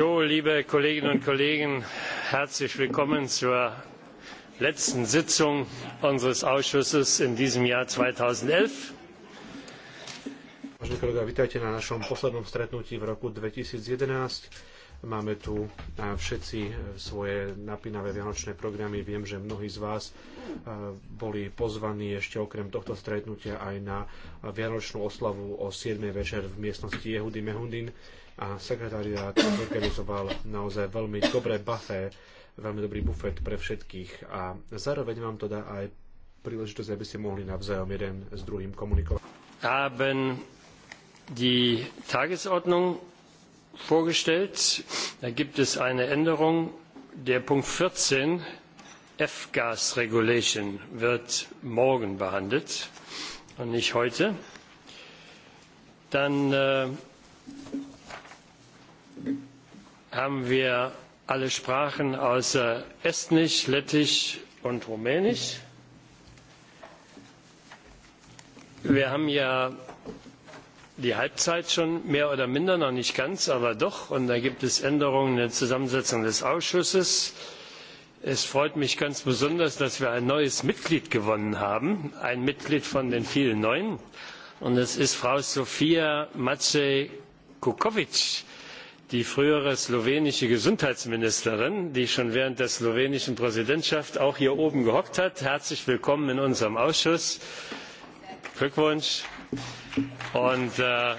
So, liebe Kolleginnen und Kollegen, herzlich willkommen zur letzten Sitzung unseres Ausschusses in diesem Jahr zweitausendelf Máme tu e, všetci e, svoje napínavé vianočné programy. Viem, že mnohí z vás e, boli pozvaní ešte okrem tohto stretnutia aj na vianočnú oslavu o 7. večer v miestnosti Jehudy Mehundin a sekretariat organizoval naozaj veľmi dobré bafé, veľmi dobrý bufet pre všetkých a zároveň vám to dá aj príležitosť, aby ste mohli navzájom jeden s druhým komunikovať. Haben die Tagesordnung vorgestellt. Da gibt es eine Änderung. Der Punkt 14 F-Gas Regulation wird morgen behandelt und nicht heute. Dann äh, haben wir alle Sprachen außer Estnisch, Lettisch und Rumänisch. Wir haben ja die Halbzeit schon mehr oder minder, noch nicht ganz, aber doch. Und da gibt es Änderungen in der Zusammensetzung des Ausschusses. Es freut mich ganz besonders, dass wir ein neues Mitglied gewonnen haben, ein Mitglied von den vielen Neuen. Und es ist Frau Sofia Macej-Kukovic die frühere slowenische gesundheitsministerin die schon während der slowenischen präsidentschaft auch hier oben gehockt hat herzlich willkommen in unserem ausschuss glückwunsch! Äh,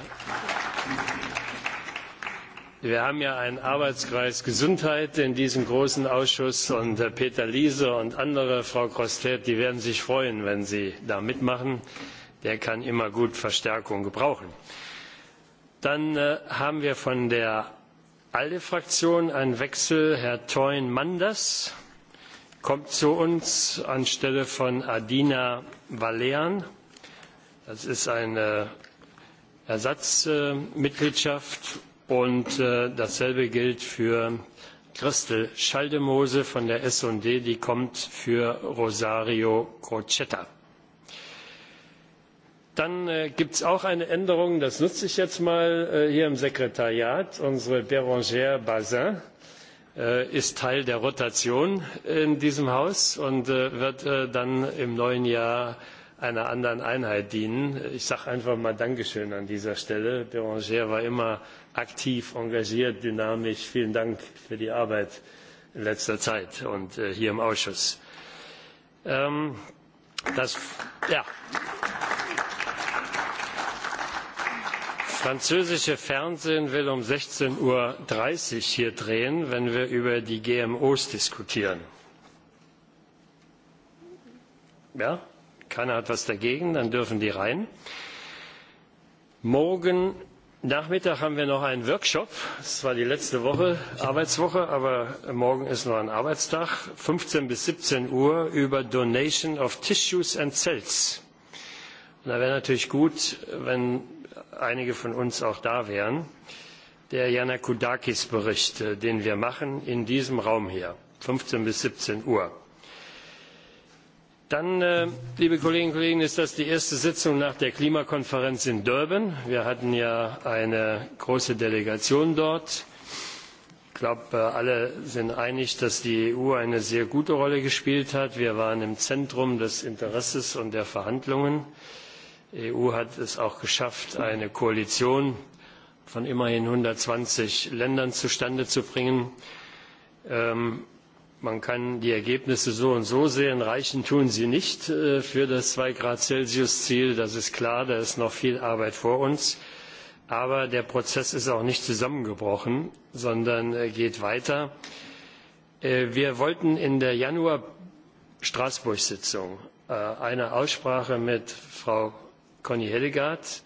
wir haben ja einen arbeitskreis gesundheit in diesem großen ausschuss und äh, peter liese und andere frau grossette die werden sich freuen wenn sie da mitmachen der kann immer gut verstärkung gebrauchen. dann äh, haben wir von der alde fraktion ein wechsel herr toin manders kommt zu uns anstelle von adina vlean das ist eine ersatzmitgliedschaft und äh, dasselbe gilt für christel schaldemose von der sd die kommt für rosario crocetta dann äh, gibt es auch eine änderung das nutze ich jetzt mal äh, hier im sekretariat unsere brangere bazin äh, ist teil der rotation in diesem haus und wird dann im neuen jahr einer anderen einheit dienen. ich sage einfach mal dankeschön an dieser stelle. brangere war immer aktiv engagiert dynamisch. vielen dank für die arbeit in letzter zeit und hier im ausschuss. Ähm, das, französische fernsehen will um. sechzehn dreißig uhr hier drehen wenn wir über die gmo diskutieren. Ja? keiner hat etwas dagegen dann dürfen die rein. morgen nachmittag haben wir noch einen workshop es war die letzte Woche, arbeitswoche aber morgen ist noch ein arbeitstag fünfzehn bis siebzehn uhr über donation of tissues and cells. da wäre natürlich gut wenn einige von uns auch da wären, der yannakoudakis bericht äh, den wir machen, in diesem Raum hier, fünfzehn bis siebzehn Uhr. Dann, äh, liebe Kolleginnen und Kollegen, ist das die erste Sitzung nach der Klimakonferenz in Durban. Wir hatten ja eine große Delegation dort. Ich glaube, äh, alle sind einig, dass die EU eine sehr gute Rolle gespielt hat. Wir waren im Zentrum des Interesses und der Verhandlungen eu hat es auch geschafft eine koalition von immerhin einhundertzwanzig ländern zustande zu bringen. Ähm, man kann die ergebnisse so und so sehen reichen tun sie nicht äh, für das zwei grad celsius ziel das ist klar da ist noch viel arbeit vor uns. aber der prozess ist auch nicht zusammengebrochen sondern äh, geht weiter. Äh, wir wollten in der januar straßburg sitzung eine aussprache mit frau Conny Hedegaard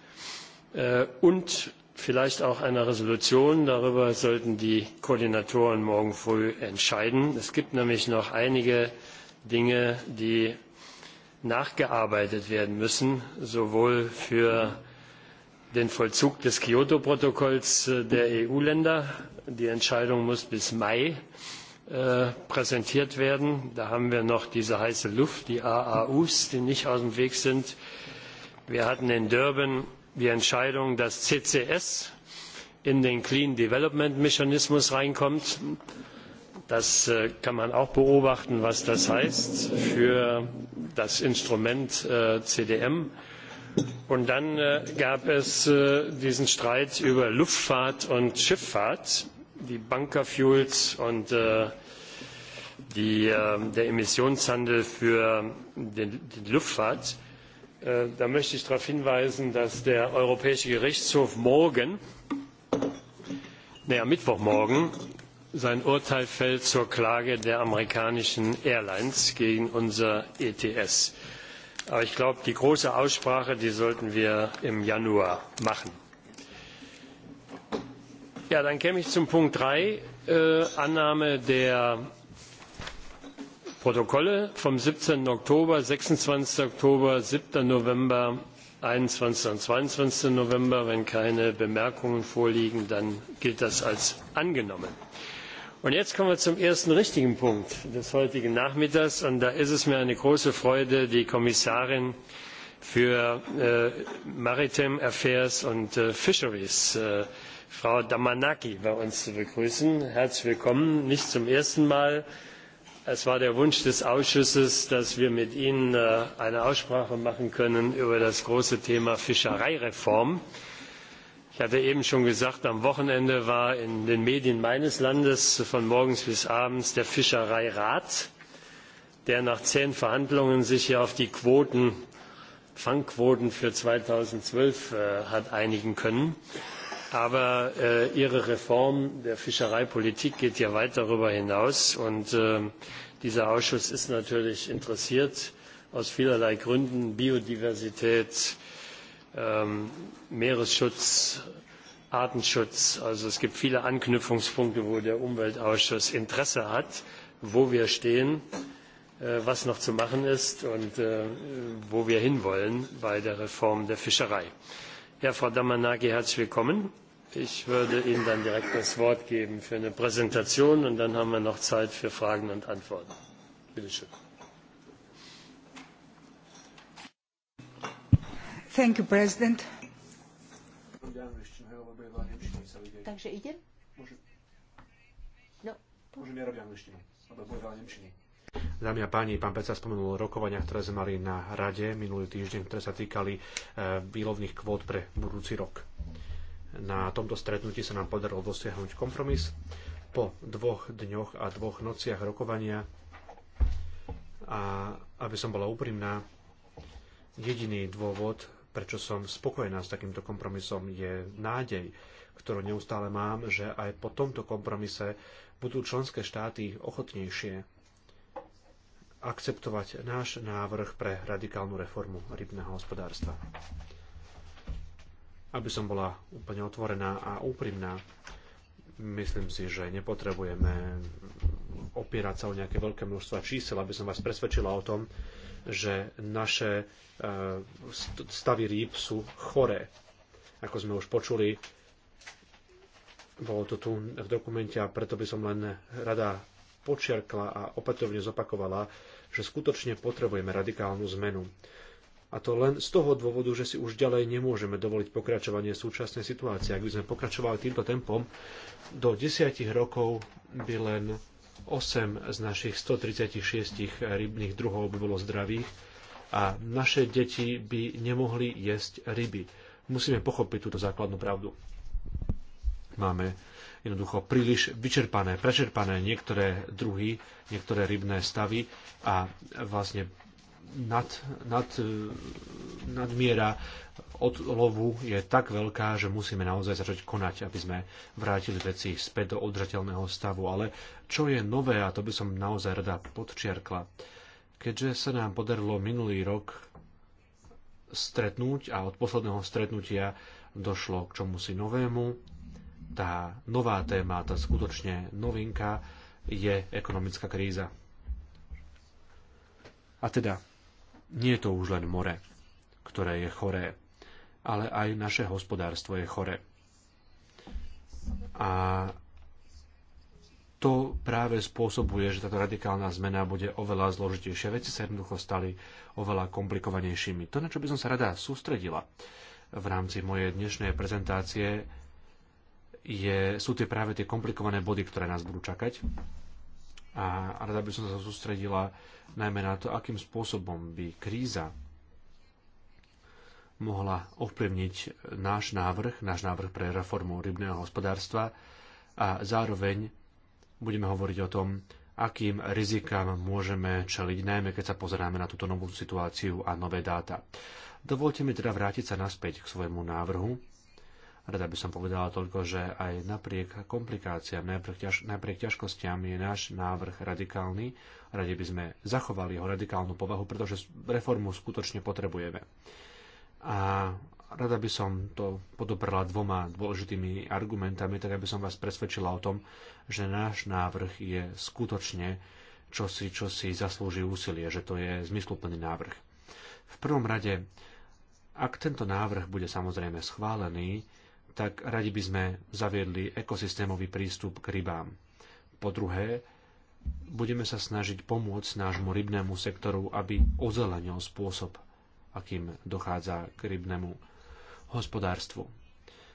äh, und vielleicht auch einer Entschließung. Darüber sollten die Koordinatoren morgen früh entscheiden. Es gibt nämlich noch einige Dinge, die nachgearbeitet werden müssen, sowohl für den Vollzug des Kyoto-Protokolls äh, der EU-Länder. Die Entscheidung muss bis Mai äh, präsentiert werden. Da haben wir noch diese heiße Luft, die AAUs, die nicht aus dem Weg sind wir hatten in durban die entscheidung dass ccs in den clean development mechanismus hineinkommt. das äh, kann man auch beobachten was das heißt für das instrument äh, cdm. und dann äh, gab es diesen streit über luftfahrt und schifffahrt die bunkerfuels und den der emissionshandel für die luftfahrt Äh, da möchte ich darauf hinweisen dass der europäische gerichtshof morgen am mittwochmorgen sein urteil fällt zur klage der amerikanischen airlines gegen unser ets. aber ich glaube die große aussprache die sollten wir im januar machen. Ja, dann käme ich zu punkt drei äh, annahme der protokolle vom. siebzehn oktober sechsundzwanzig oktober. sieben november einundzwanzig und zweiundzwanzig november wenn keine bemerkungen vorliegen dann gilt das als angenommen. Und jetzt kommen wir zum ersten richtigen punkt des heutigen nachmittags und da ist es mir eine große freude die kommissarin für äh, maritime affairs und äh, fisheries äh, frau damanaki bei uns zu begrüßen. herzlich willkommen nicht zum ersten mal Es war der Wunsch des Ausschusses, dass wir mit Ihnen äh, eine Aussprache machen können über das große Thema Fischereireform. Ich hatte eben schon gesagt, am Wochenende war in den Medien meines Landes von morgens bis abends der Fischereirat, der sich nach zehn Verhandlungen sich auf die Quoten, Fangquoten für zweitausendzwölf äh, hat einigen können aber äh, ihre reform der fischereipolitik geht ja weit darüber hinaus und ähm, dieser ausschuss ist natürlich interessiert aus vielerlei gründen biodiversität ähm, meeresschutz artenschutz also es gibt viele anknüpfungspunkte wo der umweltausschuss interesse hat wo wir stehen äh, was noch zu machen ist und äh, wo wir hinwollen bei der reform der fischerei. frau damanaki herzlich willkommen. Ich würde Ihnen dann direkt das Wort geben für eine Präsentation und dann haben wir noch Zeit für Fragen und Antworten. Bitte schön. Thank you, President. Takže idem? No. Dámy a páni, pán predseda spomenul rokovania, ktoré sme mali na rade minulý týždeň, ktoré sa týkali eh, výlovných kvót pre budúci rok. Na tomto stretnutí sa nám podarilo dosiahnuť kompromis. Po dvoch dňoch a dvoch nociach rokovania a aby som bola úprimná, jediný dôvod, prečo som spokojná s takýmto kompromisom, je nádej, ktorú neustále mám, že aj po tomto kompromise budú členské štáty ochotnejšie akceptovať náš návrh pre radikálnu reformu rybného hospodárstva. Aby som bola úplne otvorená a úprimná, myslím si, že nepotrebujeme opierať sa o nejaké veľké množstva čísel, aby som vás presvedčila o tom, že naše e, stavy rýb sú choré. Ako sme už počuli, bolo to tu v dokumente a preto by som len rada počiarkla a opätovne zopakovala, že skutočne potrebujeme radikálnu zmenu. A to len z toho dôvodu, že si už ďalej nemôžeme dovoliť pokračovanie súčasnej situácie. Ak by sme pokračovali týmto tempom, do 10 rokov by len 8 z našich 136 rybných druhov by bolo zdravých a naše deti by nemohli jesť ryby. Musíme pochopiť túto základnú pravdu. Máme jednoducho príliš vyčerpané, prečerpané niektoré druhy, niektoré rybné stavy a vlastne nad, nad, e, nadmiera odlovu je tak veľká, že musíme naozaj začať konať, aby sme vrátili veci späť do održateľného stavu. Ale čo je nové, a to by som naozaj rada podčiarkla, keďže sa nám podarilo minulý rok stretnúť a od posledného stretnutia došlo k čomusi novému, tá nová téma, tá skutočne novinka je ekonomická kríza. A teda nie je to už len more, ktoré je choré, ale aj naše hospodárstvo je chore. A to práve spôsobuje, že táto radikálna zmena bude oveľa zložitejšia. Veci sa jednoducho stali oveľa komplikovanejšími. To, na čo by som sa rada sústredila v rámci mojej dnešnej prezentácie, je, sú tie práve tie komplikované body, ktoré nás budú čakať a rada by som sa sústredila najmä na to, akým spôsobom by kríza mohla ovplyvniť náš návrh, náš návrh pre reformu rybného hospodárstva a zároveň budeme hovoriť o tom, akým rizikám môžeme čeliť, najmä keď sa pozeráme na túto novú situáciu a nové dáta. Dovolte mi teda vrátiť sa naspäť k svojmu návrhu Rada by som povedala toľko, že aj napriek komplikáciám, napriek, ťaž, napriek ťažkostiam je náš návrh radikálny. Radi by sme zachovali jeho radikálnu povahu, pretože reformu skutočne potrebujeme. A rada by som to podoprala dvoma dôležitými argumentami, tak aby som vás presvedčila o tom, že náš návrh je skutočne čosi, čo si zaslúži úsilie, že to je zmysluplný návrh. V prvom rade, ak tento návrh bude samozrejme schválený, tak radi by sme zaviedli ekosystémový prístup k rybám. Po druhé, budeme sa snažiť pomôcť nášmu rybnému sektoru, aby ozelenil spôsob, akým dochádza k rybnému hospodárstvu.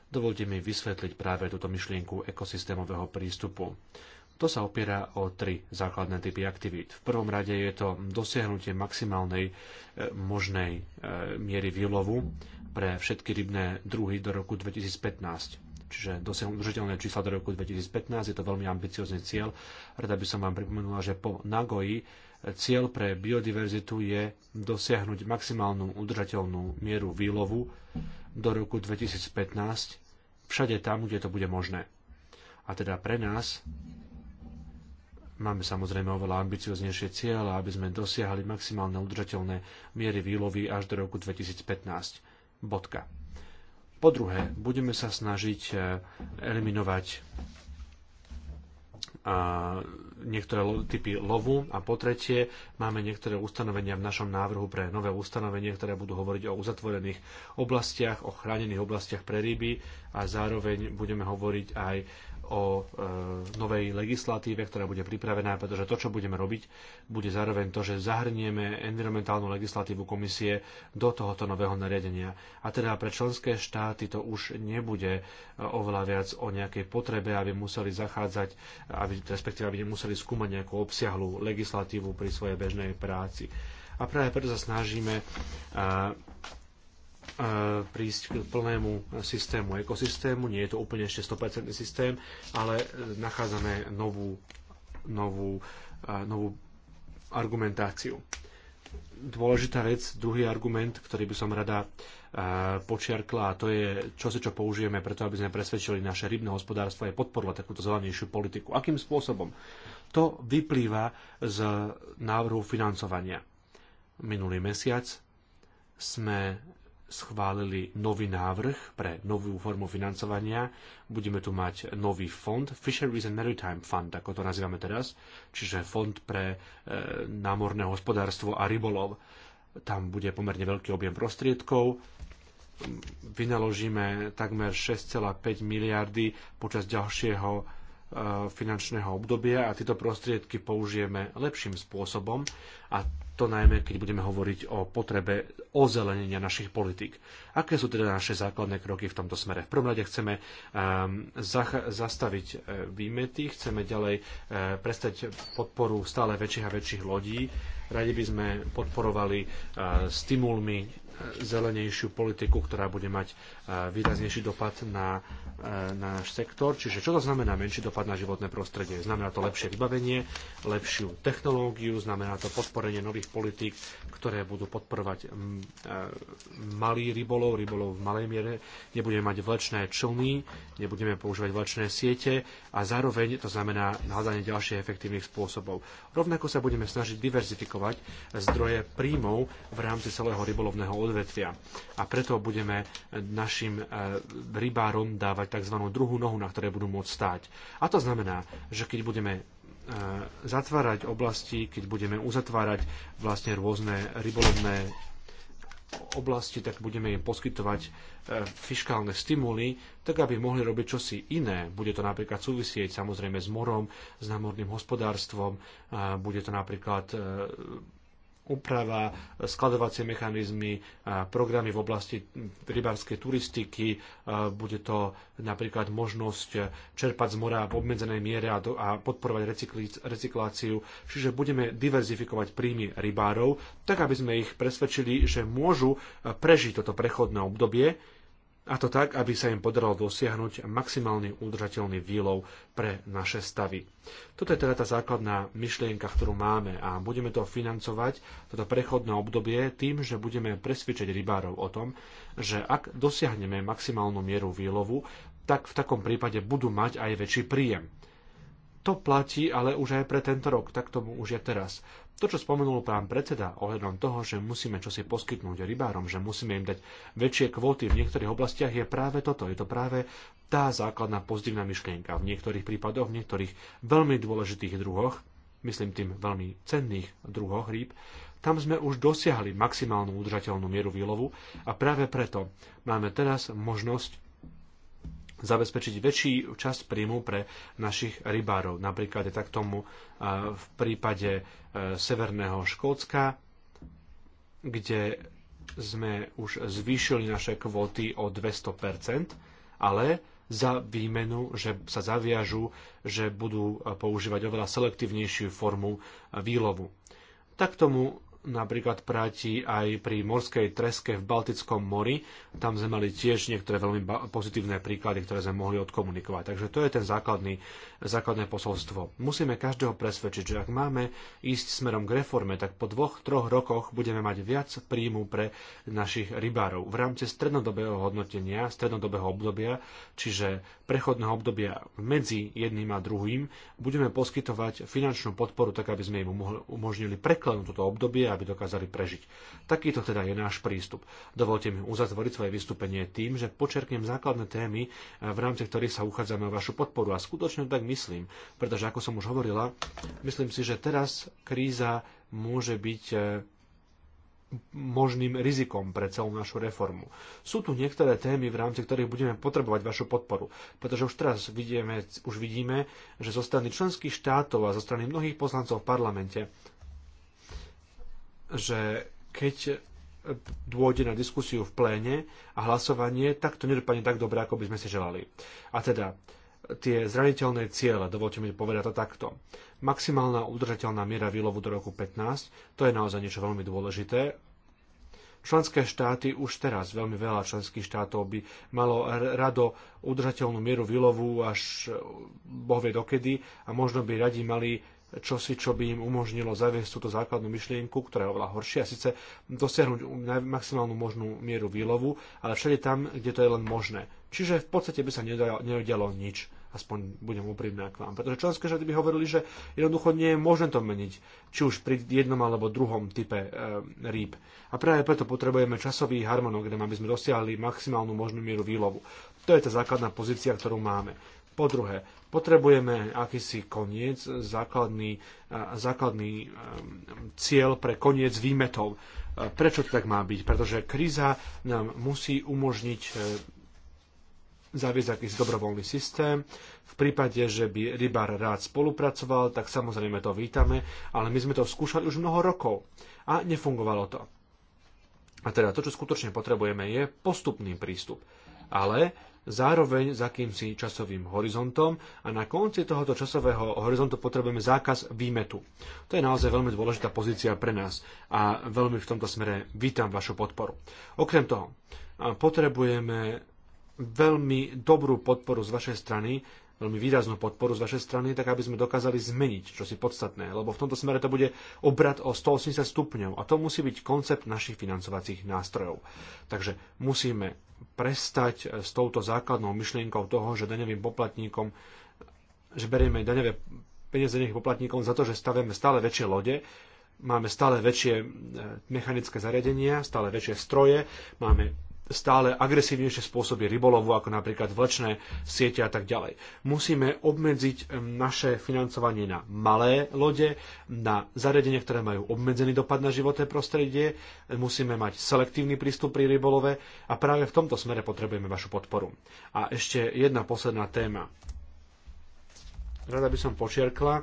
Dovolte mi vysvetliť práve túto myšlienku ekosystémového prístupu. To sa opiera o tri základné typy aktivít. V prvom rade je to dosiahnutie maximálnej e, možnej e, miery výlovu pre všetky rybné druhy do roku 2015 čiže dosiahnuť udržateľné čísla do roku 2015. Je to veľmi ambiciózny cieľ. Rada by som vám pripomenula, že po Nagoji cieľ pre biodiverzitu je dosiahnuť maximálnu udržateľnú mieru výlovu do roku 2015 všade tam, kde to bude možné. A teda pre nás máme samozrejme oveľa ambicioznejšie cieľ, aby sme dosiahli maximálne udržateľné miery výlovy až do roku 2015 Bodka. Po druhé, budeme sa snažiť eh, eliminovať a niektoré typy lovu a po tretie máme niektoré ustanovenia v našom návrhu pre nové ustanovenie, ktoré budú hovoriť o uzatvorených oblastiach, o chránených oblastiach pre ryby a zároveň budeme hovoriť aj o e, novej legislatíve, ktorá bude pripravená, pretože to, čo budeme robiť, bude zároveň to, že zahrnieme environmentálnu legislatívu komisie do tohoto nového nariadenia. A teda pre členské štáty to už nebude e, oveľa viac o nejakej potrebe, aby museli zachádzať, aby, respektíve aby museli skúmať nejakú obsiahlu legislatívu pri svojej bežnej práci. A práve preto sa snažíme e, prísť k plnému systému ekosystému. Nie je to úplne ešte 100% systém, ale e, nachádzame novú, novú, novú argumentáciu. Dôležitá vec, druhý argument, ktorý by som rada počiarkla, a to je čo si čo použijeme preto, aby sme presvedčili naše rybné hospodárstvo aj podporilo takúto zelenejšiu politiku. Akým spôsobom? To vyplýva z návrhu financovania. Minulý mesiac sme schválili nový návrh pre novú formu financovania. Budeme tu mať nový fond, Fisheries and Maritime Fund, ako to nazývame teraz, čiže fond pre e, námorné hospodárstvo a rybolov. Tam bude pomerne veľký objem prostriedkov. Vynaložíme takmer 6,5 miliardy počas ďalšieho E, finančného obdobia a tieto prostriedky použijeme lepším spôsobom a to najmä, keď budeme hovoriť o potrebe ozelenenia našich politik. Aké sú teda naše základné kroky v tomto smere? V prvom rade chceme um, zastaviť e, výmety, chceme ďalej uh, prestať podporu stále väčších a väčších lodí. Radi by sme podporovali uh, stimulmi zelenejšiu politiku, ktorá bude mať výraznejší dopad na, na náš sektor. Čiže čo to znamená menší dopad na životné prostredie? Znamená to lepšie vybavenie, lepšiu technológiu, znamená to podporenie nových politík, ktoré budú podporovať malý rybolov, rybolov v malej miere, nebudeme mať vlečné člny, nebudeme používať vlečné siete a zároveň to znamená hľadanie ďalších efektívnych spôsobov. Rovnako sa budeme snažiť diverzifikovať zdroje príjmov v rámci celého rybolovného odvetvia. A preto budeme naši našim e, rybárom dávať tzv. druhú nohu, na ktoré budú môcť stáť. A to znamená, že keď budeme e, zatvárať oblasti, keď budeme uzatvárať vlastne rôzne rybolovné oblasti, tak budeme im poskytovať e, fiskálne stimuly, tak aby mohli robiť čosi iné. Bude to napríklad súvisieť samozrejme s morom, s námorným hospodárstvom, bude to napríklad úprava, e, skladovacie mechanizmy, programy v oblasti rybárskej turistiky, e, bude to napríklad možnosť e, čerpať z mora v obmedzenej miere a, a podporovať recykláciu. Čiže budeme diverzifikovať príjmy rybárov, tak aby sme ich presvedčili, že môžu prežiť toto prechodné obdobie a to tak, aby sa im podarilo dosiahnuť maximálny udržateľný výlov pre naše stavy. Toto je teda tá základná myšlienka, ktorú máme a budeme to financovať, toto prechodné obdobie, tým, že budeme presvedčiť rybárov o tom, že ak dosiahneme maximálnu mieru výlovu, tak v takom prípade budú mať aj väčší príjem to platí ale už aj pre tento rok, tak tomu už je teraz. To, čo spomenul pán predseda ohľadom toho, že musíme čosi poskytnúť rybárom, že musíme im dať väčšie kvóty v niektorých oblastiach, je práve toto. Je to práve tá základná pozitívna myšlienka. V niektorých prípadoch, v niektorých veľmi dôležitých druhoch, myslím tým veľmi cenných druhoch rýb, tam sme už dosiahli maximálnu udržateľnú mieru výlovu a práve preto máme teraz možnosť zabezpečiť väčší časť príjmu pre našich rybárov. Napríklad je tak tomu v prípade e, Severného Škótska, kde sme už zvýšili naše kvóty o 200%, ale za výmenu, že sa zaviažu, že budú používať oveľa selektívnejšiu formu e, výlovu. Tak tomu napríklad práti aj pri morskej treske v Baltickom mori. Tam sme mali tiež niektoré veľmi pozitívne príklady, ktoré sme mohli odkomunikovať. Takže to je ten základný, základné posolstvo. Musíme každého presvedčiť, že ak máme ísť smerom k reforme, tak po dvoch, troch rokoch budeme mať viac príjmu pre našich rybárov v rámci strednodobého hodnotenia, strednodobého obdobia, čiže prechodného obdobia medzi jedným a druhým, budeme poskytovať finančnú podporu, tak aby sme im umožnili preklenúť toto obdobie aby dokázali prežiť. Takýto teda je náš prístup. Dovolte mi uzatvoriť svoje vystúpenie tým, že počerknem základné témy, eh, v rámci ktorých sa uchádzame o vašu podporu. A skutočne tak myslím, pretože ako som už hovorila, myslím si, že teraz kríza môže byť eh, možným rizikom pre celú našu reformu. Sú tu niektoré témy, v rámci ktorých budeme potrebovať vašu podporu, pretože už teraz vidíme, už vidíme že zo strany členských štátov a zo strany mnohých poslancov v parlamente že keď dôjde na diskusiu v pléne a hlasovanie, tak to nedopadne tak dobre, ako by sme si želali. A teda tie zraniteľné ciele, dovolte mi povedať to takto. Maximálna udržateľná miera výlovu do roku 15, to je naozaj niečo veľmi dôležité. Členské štáty už teraz, veľmi veľa členských štátov by malo rado udržateľnú mieru výlovu až eh, bohvie dokedy a možno by radi mali čosi, čo by im umožnilo zaviesť túto základnú myšlienku, ktorá je oveľa horšia, a síce dosiahnuť maximálnu možnú mieru výlovu, ale všade tam, kde to je len možné. Čiže v podstate by sa neudialo nič aspoň budem úprimná k vám. Pretože členské štáty by hovorili, že jednoducho nie je možné to meniť, či už pri jednom alebo druhom type e, rýb. A práve preto potrebujeme časový harmonogram, aby sme dosiahli maximálnu možnú mieru výlovu. To je tá základná pozícia, ktorú máme. Po druhé, Potrebujeme akýsi koniec, základný, základný cieľ pre koniec výmetov. Prečo to tak má byť? Pretože kríza nám musí umožniť e, zaviesť akýsi dobrovoľný systém. V prípade, že by rybár rád spolupracoval, tak samozrejme to vítame, ale my sme to skúšali už mnoho rokov a nefungovalo to. A teda to, čo skutočne potrebujeme, je postupný prístup. Ale zároveň s akýmsi časovým horizontom a na konci tohoto časového horizontu potrebujeme zákaz výmetu. To je naozaj veľmi dôležitá pozícia pre nás a veľmi v tomto smere vítam vašu podporu. Okrem toho, potrebujeme veľmi dobrú podporu z vašej strany veľmi výraznú podporu z vašej strany, tak aby sme dokázali zmeniť čo si podstatné, lebo v tomto smere to bude obrad o 180 stupňov a to musí byť koncept našich financovacích nástrojov. Takže musíme prestať s touto základnou myšlienkou toho, že daňovým poplatníkom že berieme daňové peniaze daňových poplatníkov za to, že stavíme stále väčšie lode, máme stále väčšie e, mechanické zariadenia, stále väčšie stroje, máme stále agresívnejšie spôsoby rybolovu, ako napríklad vlčné siete a tak ďalej. Musíme obmedziť naše financovanie na malé lode, na zariadenia, ktoré majú obmedzený dopad na životné prostredie, musíme mať selektívny prístup pri rybolove a práve v tomto smere potrebujeme vašu podporu. A ešte jedna posledná téma. Rada by som počiarkla,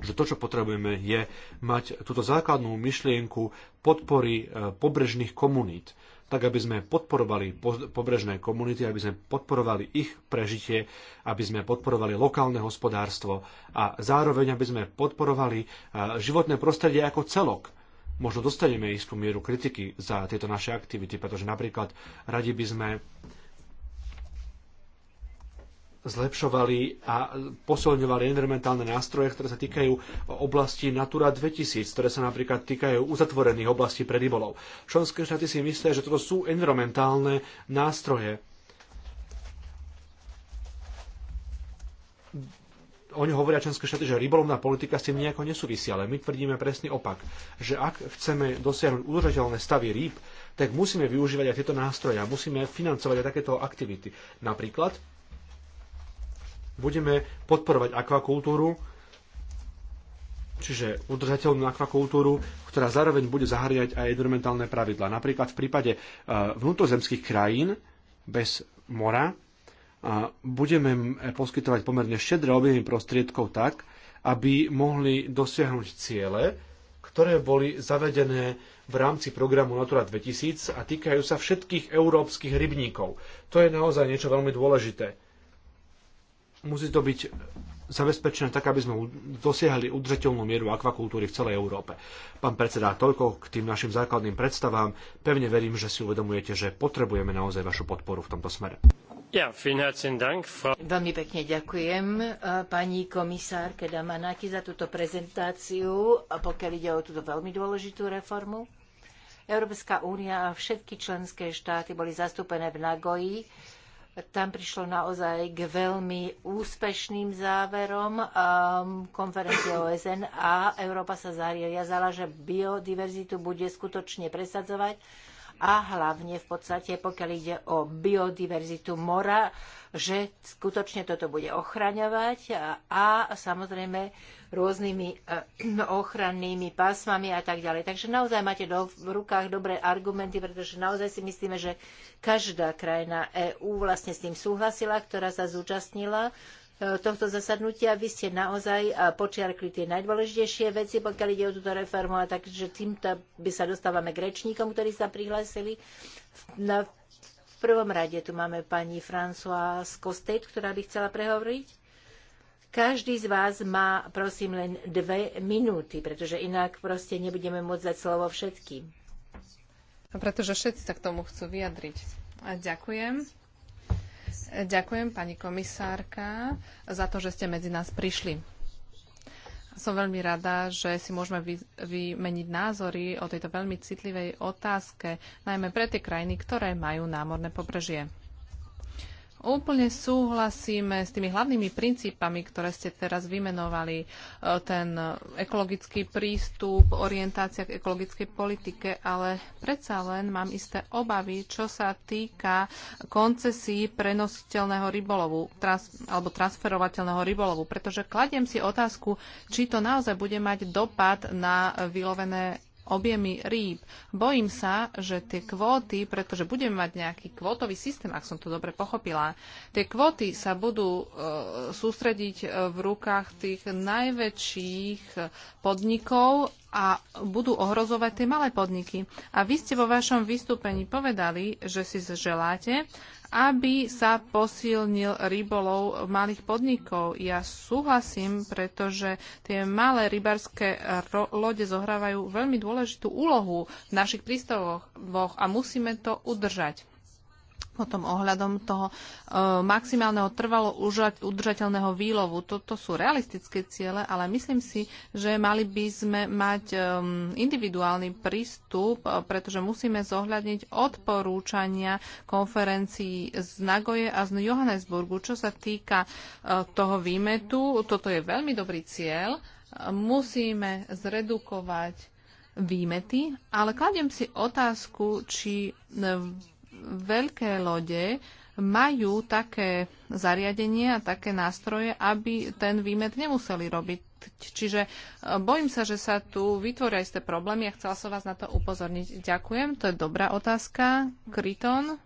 že to, čo potrebujeme, je mať túto základnú myšlienku podpory e, pobrežných komunít tak aby sme podporovali pobrežné komunity, aby sme podporovali ich prežitie, aby sme podporovali lokálne hospodárstvo a zároveň, aby sme podporovali e, životné prostredie ako celok. Možno dostaneme istú mieru kritiky za tieto naše aktivity, pretože napríklad radi by sme zlepšovali a posilňovali environmentálne nástroje, ktoré sa týkajú oblasti Natura 2000, ktoré sa napríklad týkajú uzatvorených oblastí pre rybolov. Členské štáty si myslia, že toto sú environmentálne nástroje. Oni hovoria členské štáty, že rybolovná politika s tým nejako nesúvisí, ale my tvrdíme presný opak, že ak chceme dosiahnuť udržateľné stavy rýb, tak musíme využívať aj tieto nástroje a musíme financovať aj takéto aktivity. Napríklad budeme podporovať akvakultúru, čiže udržateľnú akvakultúru, ktorá zároveň bude zahŕňať aj environmentálne pravidlá. Napríklad v prípade e, vnútrozemských krajín bez mora e, budeme e, poskytovať pomerne štedré objemy prostriedkov tak, aby mohli dosiahnuť ciele, ktoré boli zavedené v rámci programu Natura 2000 a týkajú sa všetkých európskych rybníkov. To je naozaj niečo veľmi dôležité musí to byť zabezpečené tak, aby sme dosiahli udržateľnú mieru akvakultúry v celej Európe. Pán predseda, toľko k tým našim základným predstavám. Pevne verím, že si uvedomujete, že potrebujeme naozaj vašu podporu v tomto smere. Ja, Dank, Veľmi pekne ďakujem pani komisárke Damanáky za túto prezentáciu, pokiaľ ide o túto veľmi dôležitú reformu. Európska únia a všetky členské štáty boli zastúpené v Nagoji tam prišlo naozaj k veľmi úspešným záverom um, konferencie OSN a Európa sa zariazala, že biodiverzitu bude skutočne presadzovať a hlavne v podstate, pokiaľ ide o biodiverzitu mora, že skutočne toto bude ochraňovať a, a samozrejme rôznymi eh, ochrannými pásmami a tak ďalej. Takže naozaj máte do, v rukách dobré argumenty, pretože naozaj si myslíme, že každá krajina EÚ vlastne s tým súhlasila, ktorá sa zúčastnila eh, tohto zasadnutia. Vy ste naozaj eh, počiarkli tie najdôležitejšie veci, pokiaľ ide o túto reformu, a takže týmto by sa dostávame k rečníkom, ktorí sa prihlásili. v prvom rade tu máme pani François Kostet, ktorá by chcela prehovoriť. Každý z vás má, prosím, len dve minúty, pretože inak proste nebudeme môcť dať slovo všetkým. A no, pretože všetci sa k tomu chcú vyjadriť. A ďakujem. Ďakujem, pani komisárka, za to, že ste medzi nás prišli. Som veľmi rada, že si môžeme vy, vymeniť názory o tejto veľmi citlivej otázke, najmä pre tie krajiny, ktoré majú námorné pobrežie. Úplne súhlasíme s tými hlavnými princípami, ktoré ste teraz vymenovali. E, ten ekologický prístup, orientácia k ekologickej politike, ale predsa len mám isté obavy, čo sa týka koncesí prenositeľného rybolovu trans, alebo transferovateľného rybolovu, pretože kladiem si otázku, či to naozaj bude mať dopad na vylovené objemy rýb. Bojím sa, že tie kvóty, pretože budeme mať nejaký kvótový systém, ak som to dobre pochopila, tie kvóty sa budú e, sústrediť e, v rukách tých najväčších podnikov a budú ohrozovať tie malé podniky. A vy ste vo vašom vystúpení povedali, že si želáte, aby sa posilnil rybolov malých podnikov. Ja súhlasím, pretože tie malé rybarské lode zohrávajú veľmi dôležitú úlohu v našich prístavoch a musíme to udržať potom ohľadom toho e, maximálneho trvalo užať, udržateľného výlovu. Toto sú realistické ciele, ale myslím si, že mali by sme mať e, individuálny prístup, e, pretože musíme zohľadniť odporúčania konferencií z Nagoje a z Johannesburgu. Čo sa týka e, toho výmetu, toto je veľmi dobrý cieľ. Musíme zredukovať výmety, ale kladiem si otázku, či veľké lode majú také zariadenie a také nástroje, aby ten výmet nemuseli robiť. Čiže e, bojím sa, že sa tu vytvoria isté problémy a chcela som vás na to upozorniť. Ďakujem, to je dobrá otázka. Kryton?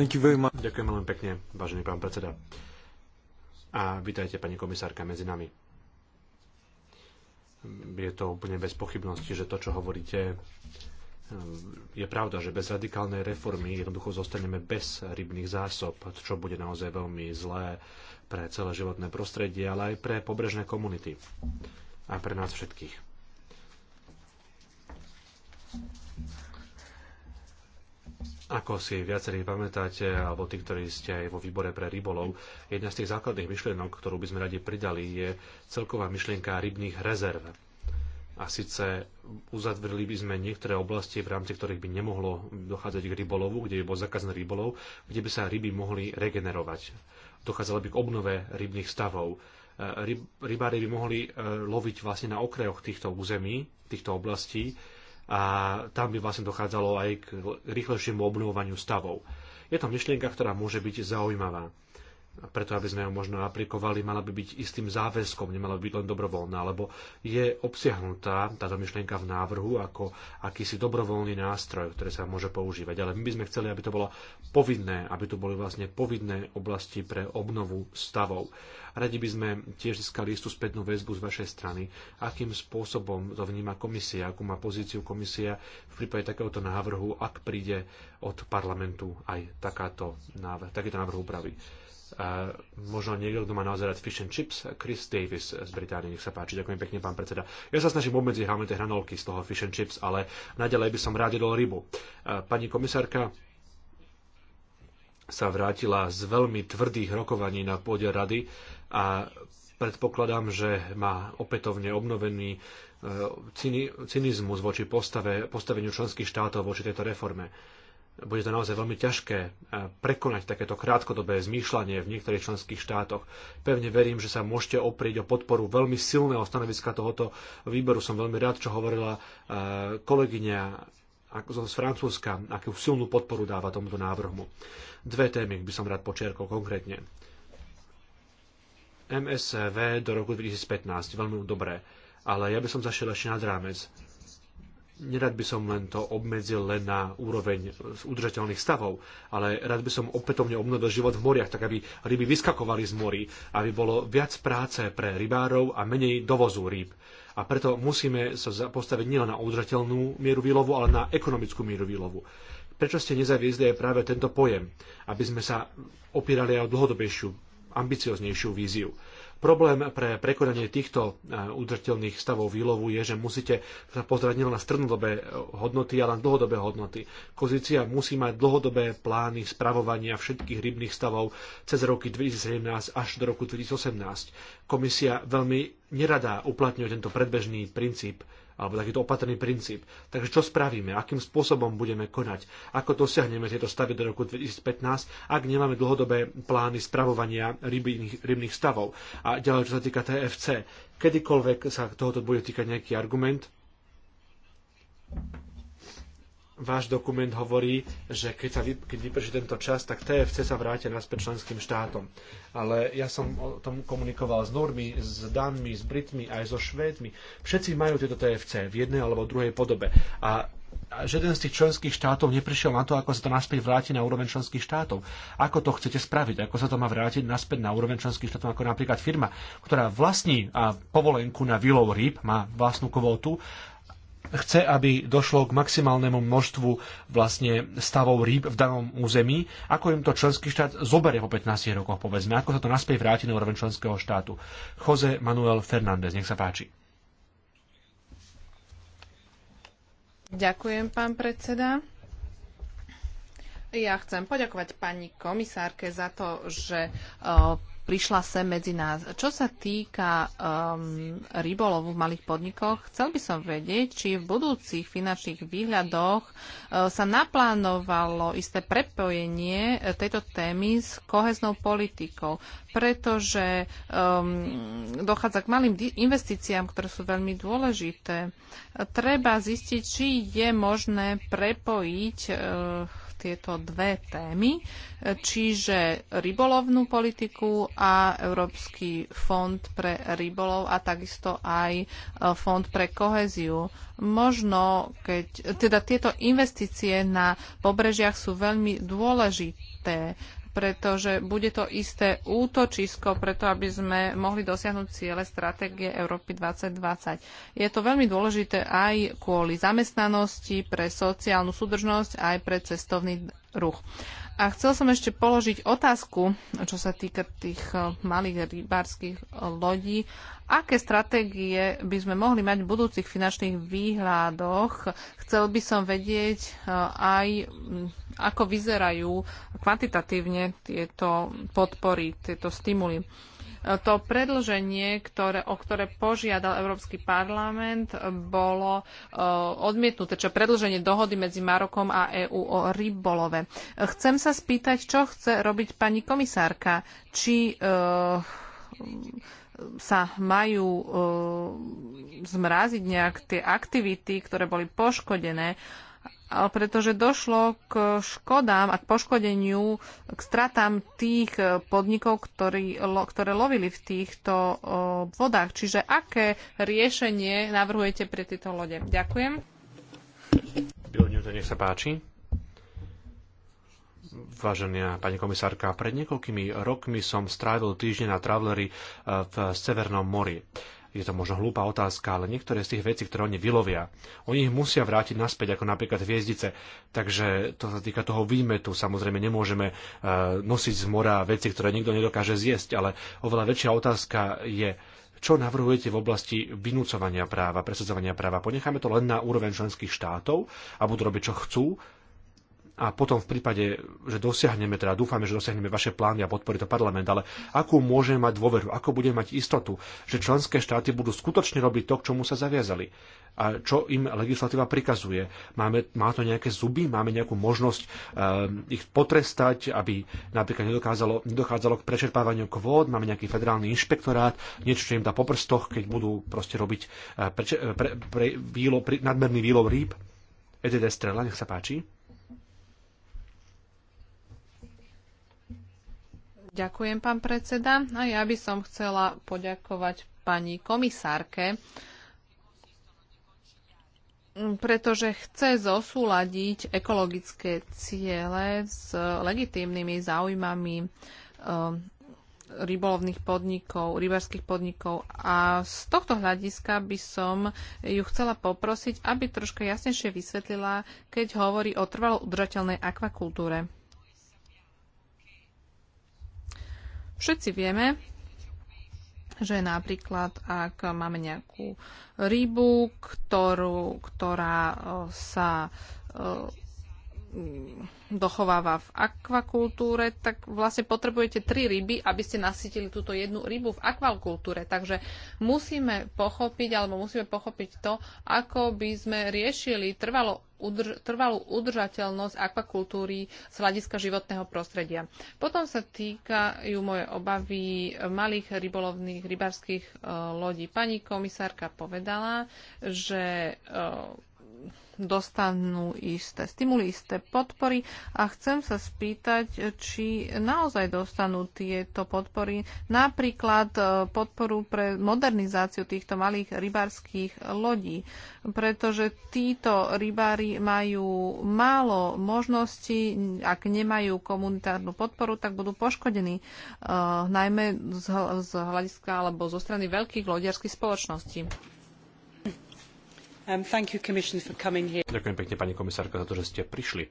Ďakujem veľmi pekne, vážený pán predseda. A vítajte, pani komisárka, medzi nami. Je to úplne bez pochybnosti, že to, čo hovoríte, je pravda, že bez radikálnej reformy jednoducho zostaneme bez rybných zásob, čo bude naozaj veľmi zlé pre celé životné prostredie, ale aj pre pobrežné komunity a pre nás všetkých. Ako si viacerí pamätáte, alebo tí, ktorí ste aj vo výbore pre rybolov, jedna z tých základných myšlienok, ktorú by sme radi pridali, je celková myšlienka rybných rezerv a síce uzatvorili by sme niektoré oblasti, v rámci ktorých by nemohlo dochádzať k rybolovu, kde by bol zakazný rybolov, kde by sa ryby mohli regenerovať. Dochádzalo by k obnove rybných stavov. E, ryb, rybári by mohli e, loviť vlastne na okrajoch týchto území, týchto oblastí a tam by vlastne dochádzalo aj k rýchlejšiemu obnovovaniu stavov. Je to myšlienka, ktorá môže byť zaujímavá preto aby sme ju možno aplikovali, mala by byť istým záväzkom, nemala by byť len dobrovoľná, lebo je obsiahnutá táto myšlienka v návrhu ako akýsi dobrovoľný nástroj, ktorý sa môže používať. Ale my by sme chceli, aby to bolo povinné, aby tu boli vlastne povinné oblasti pre obnovu stavov. Radi by sme tiež získali istú spätnú väzbu z vašej strany, akým spôsobom to vníma komisia, akú má pozíciu komisia v prípade takéhoto návrhu, ak príde od parlamentu aj takáto návrh, takýto návrh úpravy možno niekto, kto má naozaj rád fish and chips, Chris Davis z Británie, nech sa páči. Ďakujem pekne, pán predseda. Ja sa snažím obmedziť hlavne tie hranolky z toho fish and chips, ale naďalej by som rád jedol rybu. Pani komisárka, sa vrátila z veľmi tvrdých rokovaní na pôde rady a predpokladám, že má opätovne obnovený e, cynizmus voči postave, postaveniu členských štátov voči tejto reforme bude to naozaj veľmi ťažké eh, prekonať takéto krátkodobé zmýšľanie v niektorých členských štátoch. Pevne verím, že sa môžete oprieť o podporu veľmi silného stanoviska tohoto výboru. Som veľmi rád, čo hovorila eh, kolegyňa z Francúzska, akú silnú podporu dáva tomuto návrhu. Dve témy by som rád počiarkol konkrétne. MSV do roku 2015, veľmi dobré, ale ja by som zašiel ešte nad rámec Nerad by som len to obmedzil len na úroveň udržateľných stavov, ale rád by som opätovne obnovil život v moriach, tak aby ryby vyskakovali z morí, aby bolo viac práce pre rybárov a menej dovozu rýb. A preto musíme sa postaviť nielen na udržateľnú mieru výlovu, ale na ekonomickú mieru výlovu. Prečo ste nezaviezli aj práve tento pojem, aby sme sa opírali aj o dlhodobejšiu, ambicioznejšiu víziu? Problém pre prekonanie týchto e, udržateľných stavov výlovu je, že musíte sa pozerať nielen na strednodobé e, hodnoty, ale na dlhodobé hodnoty. Kozícia musí mať dlhodobé plány spravovania všetkých rybných stavov cez roky 2017 až do roku 2018. Komisia veľmi neradá uplatňuje tento predbežný princíp alebo takýto opatrný princíp. Takže čo spravíme? Akým spôsobom budeme konať? Ako dosiahneme tieto stavy do roku 2015, ak nemáme dlhodobé plány spravovania rybných, rybných stavov? A ďalej, čo sa týka TFC, kedykoľvek sa tohoto bude týkať nejaký argument, váš dokument hovorí, že keď, sa vy, keď vyprší tento čas, tak TFC sa vráti naspäť členským štátom. Ale ja som o tom komunikoval s Normi, s Danmi, s Britmi, aj so Švédmi. Všetci majú tieto TFC v jednej alebo druhej podobe. A žiaden z tých členských štátov neprišiel na to, ako sa to naspäť vráti na úroveň členských štátov. Ako to chcete spraviť? Ako sa to má vrátiť naspäť na úroveň členských štátov? Ako napríklad firma, ktorá vlastní a povolenku na výlov rýb, má vlastnú kvotu chce, aby došlo k maximálnemu množstvu vlastne stavov rýb v danom území, ako im to členský štát zoberie po 15 rokoch, povedzme, ako sa to naspäť vráti na úroveň členského štátu. Jose Manuel Fernández, nech sa páči. Ďakujem, pán predseda. Ja chcem poďakovať pani komisárke za to, že eh, prišla sem medzi nás. Čo sa týka um, rybolovu v malých podnikoch, chcel by som vedieť, či v budúcich finančných výhľadoch uh, sa naplánovalo isté prepojenie uh, tejto témy s koheznou politikou, pretože um, dochádza k malým investíciám, ktoré sú veľmi dôležité. Treba zistiť, či je možné prepojiť uh, tieto dve témy, čiže rybolovnú politiku a Európsky fond pre rybolov a takisto aj e, fond pre koheziu. Možno, keď teda tieto investície na pobrežiach sú veľmi dôležité, dôležité pretože bude to isté útočisko preto, aby sme mohli dosiahnuť ciele stratégie Európy 2020. Je to veľmi dôležité aj kvôli zamestnanosti, pre sociálnu súdržnosť, aj pre cestovný ruch. A chcel som ešte položiť otázku, čo sa týka tých eh, malých rybárskych eh, lodí Aké stratégie by sme mohli mať v budúcich finančných výhľadoch? Chcel by som vedieť eh, aj, hm, ako vyzerajú kvantitatívne tieto podpory, tieto stimuly. Eh, to predlženie, ktoré, o ktoré požiadal Európsky parlament, bolo eh, odmietnuté, čo predlženie dohody medzi Marokom a EÚ o rybolove. Chcem sa spýtať, čo chce robiť pani komisárka. Či uh, sa majú e, zmraziť nejak tie aktivity, ktoré boli poškodené, ale pretože došlo k škodám a k poškodeniu, k stratám tých podnikov, ktorý, lo, ktoré lovili v týchto e, vodách. Čiže aké riešenie navrhujete pre tieto lode? Ďakujem. Bilo, nech sa páči. Vážená pani komisárka, pred niekoľkými rokmi som strávil týždeň na Traveleri v Severnom mori. Je to možno hlúpa otázka, ale niektoré z tých vecí, ktoré oni vylovia, oni ich musia vrátiť naspäť, ako napríklad hviezdice. Takže to sa týka toho výmetu, samozrejme nemôžeme e, nosiť z mora veci, ktoré nikto nedokáže zjesť, ale oveľa väčšia otázka je, čo navrhujete v oblasti vynúcovania práva, presadzovania práva? Ponecháme to len na úroveň členských štátov a budú robiť, čo chcú, a potom v prípade, že dosiahneme, teda dúfame, že dosiahneme vaše plány a podporí to parlament, ale akú môže mať dôveru, ako bude mať istotu, že členské štáty budú skutočne robiť to, k čomu sa zaviazali a čo im legislatíva prikazuje. Máme, má to nejaké zuby, máme nejakú možnosť um, ich potrestať, aby napríklad nedokázalo, nedokázalo k prečerpávaniu kvót, máme nejaký federálny inšpektorát, niečo, čo im dá po prstoch, keď budú proste robiť eh, preče, pre, pre, pre, výlo, pre, nadmerný výlov rýb. Edede strela, nech sa páči. Ďakujem, pán predseda. A ja by som chcela poďakovať pani komisárke, pretože chce zosúľadiť ekologické ciele s legitímnymi záujmami um, rybolovných podnikov, rybarských podnikov a z tohto hľadiska by som ju chcela poprosiť, aby troška jasnejšie vysvetlila, keď hovorí o trvalo udržateľnej akvakultúre. Všetci vieme, že napríklad ak máme nejakú rybu, ktorú, ktorá e, sa e, Mm, dochováva v akvakultúre, tak vlastne potrebujete tri ryby, aby ste nasytili túto jednu rybu v akvakultúre. Takže musíme pochopiť, alebo musíme pochopiť to, ako by sme riešili trvalo udrž- trvalú udržateľnosť akvakultúry z hľadiska životného prostredia. Potom sa týkajú moje obavy malých rybolovných rybarských e, lodí. Pani komisárka povedala, že e, dostanú isté stimuly, isté podpory a chcem sa spýtať, či naozaj dostanú tieto podpory, napríklad e, podporu pre modernizáciu týchto malých rybárskych lodí, pretože títo rybári majú málo možností, ak nemajú komunitárnu podporu, tak budú poškodení, e, najmä z hľadiska alebo zo strany veľkých lodiarských spoločností. Um, Ďakujem pekne, pani komisárka, za to, že ste prišli.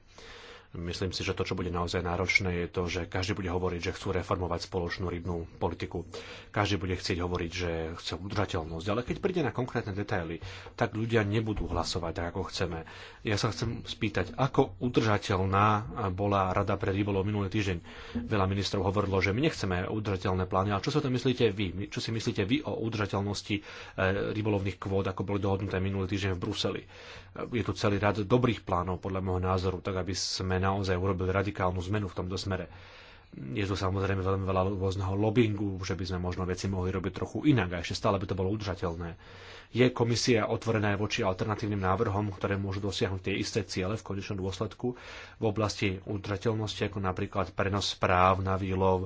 Myslím si, že to, čo bude naozaj náročné, je to, že každý bude hovoriť, že chcú reformovať spoločnú rybnú politiku. Každý bude chcieť hovoriť, že chce udržateľnosť. Ale keď príde na konkrétne detaily, tak ľudia nebudú hlasovať tak, ako chceme. Ja sa chcem spýtať, ako udržateľná bola Rada pre rybolov minulý týždeň. Veľa ministrov hovorilo, že my nechceme udržateľné plány, ale čo sa to myslíte vy? Čo si myslíte vy o udržateľnosti e, rybolovných kvót, ako boli dohodnuté minulý týždeň v Bruseli? E, je tu celý rad dobrých plánov, podľa môjho názoru, tak aby sme naozaj urobil radikálnu zmenu v tomto smere. Je tu samozrejme veľmi veľa rôzneho lobbingu, že by sme možno veci mohli robiť trochu inak a ešte stále by to bolo udržateľné. Je komisia otvorená voči alternatívnym návrhom, ktoré môžu dosiahnuť tie isté ciele v konečnom dôsledku v oblasti udržateľnosti, ako napríklad prenos správ na výlov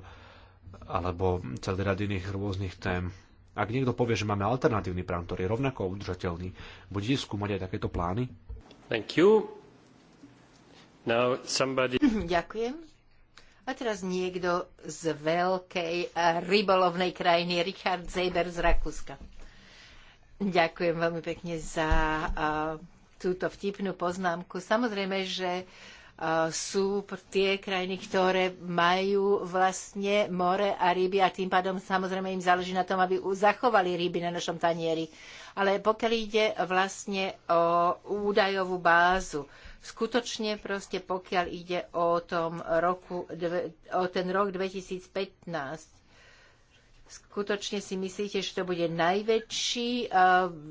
alebo celý rad iných rôznych tém. Ak niekto povie, že máme alternatívny plán, ktorý je rovnako udržateľný, budete skúmať aj takéto plány? Thank you. Somebody... Mhm, ďakujem. A teraz niekto z veľkej eh, rybolovnej krajiny, Richard Zeber z Rakúska. Ďakujem veľmi pekne za eh, túto vtipnú poznámku. Samozrejme, že eh, sú tie krajiny, ktoré majú vlastne more a ryby a tým pádom samozrejme im záleží na tom, aby zachovali ryby na našom tanieri. Ale pokiaľ ide vlastne o údajovú bázu, Skutočne proste pokiaľ ide o, tom roku, o ten rok 2015, skutočne si myslíte, že to bude najväčší e,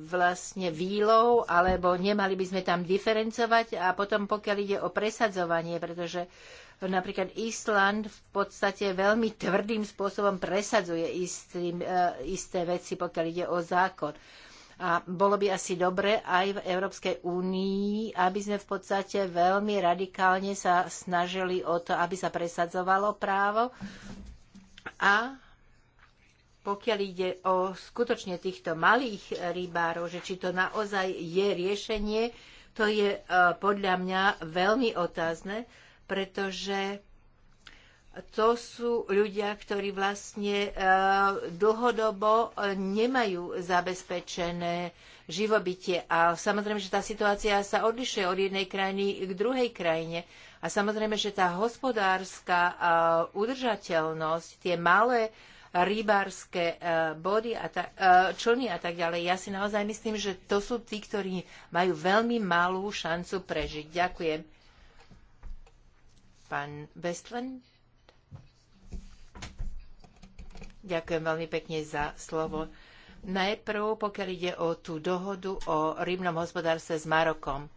vlastne výlov, alebo nemali by sme tam diferencovať a potom pokiaľ ide o presadzovanie, pretože napríklad Island v podstate veľmi tvrdým spôsobom presadzuje istý, e, isté veci, pokiaľ ide o zákon. A bolo by asi dobre aj v Európskej únii, aby sme v podstate veľmi radikálne sa snažili o to, aby sa presadzovalo právo. A pokiaľ ide o skutočne týchto malých rybárov, že či to naozaj je riešenie, to je eh, podľa mňa veľmi otázne, pretože to sú ľudia, ktorí vlastne e, dlhodobo e, nemajú zabezpečené živobytie. A samozrejme, že tá situácia sa odlišuje od jednej krajiny k druhej krajine. A samozrejme, že tá hospodárska e, udržateľnosť, tie malé rybárske body a ta, člny a tak ďalej. Ja si naozaj myslím, že to sú tí, ktorí majú veľmi malú šancu prežiť. Ďakujem. Pán Westland? Ďakujem veľmi pekne za slovo. Najprv, pokiaľ ide o tú dohodu o rybnom hospodárstve s Marokom.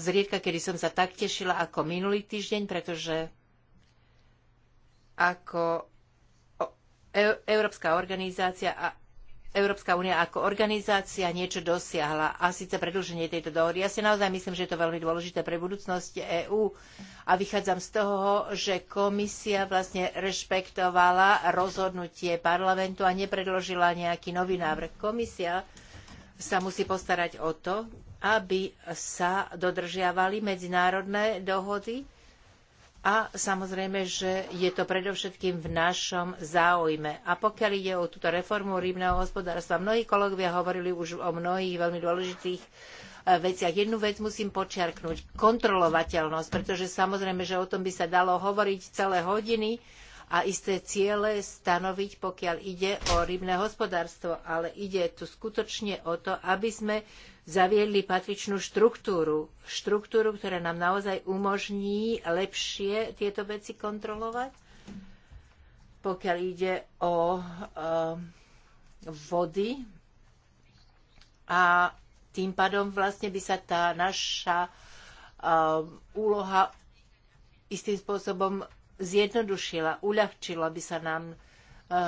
Zriedka, kedy som sa tak tešila ako minulý týždeň, pretože ako e- Európska organizácia a Európska únia ako organizácia niečo dosiahla a síce predĺženie tejto dohody. Ja si naozaj myslím, že je to veľmi dôležité pre budúcnosť EÚ a vychádzam z toho, že komisia vlastne rešpektovala rozhodnutie parlamentu a nepredložila nejaký nový návrh. Komisia sa musí postarať o to, aby sa dodržiavali medzinárodné dohody a samozrejme, že je to predovšetkým v našom záujme. A pokiaľ ide o túto reformu rýbneho hospodárstva, mnohí kolegovia hovorili už o mnohých veľmi dôležitých e, veciach. Jednu vec musím počiarknúť, kontrolovateľnosť, pretože samozrejme, že o tom by sa dalo hovoriť celé hodiny, a isté ciele stanoviť, pokiaľ ide o rybné hospodárstvo, ale ide tu skutočne o to, aby sme zaviedli patričnú štruktúru. Štruktúru, ktorá nám naozaj umožní lepšie tieto veci kontrolovať, pokiaľ ide o eh, vody. A tým pádom vlastne by sa tá naša eh, úloha istým spôsobom zjednodušila, uľahčilo by sa nám e,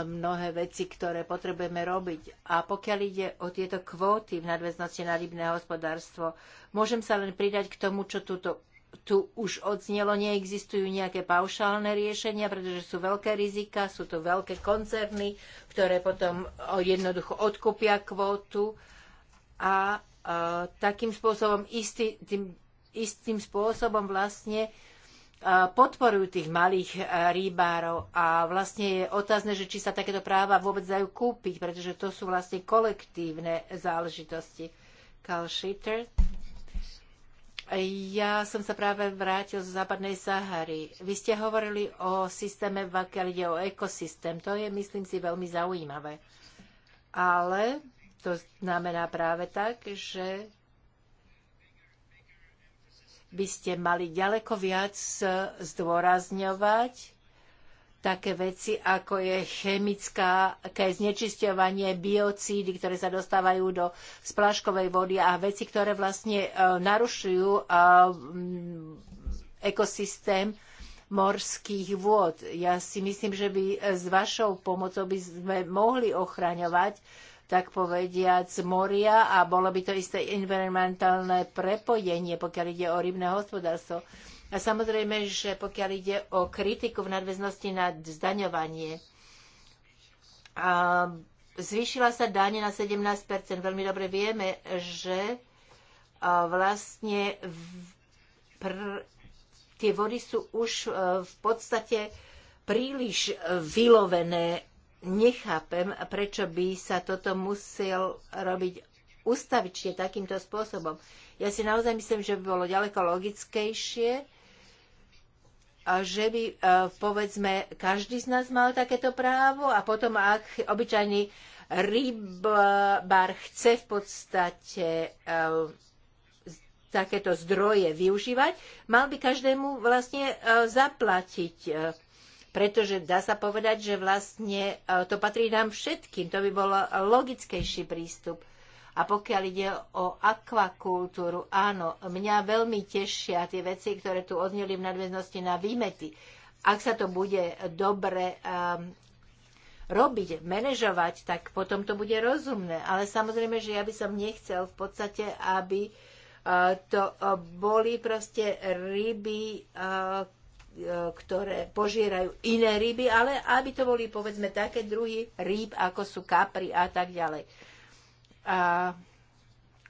mnohé veci, ktoré potrebujeme robiť. A pokiaľ ide o tieto kvóty v nadväznosti na rybné hospodárstvo, môžem sa len pridať k tomu, čo tuto, tu už odznelo. Neexistujú nejaké paušálne riešenia, pretože sú veľké rizika, sú to veľké koncerny, ktoré potom e, jednoducho odkúpia kvótu a, a e, takým spôsobom istý, tým, istým spôsobom vlastne uh, podporujú tých malých e, rybárov a vlastne je otázne, že či sa takéto práva vôbec dajú kúpiť, pretože to sú vlastne kolektívne záležitosti. Carl Schitter. Ja som sa práve vrátil z západnej Sahary. Vy ste hovorili o systéme, v ide o ekosystém. To je, myslím si, veľmi zaujímavé. Ale to znamená práve tak, že by ste mali ďaleko viac zdôrazňovať také veci, ako je chemická, aké znečisťovanie, biocídy, ktoré sa dostávajú do spláškovej vody a veci, ktoré vlastne e, narušujú e, mm, ekosystém morských vôd. Ja si myslím, že by s vašou pomocou by sme mohli ochraňovať tak povediať, z moria a bolo by to isté environmentálne prepojenie, pokiaľ ide o rybné hospodárstvo. A samozrejme, že pokiaľ ide o kritiku v nadväznosti na zdaňovanie, a zvýšila sa dáň na 17 Veľmi dobre vieme, že vlastne pr- tie vody sú už e, v podstate príliš e, vylovené nechápem, prečo by sa toto musel robiť ustavične takýmto spôsobom. Ja si naozaj myslím, že by bolo ďaleko logickejšie, a že by, e, povedzme, každý z nás mal takéto právo a potom, ak obyčajný rybár chce v podstate e, takéto zdroje využívať, mal by každému vlastne e, zaplatiť pretože dá sa povedať, že vlastne e, to patrí nám všetkým. To by bol logickejší prístup. A pokiaľ ide o akvakultúru, áno, mňa veľmi tešia tie veci, ktoré tu odneli v nadväznosti na výmety. Ak sa to bude dobre um, robiť, manažovať, tak potom to bude rozumné. Ale samozrejme, že ja by som nechcel v podstate, aby uh, to uh, boli proste ryby, uh, E, ktoré požierajú iné ryby, ale aby to boli povedzme také druhy rýb, ako sú kapry a tak ďalej. A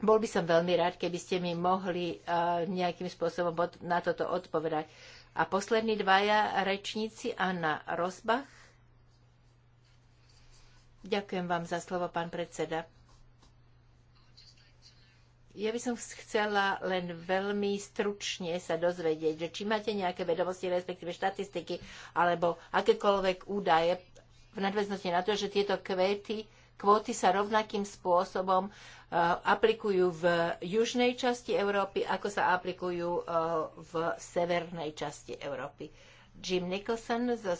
bol by som veľmi rád, keby ste mi mohli e, nejakým spôsobom na toto odpovedať. A poslední dvaja rečníci, Anna Rozbach. Ďakujem vám za slovo, pán predseda. Ja by som chcela len veľmi stručne sa dozvedieť, že či máte nejaké vedomosti, respektíve štatistiky, alebo akékoľvek údaje v nadväznosti na to, že tieto kvety, kvóty sa rovnakým spôsobom e, aplikujú v južnej časti Európy, ako sa aplikujú e, v severnej časti Európy. Jim Nicholson zo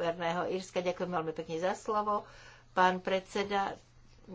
Severného Írska, ďakujem veľmi pekne za slovo. Pán predseda,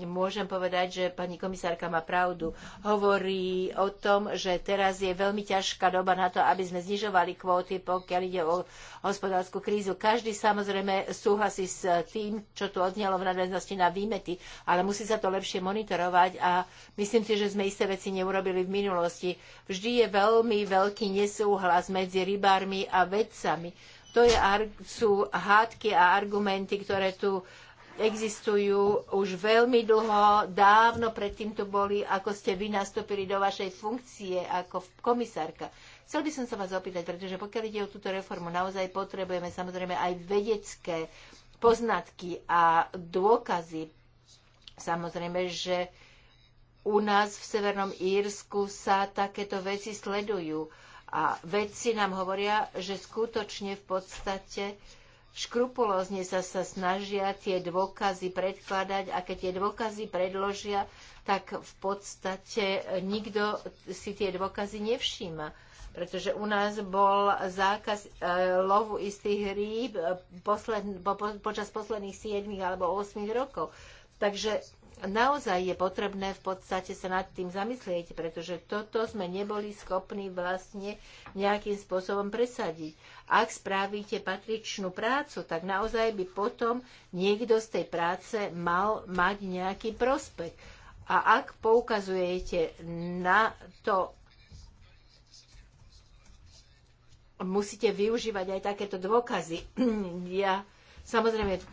môžem povedať, že pani komisárka má pravdu. Hovorí o tom, že teraz je veľmi ťažká doba na to, aby sme znižovali kvóty, pokiaľ ide o hospodárskú krízu. Každý samozrejme súhlasí s tým, čo tu odnelo v nadväznosti na výmety, ale musí sa to lepšie monitorovať a myslím si, že sme isté veci neurobili v minulosti. Vždy je veľmi veľký nesúhlas medzi rybármi a vedcami. To je, sú hádky a argumenty, ktoré tu existujú už veľmi dlho, dávno predtým tu boli, ako ste vy nastúpili do vašej funkcie ako komisárka. Chcel by som sa vás opýtať, pretože pokiaľ ide o túto reformu, naozaj potrebujeme samozrejme aj vedecké poznatky a dôkazy. Samozrejme, že u nás v Severnom Írsku sa takéto veci sledujú. A vedci nám hovoria, že skutočne v podstate škrupulózne sa, sa snažia tie dôkazy predkladať a keď tie dôkazy predložia, tak v podstate nikto si tie dôkazy nevšíma. Pretože u nás bol zákaz e, lovu istých rýb e, posled, po, po, počas posledných 7 alebo 8 rokov. Takže naozaj je potrebné v podstate sa nad tým zamyslieť, pretože toto sme neboli schopní vlastne nejakým spôsobom presadiť ak spravíte patričnú prácu, tak naozaj by potom niekto z tej práce mal mať nejaký prospech. A ak poukazujete na to, musíte využívať aj takéto dôkazy. Ja samozrejme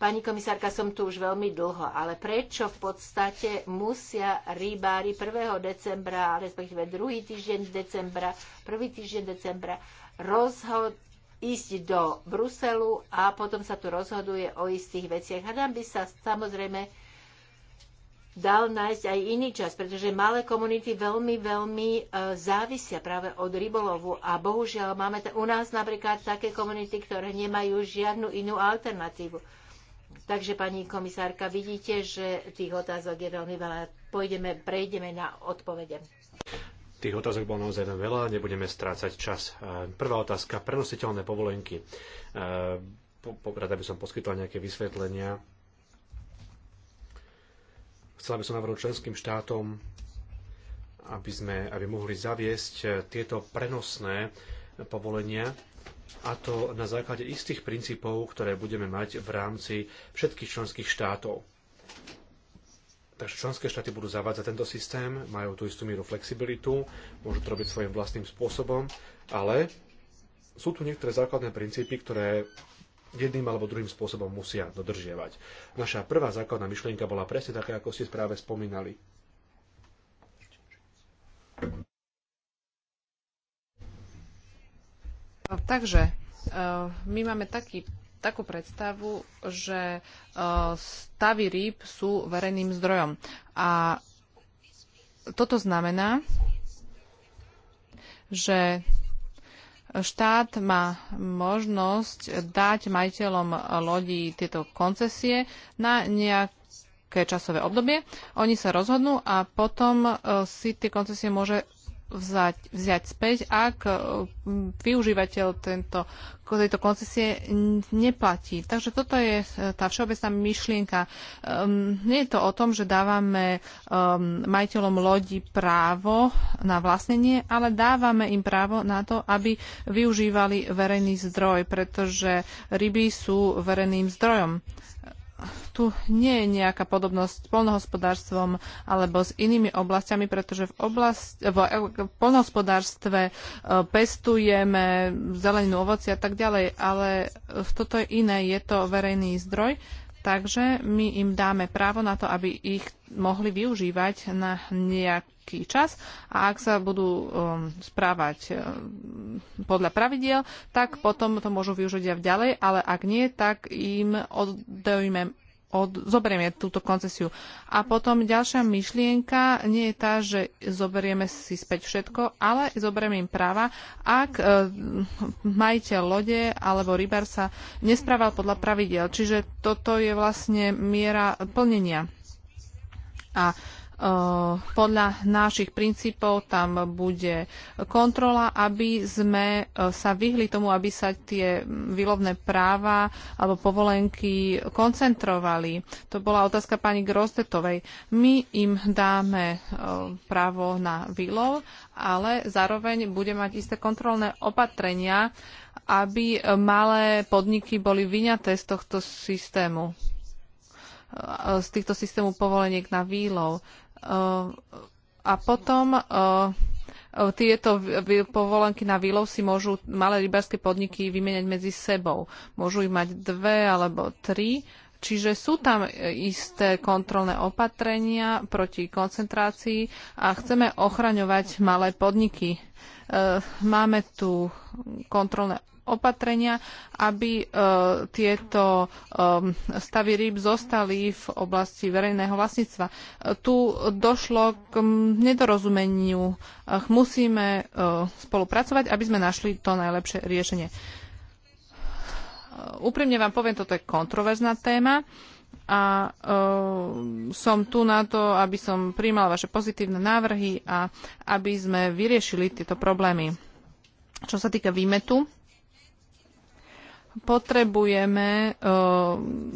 Pani komisárka, som tu už veľmi dlho, ale prečo v podstate musia rybári 1. decembra, respektíve 2. týždeň decembra, 1. týždeň decembra rozhod ísť do Bruselu a potom sa tu rozhoduje o istých veciach. Hadam by sa samozrejme dal nájsť aj iný čas, pretože malé komunity veľmi, veľmi e, závisia práve od rybolovu a bohužiaľ máme u nás napríklad také komunity, ktoré nemajú žiadnu inú alternatívu. Takže, pani komisárka, vidíte, že tých otázok je veľmi veľa. Pôjdeme, prejdeme na odpovede. Tých otázok bolo naozaj veľa, nebudeme strácať čas. E, prvá otázka, prenositeľné povolenky. E, rada by som poskytla nejaké vysvetlenia. Chcela by som navrhnúť členským štátom, aby, sme, aby mohli zaviesť e, tieto prenosné povolenia, a to na základe istých princípov, ktoré budeme mať v rámci všetkých členských štátov Takže členské štáty budú zavádzať tento systém, majú tú istú mieru flexibilitu, môžu to robiť svojim vlastným spôsobom, ale sú tu niektoré základné princípy, ktoré jedným alebo druhým spôsobom musia dodržiavať. Naša prvá základná myšlienka bola presne taká, ako ste práve spomínali. Takže e, my máme taký takú predstavu, že e, stavy rýb sú verejným zdrojom. A toto znamená, že štát má možnosť dať majiteľom lodí tieto koncesie na nejaké časové obdobie. Oni sa rozhodnú a potom e, si tie koncesie môže vzať, vziať späť, ak e, využívateľ tento, tejto koncesie neplatí. Takže toto je e, tá všeobecná myšlienka. Um, nie je to o tom, že dávame um, majiteľom lodi právo na vlastnenie, ale dávame im právo na to, aby využívali verejný zdroj, pretože ryby sú verejným zdrojom tu nie je nejaká podobnosť s polnohospodárstvom alebo s inými oblastiami, pretože v, oblast, v, e- v polnohospodárstve e, pestujeme zeleninu, ovoci a tak ďalej, ale toto je iné, je to verejný zdroj Takže my im dáme právo na to, aby ich mohli využívať na nejaký čas a ak sa budú um, správať um, podľa pravidiel, tak potom to môžu využiť aj ďalej, ale ak nie, tak im oddajme od, zoberieme túto koncesiu. A potom ďalšia myšlienka nie je tá, že zoberieme si späť všetko, ale zoberieme im práva, ak e, majiteľ lode alebo rybár sa nesprával podľa pravidel. Čiže toto je vlastne miera plnenia. A Eh, podľa našich princípov tam bude kontrola, aby sme eh, sa vyhli tomu, aby sa tie výlovné práva alebo povolenky koncentrovali. To bola otázka pani Grostetovej. My im dáme eh, právo na výlov, ale zároveň bude mať isté kontrolné opatrenia, aby malé podniky boli vyňaté z tohto systému z týchto systémov povoleniek na výlov a potom e, e, tieto povolenky na výlov si môžu malé rybárske podniky vymeniať medzi sebou. Môžu ich mať dve alebo tri. Čiže sú tam e, isté kontrolné opatrenia proti koncentrácii a chceme ochraňovať malé podniky. Máme tu kontrolné opatrenia, aby e, tieto e, stavy rýb zostali v oblasti verejného vlastníctva. E, tu došlo k nedorozumeniu. Musíme spolupracovať, aby sme našli to najlepšie riešenie. Úprimne vám poviem, toto je kontroverzná téma a uh, som tu na to, aby som príjmal vaše pozitívne návrhy a aby sme vyriešili tieto problémy. Čo sa týka výmetu, potrebujeme e,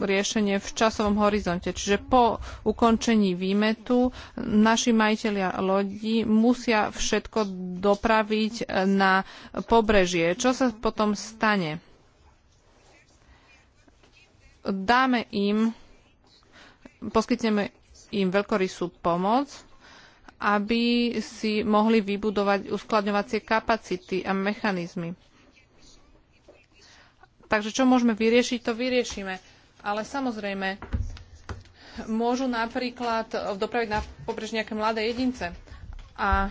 riešenie v časovom horizonte. Čiže po ukončení výmetu naši majiteľia lodí musia všetko dopraviť na pobrežie. Čo sa potom stane? Dáme im, poskytneme im veľkorysú pomoc, aby si mohli vybudovať uskladňovacie kapacity a mechanizmy Takže čo môžeme vyriešiť, to vyriešime. Ale samozrejme, môžu napríklad eh, dopraviť na pobrež nejaké mladé jedince. A eh,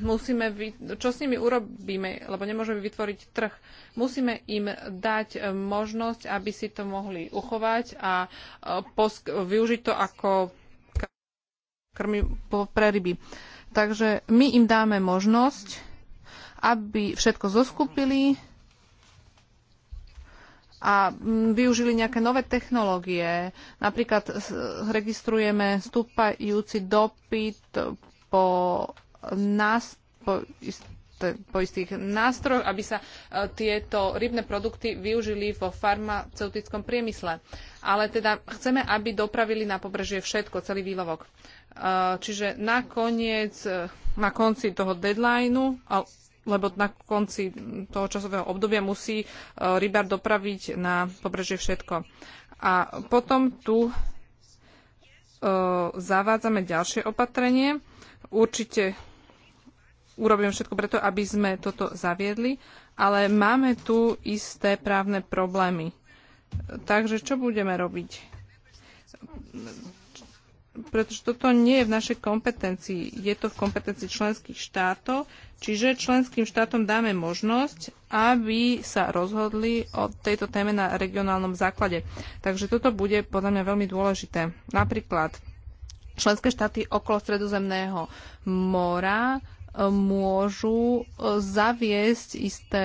musíme, čo s nimi urobíme, lebo nemôžeme vytvoriť trh. Musíme im dať eh, možnosť, aby si to mohli uchovať a využiť to ako krmi pre ryby. Takže my im dáme možnosť, aby všetko zoskupili, a mm, využili nejaké nové technológie. Napríklad registrujeme stúpajúci dopyt po, nás, po, po istých nástrojoch, aby sa e, tieto rybné produkty využili vo farmaceutickom priemysle. Ale teda chceme, aby dopravili na pobrežie všetko, celý výlovok. E, čiže nakoniec, e, na konci toho deadlineu, lebo na konci toho časového obdobia musí e, rybár dopraviť na pobrežie všetko. A potom tu e, zavádzame ďalšie opatrenie. Určite urobím všetko preto, aby sme toto zaviedli, ale máme tu isté právne problémy. Takže čo budeme robiť? pretože toto nie je v našej kompetencii. Je to v kompetencii členských štátov, čiže členským štátom dáme možnosť, aby sa rozhodli o tejto téme na regionálnom základe. Takže toto bude podľa mňa veľmi dôležité. Napríklad členské štáty okolo Stredozemného mora môžu e, zaviesť isté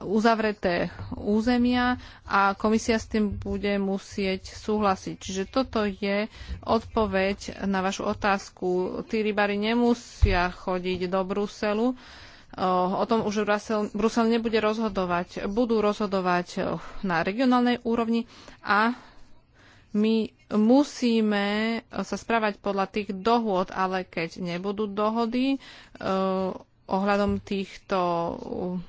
uzavreté územia a komisia s tým bude musieť súhlasiť. Čiže toto je odpoveď na vašu otázku. Tí rybári nemusia chodiť do Bruselu. E, o tom už Brusel, Brusel nebude rozhodovať. Budú rozhodovať na regionálnej úrovni a my musíme sa správať podľa tých dohôd, ale keď nebudú dohody uh, ohľadom týchto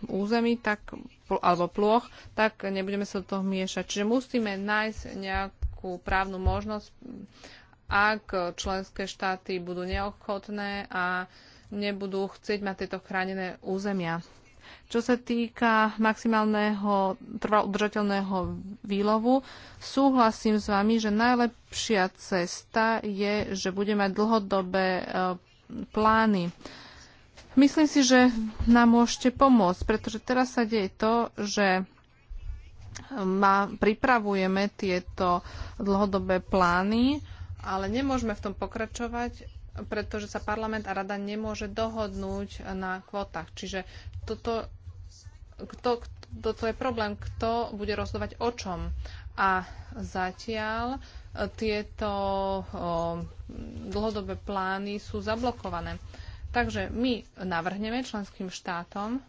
území tak, alebo ploch, tak nebudeme sa do toho miešať. Čiže musíme nájsť nejakú právnu možnosť, ak členské štáty budú neochotné a nebudú chcieť mať tieto chránené územia. Čo sa týka maximálneho trvalodržateľného udržateľného výlovu, súhlasím s vami, že najlepšia cesta je, že budeme mať dlhodobé e, plány. Myslím si, že nám môžete pomôcť, pretože teraz sa deje to, že e, ma, pripravujeme tieto dlhodobé plány, ale nemôžeme v tom pokračovať, pretože sa parlament a rada nemôže dohodnúť na kvotách. Čiže toto, kto, je problém, kto bude rozhodovať o čom. A zatiaľ e, tieto o, dlhodobé plány sú zablokované. Takže my navrhneme členským štátom,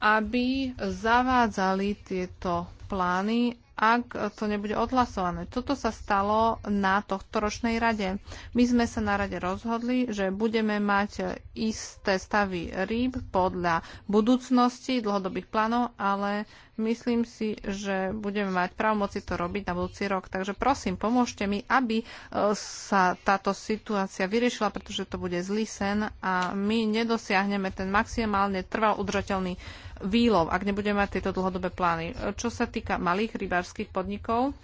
aby zavádzali tieto plány ak to nebude odhlasované. Toto sa stalo na tohto ročnej rade. My sme sa na rade rozhodli, že budeme mať isté stavy rýb podľa budúcnosti, dlhodobých plánov, ale myslím si, že budeme mať pravomoci to robiť na budúci rok. Takže prosím, pomôžte mi, aby e, sa táto situácia vyriešila, pretože to bude zlý sen a my nedosiahneme ten maximálne trval udržateľný výlov, ak nebudeme mať tieto dlhodobé plány. Čo sa týka malých rybárskych podnikov,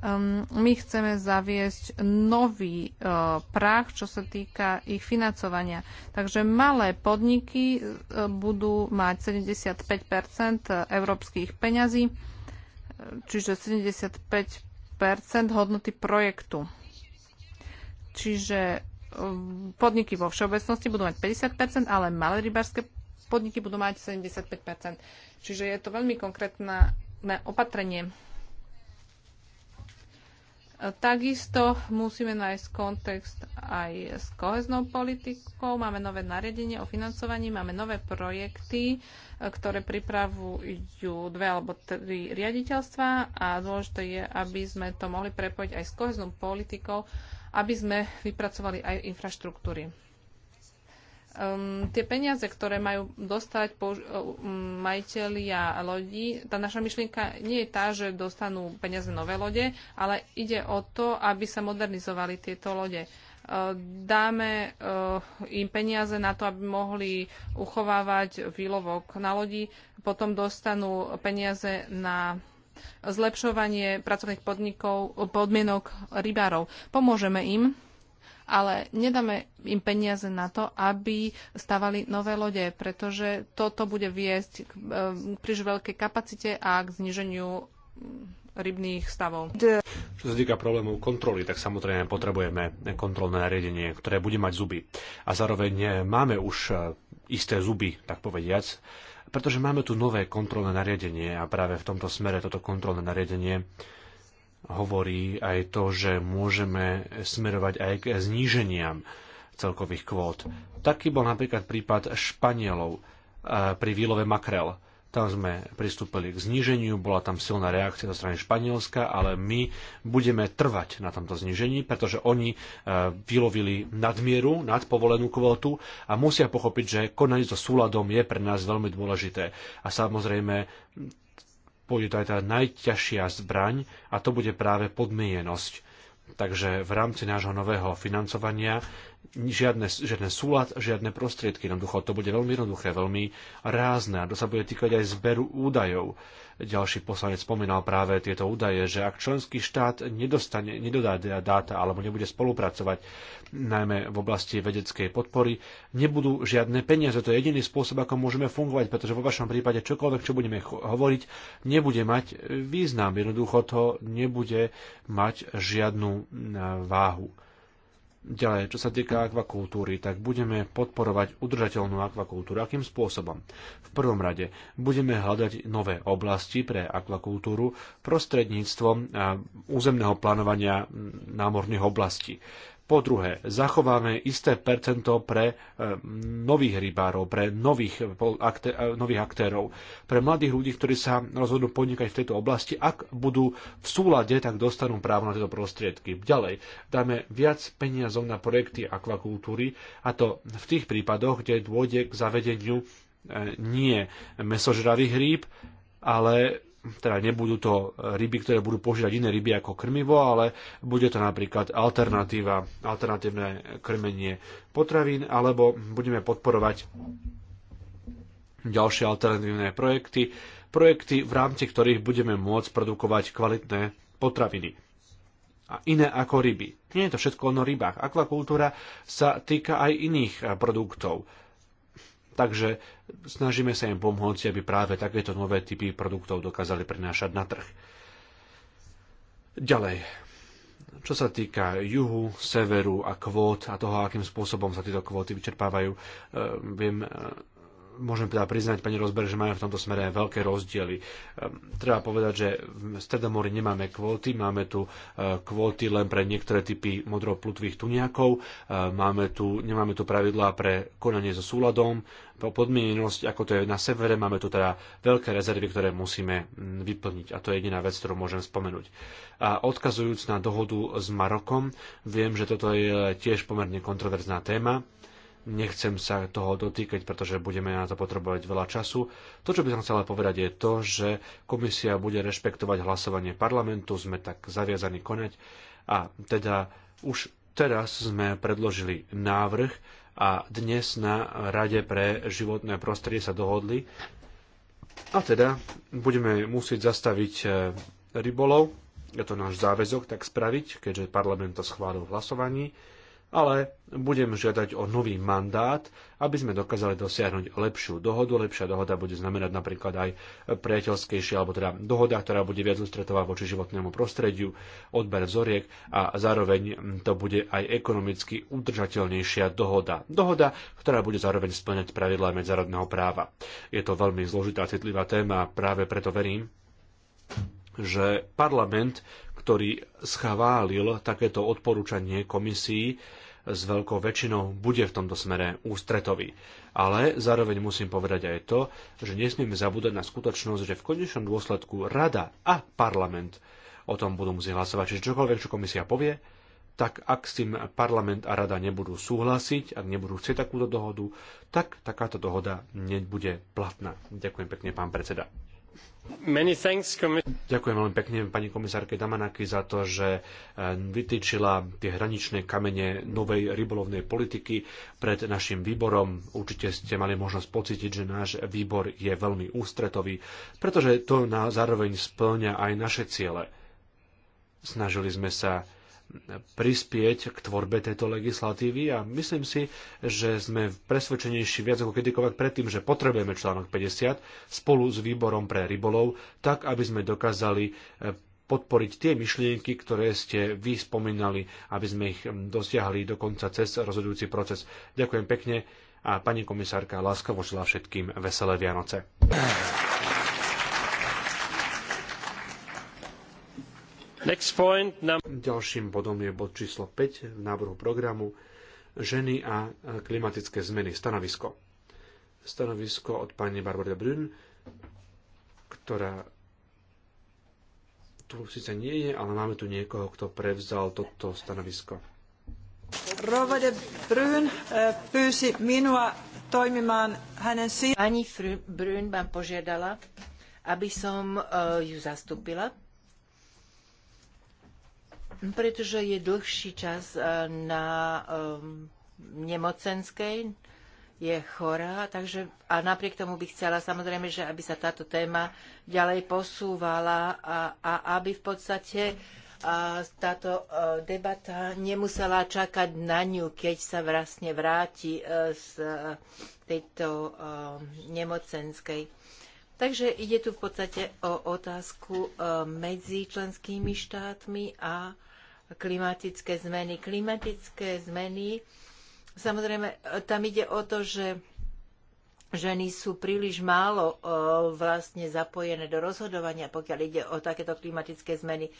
um, my chceme zaviesť nový uh, prach, čo sa týka ich financovania. Takže malé podniky uh, budú mať 75 európskych peňazí, uh, čiže 75 hodnoty projektu. Čiže um, podniky vo všeobecnosti budú mať 50%, ale malé rybárske podniky budú mať 75 Čiže je to veľmi konkrétne opatrenie. Takisto musíme nájsť kontext aj s koheznou politikou. Máme nové nariadenie o financovaní, máme nové projekty, ktoré pripravujú dve alebo tri riaditeľstva a dôležité je, aby sme to mohli prepojiť aj s koheznou politikou, aby sme vypracovali aj infraštruktúry um, tie peniaze, ktoré majú dostať použ- eh, um, a lodí, tá naša myšlienka nie je tá, že dostanú peniaze nové lode, ale ide o to, aby sa modernizovali tieto lode. Uh, dáme uh, im peniaze na to, aby mohli uchovávať výlovok na lodi, potom dostanú peniaze na zlepšovanie pracovných podnikov, podmienok rybárov. Pomôžeme im ale nedáme im peniaze na to, aby stavali nové lode, pretože toto bude viesť k e, príliš veľkej kapacite a k zniženiu rybných stavov. Čo sa týka problémov kontroly, tak samozrejme potrebujeme kontrolné nariadenie, ktoré bude mať zuby. A zároveň e, máme už e, isté zuby, tak povediac, pretože máme tu nové kontrolné nariadenie a práve v tomto smere toto kontrolné nariadenie hovorí aj to, že môžeme smerovať aj k zníženiam celkových kvót. Taký bol napríklad prípad Španielov e, pri výlove makrel. Tam sme pristúpili k zníženiu, bola tam silná reakcia zo strany Španielska, ale my budeme trvať na tomto znížení, pretože oni e, vylovili nadmieru, nad povolenú kvótu a musia pochopiť, že konať so súladom je pre nás veľmi dôležité. A samozrejme, bude to aj tá najťažšia zbraň a to bude práve podmienenosť. Takže v rámci nášho nového financovania žiadne, žiadne súlad, žiadne prostriedky. Jednoducho to bude veľmi jednoduché, veľmi rázne a to sa bude týkať aj zberu údajov. Ďalší poslanec spomínal práve tieto údaje, že ak členský štát nedostane, nedodá dáta alebo nebude spolupracovať, najmä v oblasti vedeckej podpory, nebudú žiadne peniaze. To je jediný spôsob, ako môžeme fungovať, pretože vo vašom prípade čokoľvek, čo budeme hovoriť, nebude mať význam. Jednoducho to nebude mať žiadnu eh, váhu. Ďalej, čo sa týka akvakultúry, tak budeme podporovať udržateľnú akvakultúru. Akým spôsobom? V prvom rade budeme hľadať nové oblasti pre akvakultúru prostredníctvom územného plánovania námorných oblastí. Po druhé, zachováme isté percento pre e, nových rybárov, pre nových, e, nových aktérov, pre mladých ľudí, ktorí sa rozhodnú podnikať v tejto oblasti. Ak budú v súlade, tak dostanú právo na tieto prostriedky. Ďalej, dáme viac peniazov na projekty akvakultúry, a to v tých prípadoch, kde dôjde k zavedeniu e, nie mesožravých rýb, ale teda nebudú to ryby, ktoré budú požiadať iné ryby ako krmivo, ale bude to napríklad alternatíva, alternatívne krmenie potravín, alebo budeme podporovať ďalšie alternatívne projekty, projekty, v rámci ktorých budeme môcť produkovať kvalitné potraviny. A iné ako ryby. Nie je to všetko len o rybách. Akvakultúra sa týka aj iných produktov Takže snažíme sa im pomôcť, aby práve takéto nové typy produktov dokázali prinášať na trh. Ďalej, čo sa týka juhu, severu a kvót a toho, akým spôsobom sa tieto kvóty vyčerpávajú, eh, viem eh, Môžem teda priznať, pani Rozber, že máme v tomto smere veľké rozdiely. Ehm, treba povedať, že v Stredomori nemáme kvóty, máme tu e, kvóty len pre niektoré typy modroplutvých tuniakov, e, máme tu, nemáme tu pravidlá pre konanie so súladom, podmienenosť, ako to je na severe, máme tu teda veľké rezervy, ktoré musíme vyplniť a to je jediná vec, ktorú môžem spomenúť. A odkazujúc na dohodu s Marokom, viem, že toto je tiež pomerne kontroverzná téma, Nechcem sa toho dotýkať, pretože budeme na to potrebovať veľa času. To, čo by som chcela povedať, je to, že komisia bude rešpektovať hlasovanie parlamentu, sme tak zaviazaní konať a teda už teraz sme predložili návrh a dnes na Rade pre životné prostredie sa dohodli. A teda budeme musieť zastaviť e, rybolov, je to náš záväzok tak spraviť, keďže parlament to schválil v hlasovaní ale budem žiadať o nový mandát, aby sme dokázali dosiahnuť lepšiu dohodu. Lepšia dohoda bude znamenať napríklad aj priateľskejšia, alebo teda dohoda, ktorá bude viac ústretová voči životnému prostrediu, odber vzoriek a zároveň to bude aj ekonomicky udržateľnejšia dohoda. Dohoda, ktorá bude zároveň splňať pravidlá medzárodného práva. Je to veľmi zložitá, citlivá téma a práve preto verím, že parlament, ktorý schválil takéto odporúčanie komisii, s veľkou väčšinou bude v tomto smere ústretový. Ale zároveň musím povedať aj to, že nesmieme zabúdať na skutočnosť, že v konečnom dôsledku Rada a parlament o tom budú musieť hlasovať. Čiže čokoľvek, čo komisia povie, tak ak s tým parlament a rada nebudú súhlasiť, ak nebudú chcieť takúto dohodu, tak takáto dohoda nebude platná. Ďakujem pekne, pán predseda. Ďakujem veľmi pekne pani komisárke Damanaki za to, že e, vytýčila tie hraničné kamene novej rybolovnej politiky pred našim výborom. Určite ste mali možnosť pocítiť, že náš výbor je veľmi ústretový, pretože to na zároveň splňa aj naše ciele. Snažili sme sa prispieť k tvorbe tejto legislatívy a myslím si, že sme presvedčenejší viac ako kedykoľvek predtým, že potrebujeme článok 50 spolu s výborom pre rybolov, tak aby sme dokázali e, podporiť tie myšlienky, ktoré ste vy spomínali, aby sme ich dosiahli dokonca cez rozhodujúci proces. Ďakujem pekne a pani komisárka láskavo všetkým veselé Vianoce. Point, Ďalším bodom je bod číslo 5 v návrhu programu Ženy a e, klimatické zmeny. Stanovisko. Stanovisko od pani Barbara Brün, ktorá tu síce nie je, ale máme tu niekoho, kto prevzal toto stanovisko. Rovade Brün e, minua toimimaan hänen si... Pani Brün vám požiadala, aby som e, ju zastúpila pretože je dlhší čas e, na um, nemocenskej, je chorá, takže a napriek tomu by chcela samozrejme, že aby sa táto téma ďalej posúvala a, a aby v podstate a e, táto debata nemusela čakať na ňu, keď sa vlastne vráti z tejto nemocenskej. Takže ide tu v podstate o otázku medzi členskými štátmi a klimatické zmeny. Klimatické zmeny, samozrejme, tam ide o to, že ženy sú príliš málo vlastne zapojené do rozhodovania, pokiaľ ide o takéto klimatické zmeny.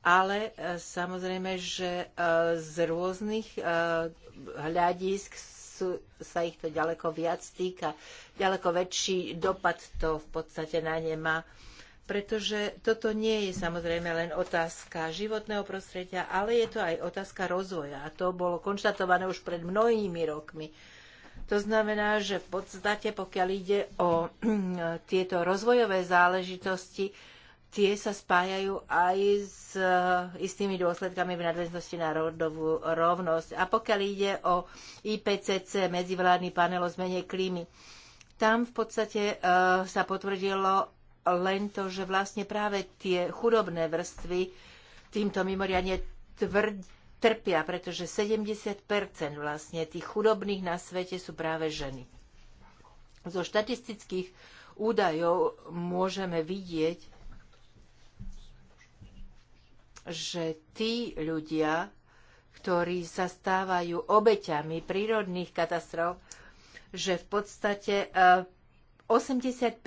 Ale e, samozrejme, že e, z rôznych e, hľadisk sú, sa ich to ďaleko viac týka. Ďaleko väčší dopad to v podstate na ne má pretože toto nie je samozrejme len otázka životného prostredia, ale je to aj otázka rozvoja. A to bolo konštatované už pred mnohými rokmi. To znamená, že v podstate, pokiaľ ide o tieto rozvojové záležitosti, tie sa spájajú aj s eh, istými dôsledkami v nadväznosti na rodovú rovnosť. A pokiaľ ide o IPCC, medzivládny panel o zmene klímy, tam v podstate eh, sa potvrdilo len to, že vlastne práve tie chudobné vrstvy týmto mimoriadne tvrd, trpia, pretože 70 vlastne tých chudobných na svete sú práve ženy. Zo štatistických údajov môžeme vidieť, že tí ľudia, ktorí sa stávajú obeťami prírodných katastrof, že v podstate eh, 85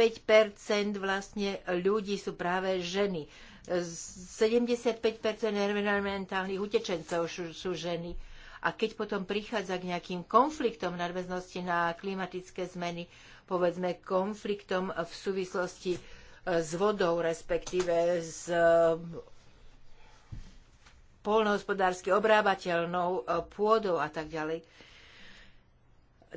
vlastne ľudí sú práve ženy. 75 environmentálnych utečencov sú, sú ženy. A keď potom prichádza k nejakým konfliktom v nadväznosti na klimatické zmeny, povedzme konfliktom v súvislosti e, s vodou, respektíve s e, polnohospodársky obrábateľnou e, pôdou a tak ďalej,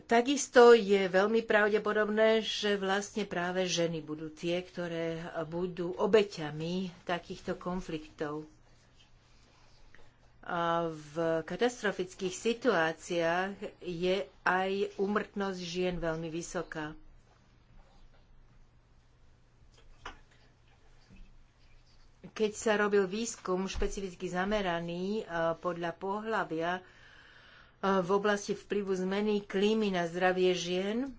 Takisto je veľmi pravdepodobné, že vlastne práve ženy budú tie, ktoré budú obeťami takýchto konfliktov. A v katastrofických situáciách je aj úmrtnosť žien veľmi vysoká. Keď sa robil výskum špecificky zameraný eh, podľa pohľavia, v oblasti vplyvu zmeny klímy na zdravie žien.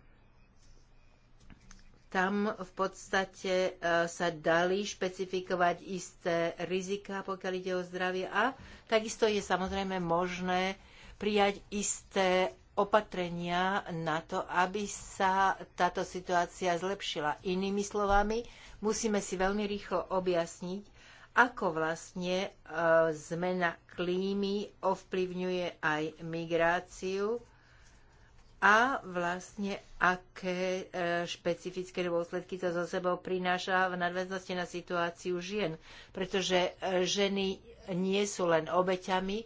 Tam v podstate e, sa dali špecifikovať isté rizika, pokiaľ ide o zdravie a takisto je samozrejme možné prijať isté opatrenia na to, aby sa táto situácia zlepšila. Inými slovami, musíme si veľmi rýchlo objasniť, ako vlastne e, zmena klímy ovplyvňuje aj migráciu a vlastne aké e, špecifické dôsledky to so sebou prináša v nadväznosti na situáciu žien. Pretože e, ženy nie sú len obeťami,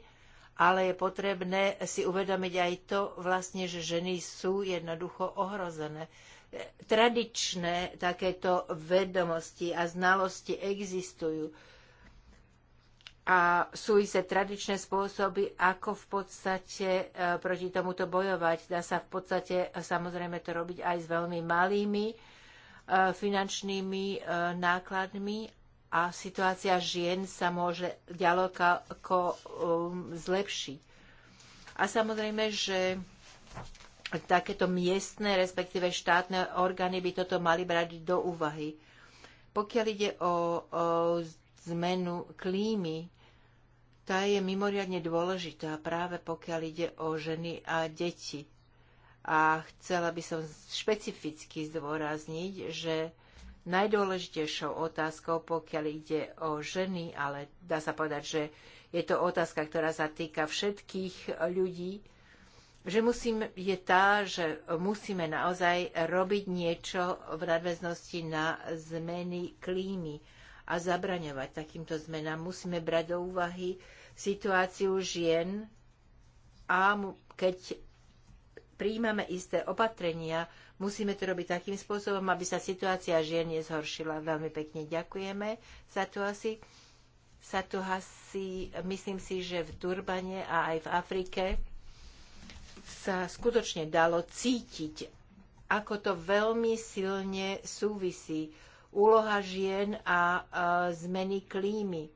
ale je potrebné si uvedomiť aj to vlastne, že ženy sú jednoducho ohrozené. E, tradičné takéto vedomosti a znalosti existujú a sú isté tradičné spôsoby, ako v podstate e, proti tomuto bojovať. Dá sa v podstate e, samozrejme to robiť aj s veľmi malými e, finančnými nákladmi a situácia žien sa môže ďaleko um, zlepšiť. A samozrejme, že takéto miestne, respektíve štátne orgány by toto mali brať do úvahy. Pokiaľ ide o, o zmenu klímy, tá je mimoriadne dôležitá práve pokiaľ ide o ženy a deti. A chcela by som špecificky zdôrazniť, že najdôležitejšou otázkou, pokiaľ ide o ženy, ale dá sa povedať, že je to otázka, ktorá sa týka všetkých ľudí, že musím, je tá, že musíme naozaj robiť niečo v nadväznosti na zmeny klímy a zabraňovať takýmto zmenám. Musíme brať do úvahy situáciu žien a keď príjmame isté opatrenia, musíme to robiť takým spôsobom, aby sa situácia žien nezhoršila. Veľmi pekne ďakujeme za to asi. Sa to asi, myslím si, že v Durbane a aj v Afrike sa skutočne dalo cítiť, ako to veľmi silne súvisí úloha žien a zmeny klímy.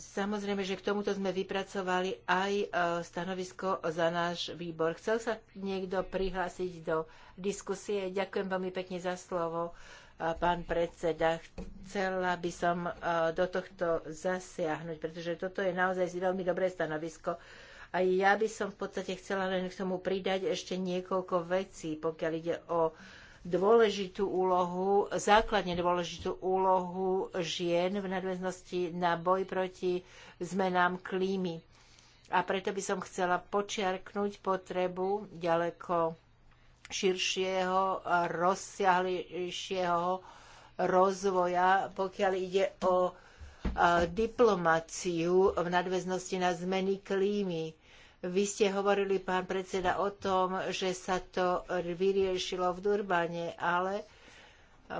Samozrejme, že k tomuto sme vypracovali aj e, stanovisko za náš výbor. Chcel sa niekto prihlásiť do diskusie? Ďakujem veľmi pekne za slovo, e, pán predseda. Chcela by som e, do tohto zasiahnuť, pretože toto je naozaj veľmi dobré stanovisko. A ja by som v podstate chcela len k tomu pridať ešte niekoľko vecí, pokiaľ ide o uh, dôležitú úlohu, základne dôležitú úlohu žien v nadväznosti na boj proti zmenám klímy. A preto by som chcela počiarknúť potrebu ďaleko širšieho, rozsiahlejšieho rozvoja, pokiaľ ide o diplomáciu v nadväznosti na zmeny klímy vy ste hovorili, pán predseda, o tom, že sa to vyriešilo v Durbane, ale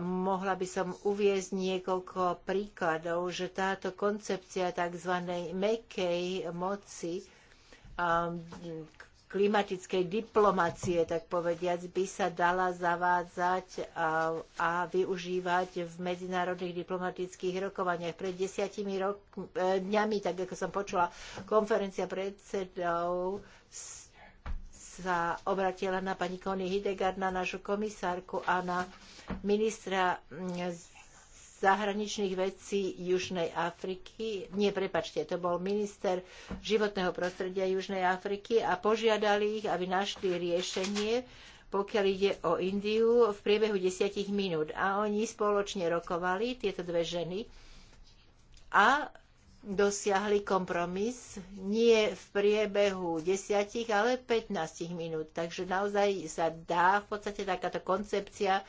mohla by som uviezť niekoľko príkladov, že táto koncepcia tzv. mekej moci, klimatickej diplomacie, tak povediac, by sa dala zavádzať a, a využívať v medzinárodných diplomatických rokovaniach. Pred desiatimi rok, dňami, tak ako som počula, konferencia predsedov sa obratila na pani Kony Hidegard, na našu komisárku a na ministra zahraničných vecí Južnej Afriky, nie, prepačte, to bol minister životného prostredia Južnej Afriky a požiadali ich, aby našli riešenie, pokiaľ ide o Indiu, v priebehu desiatich minút. A oni spoločne rokovali, tieto dve ženy, a dosiahli kompromis nie v priebehu desiatich, ale 15 minút. Takže naozaj sa dá v podstate takáto koncepcia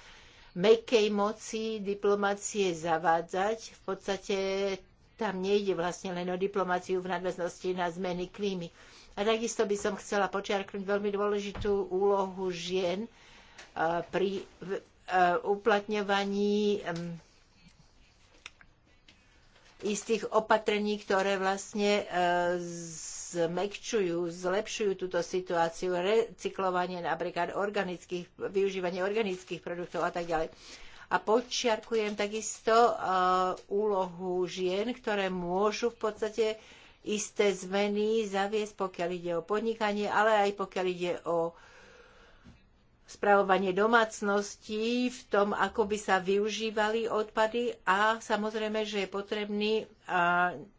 mekej moci diplomacie zavádzať. V podstate tam nejde vlastne len o diplomáciu v nadväznosti na zmeny klímy. A takisto by som chcela počiarknúť veľmi dôležitú úlohu žien eh, pri eh, uplatňovaní mm, istých opatrení, ktoré vlastne eh, z zmekčujú, zlepšujú túto situáciu, recyklovanie napríklad organických, využívanie organických produktov a tak ďalej. A počiarkujem takisto uh, úlohu žien, ktoré môžu v podstate isté zmeny zaviesť, pokiaľ ide o podnikanie, ale aj pokiaľ ide o spravovanie domácností, v tom, ako by sa využívali odpady a samozrejme, že je potrebný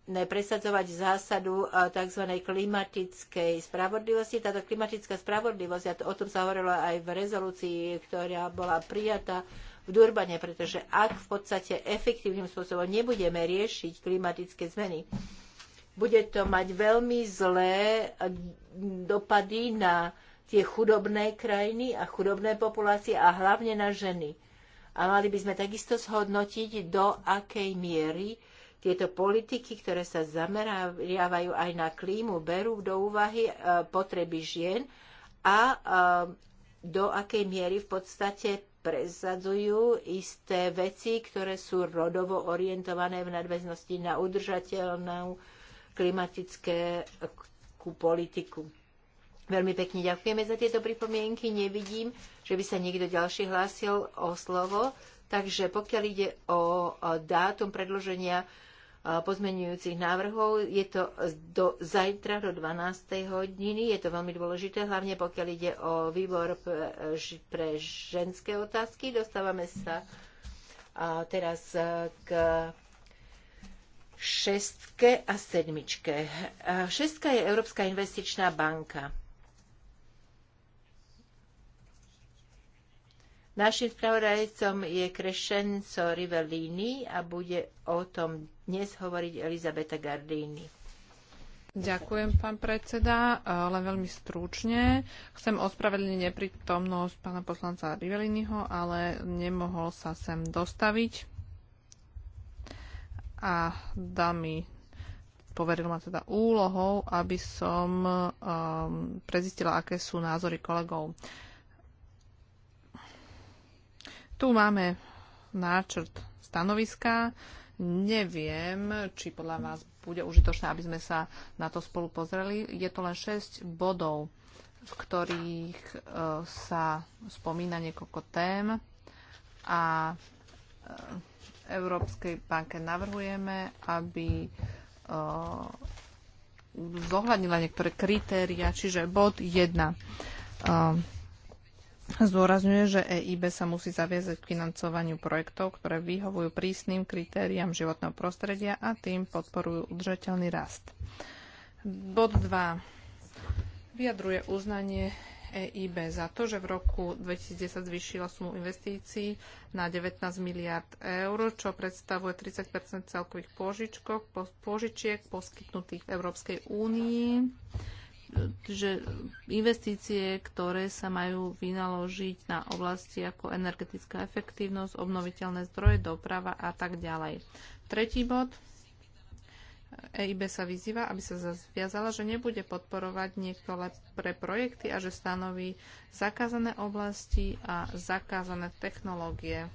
presadzovať zásadu tzv. klimatickej spravodlivosti. Táto klimatická spravodlivosť, a o tom sa hovorilo aj v rezolúcii, ktorá bola prijatá v Durbane, pretože ak v podstate efektívnym spôsobom nebudeme riešiť klimatické zmeny, bude to mať veľmi zlé dopady na tie chudobné krajiny a chudobné populácie a hlavne na ženy. A mali by sme takisto zhodnotiť, do akej miery tieto politiky, ktoré sa zameriavajú aj na klímu, berú do úvahy e, potreby žien a e, do akej miery v podstate presadzujú isté veci, ktoré sú rodovo orientované v nadväznosti na udržateľnú klimatickú politiku. Veľmi pekne ďakujeme za tieto pripomienky. Nevidím, že by sa niekto ďalší hlásil o slovo. Takže pokiaľ ide o dátum predloženia pozmenujúcich návrhov. Je to do zajtra do 12. hodiny. Je to veľmi dôležité, hlavne pokiaľ ide o výbor pre ženské otázky. Dostávame sa teraz k šestke a sedmičke. Šestka je Európska investičná banka. Našim spravodajcom je Crescenzo Rivellini a bude o tom dnes hovoriť Elizabeta Gardini. Ďakujem, pán predseda. Len veľmi stručne. Chcem ospravedlniť neprítomnosť pána poslanca Riveliniho, ale nemohol sa sem dostaviť. A dá mi poveril ma teda úlohou, aby som um, prezistila, aké sú názory kolegov. Uh, tu máme náčrt stanoviska. Neviem, či podľa vás bude užitočné, aby sme sa na to spolu pozreli. Je to len 6 bodov, v ktorých e, sa spomína niekoľko tém a e, Európskej banke navrhujeme, aby e, zohľadnila niektoré kritéria, čiže bod 1 Zdôrazňuje, že EIB sa musí zaviazať k financovaniu projektov, ktoré vyhovujú prísnym kritériám životného prostredia a tým podporujú udržateľný rast. Bod 2. Vyjadruje uznanie EIB za to, že v roku 2010 zvýšila sumu investícií na 19 miliard eur, čo predstavuje 30 celkových pôžičiek poskytnutých v Európskej únii že investície, ktoré sa majú vynaložiť na oblasti ako energetická efektívnosť, obnoviteľné zdroje, doprava a tak ďalej. Tretí bod. EIB sa vyzýva, aby sa zaviazala, že nebude podporovať niektoré pre projekty a že stanoví zakázané oblasti a zakázané technológie.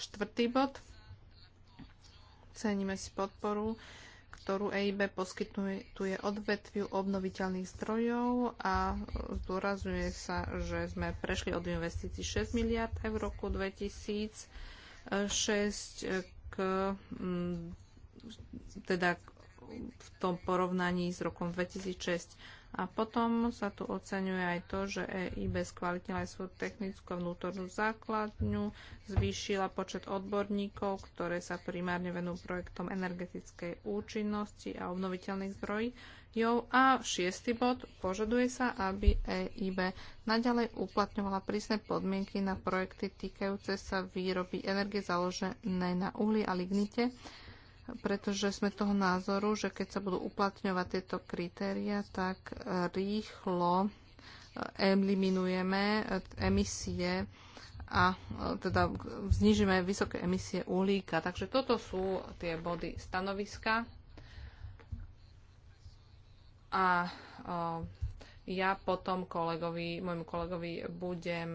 Štvrtý bod. Ceníme si podporu ktorú EIB poskytuje odvetviu obnoviteľných zdrojov a zdôrazňuje sa, že sme prešli od investícií 6 miliard eur v roku 2006 k, mm, teda v tom porovnaní s rokom 2006 a potom sa tu oceňuje aj to, že EIB skvalitnila aj svoju technickú vnútornú základňu, zvýšila počet odborníkov, ktoré sa primárne venujú projektom energetickej účinnosti a obnoviteľných zdrojov. A šiestý bod, požaduje sa, aby EIB naďalej uplatňovala prísne podmienky na projekty týkajúce sa výroby energie založené na uhli a lignite, pretože sme toho názoru, že keď sa budú uplatňovať tieto kritéria, tak e, rýchlo e, eliminujeme e, emisie a teda znižíme vysoké emisie uhlíka. Takže toto sú tie body stanoviska. A ja potom kolegovi, môjmu kolegovi budem,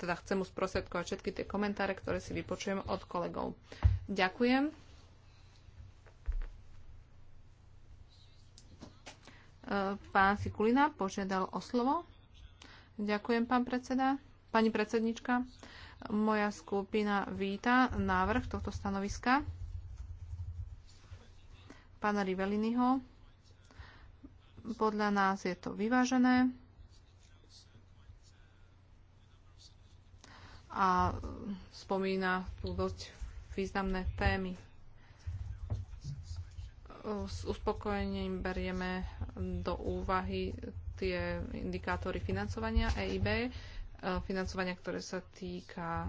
teda chcem mu sprostredkovať všetky tie komentáre, ktoré si vypočujem od kolegov. Ďakujem. Pán Fikulina požiadal o slovo. Ďakujem, pán predseda. Pani predsednička, moja skupina víta návrh tohto stanoviska pána Riveliniho. Podľa nás je to vyvážené a spomína tu dosť významné témy. S uspokojením berieme do úvahy tie indikátory financovania EIB, e, financovania, ktoré sa týka e,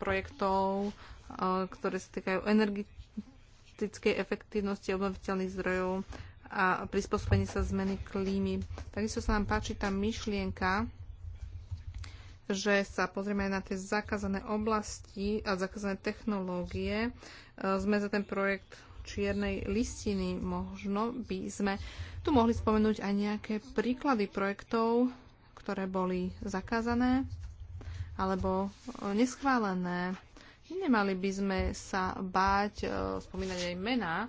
projektov, e, ktoré sa týkajú energetickej efektívnosti obnoviteľných zdrojov a prispôsobenie sa zmeny klímy. Takisto sa nám páči tá myšlienka, že sa pozrieme aj na tie zakázané oblasti a zakázané technológie. Sme za ten projekt čiernej listiny. Možno by sme tu mohli spomenúť aj nejaké príklady projektov, ktoré boli zakázané alebo e, neschválené. Nemali by sme sa báť e, spomínať aj mená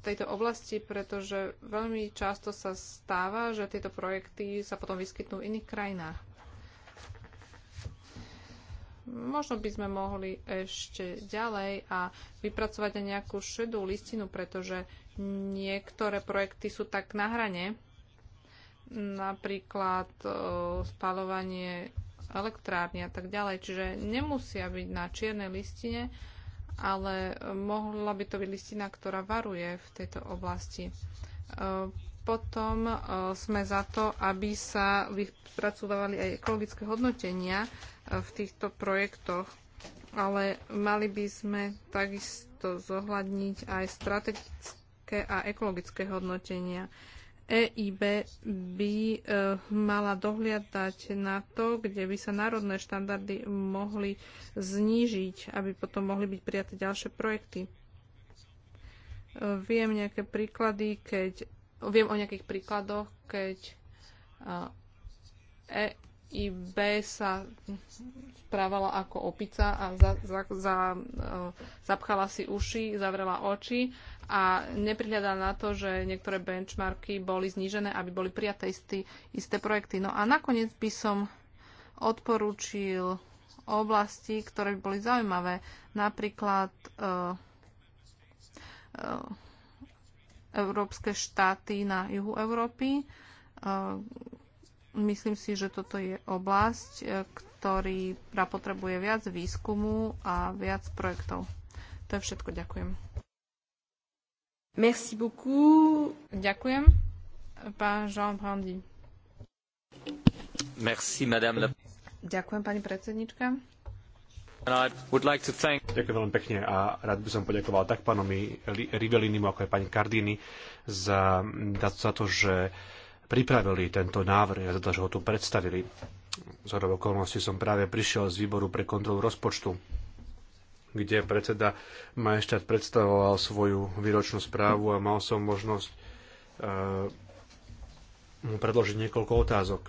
v tejto oblasti, pretože veľmi často sa stáva, že tieto projekty sa potom vyskytnú v iných krajinách. Možno by sme mohli ešte ďalej a vypracovať aj nejakú šedú listinu, pretože niektoré projekty sú tak na hrane, napríklad e, spalovanie elektrárny a tak ďalej. Čiže nemusia byť na čiernej listine, ale mohla by to byť listina, ktorá varuje v tejto oblasti. E, potom e, sme za to, aby sa vypracovali aj ekologické hodnotenia v týchto projektoch, ale mali by sme takisto zohľadniť aj strategické a ekologické hodnotenia. EIB by eh, mala dohliadať na to, kde by sa národné štandardy mohli znížiť, aby potom mohli byť prijaté ďalšie projekty. Eh, viem nejaké príklady, keď viem o nejakých príkladoch, keď eh, i B sa správala ako opica a za, za, za, e, zapchala si uši, zavrela oči a neprihľadá na to, že niektoré benchmarky boli znížené, aby boli prijaté istý, isté projekty. No a nakoniec by som odporúčil oblasti, ktoré by boli zaujímavé. Napríklad uh, uh, európske štáty na juhu Európy, uh, Myslím si, že toto je oblasť, e, ktorý potrebuje viac výskumu a viac projektov. To je všetko. Ďakujem. Merci beaucoup. Ďakujem. Pán Jean Brandy. Merci, madame Ďakujem, pani predsednička. Like thank... Ďakujem veľmi pekne a rád by som poďakoval tak pánovi Rivelinimu, ako aj pani Kardini za, za to, že pripravili tento návrh a za to, že ho tu predstavili. Z okolností som práve prišiel z výboru pre kontrolu rozpočtu, kde predseda Majštát predstavoval svoju výročnú správu a mal som možnosť eh, mu predložiť niekoľko otázok.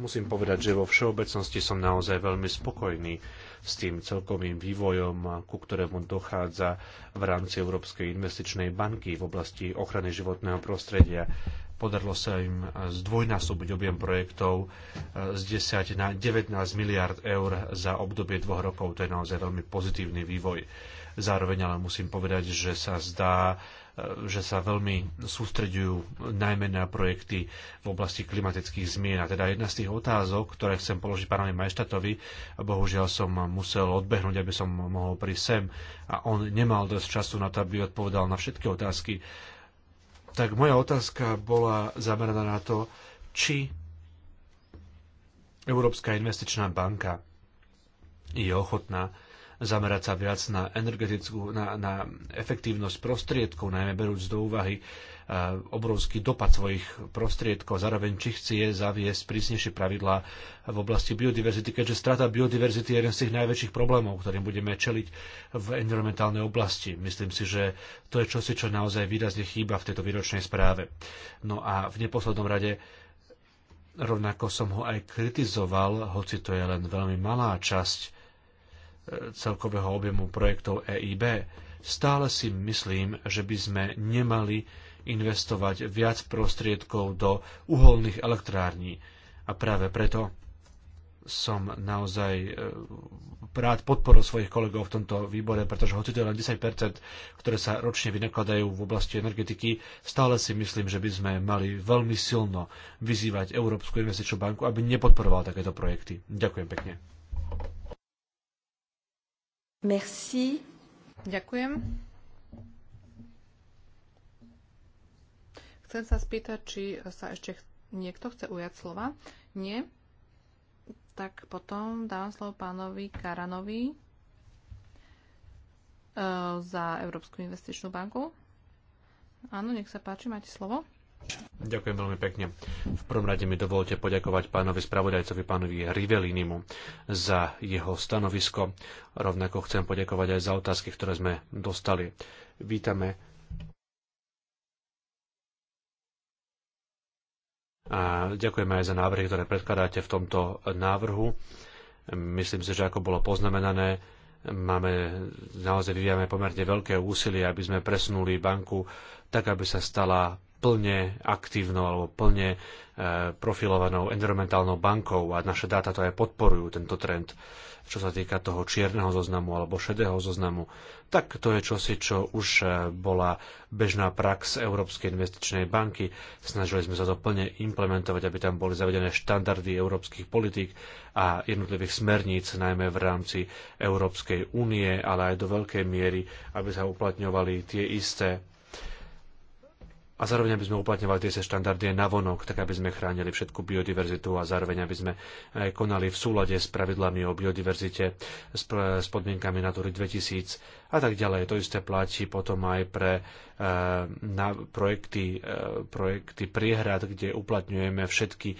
Musím povedať, že vo všeobecnosti som naozaj veľmi spokojný s tým celkovým vývojom, ku ktorému dochádza v rámci Európskej investičnej banky v oblasti ochrany životného prostredia. Podarilo sa im zdvojnásobiť objem projektov e, z 10 na 19 miliard eur za obdobie dvoch rokov. To je naozaj veľmi pozitívny vývoj. Zároveň ale musím povedať, že sa zdá, E, že sa veľmi sústreďujú najmä na projekty v oblasti klimatických zmien. A teda jedna z tých otázok, ktoré chcem položiť pánovi Majštatovi, bohužiaľ som musel odbehnúť, aby som mohol prísť sem a on nemal dosť času na to, aby odpovedal na všetky otázky. Tak moja otázka bola zameraná na to, či Európska investičná banka je ochotná zamerať sa viac na energetickú, na, na efektívnosť prostriedkov, najmä berúc do úvahy eh, obrovský dopad svojich prostriedkov. Zároveň či chcie zaviesť prísnejšie pravidlá v oblasti biodiverzity, keďže strata biodiverzity je jeden z tých najväčších problémov, ktorým budeme čeliť v environmentálnej oblasti. Myslím si, že to je čosi, čo naozaj výrazne chýba v tejto výročnej správe. No a v neposlednom rade rovnako som ho aj kritizoval, hoci to je len veľmi malá časť celkového objemu projektov EIB, stále si myslím, že by sme nemali investovať viac prostriedkov do uholných elektrární. A práve preto som naozaj e, rád podporu svojich kolegov v tomto výbore, pretože hoci to je len 10%, ktoré sa ročne vynakladajú v oblasti energetiky, stále si myslím, že by sme mali veľmi silno vyzývať Európsku investičnú banku, aby nepodporovala takéto projekty. Ďakujem pekne. Ďakujem. Chcem sa spýtať, či sa ešte niekto chce ujať slova. Nie? Tak potom dám slovo pánovi Karanovi eh, za Európsku investičnú banku. Áno, nech sa páči, máte slovo. Ďakujem veľmi pekne. V prvom rade mi dovolte poďakovať pánovi spravodajcovi, pánovi Rivelinimu za jeho stanovisko. Rovnako chcem poďakovať aj za otázky, ktoré sme dostali. Vítame a ďakujeme aj za návrhy, ktoré predkladáte v tomto návrhu. Myslím si, že ako bolo poznamenané, máme, naozaj vyvíjame pomerne veľké úsilie, aby sme presunuli banku tak, aby sa stala plne aktívnou alebo plne e, profilovanou environmentálnou bankou a naše dáta to aj podporujú, tento trend, čo sa týka toho čierneho zoznamu alebo šedého zoznamu, tak to je čosi, čo už e, bola bežná prax Európskej investičnej banky. Snažili sme sa to plne implementovať, aby tam boli zavedené štandardy európskych politík a jednotlivých smerníc, najmä v rámci Európskej únie, ale aj do veľkej miery, aby sa uplatňovali tie isté a zároveň aby sme uplatňovali tie štandardy navonok, tak aby sme chránili všetku biodiverzitu a zároveň aby sme konali v súlade s pravidlami o biodiverzite, s, s podmienkami Natury 2000 a tak ďalej. To isté platí potom aj pre e, na projekty, e, projekty priehrad, kde uplatňujeme všetky e,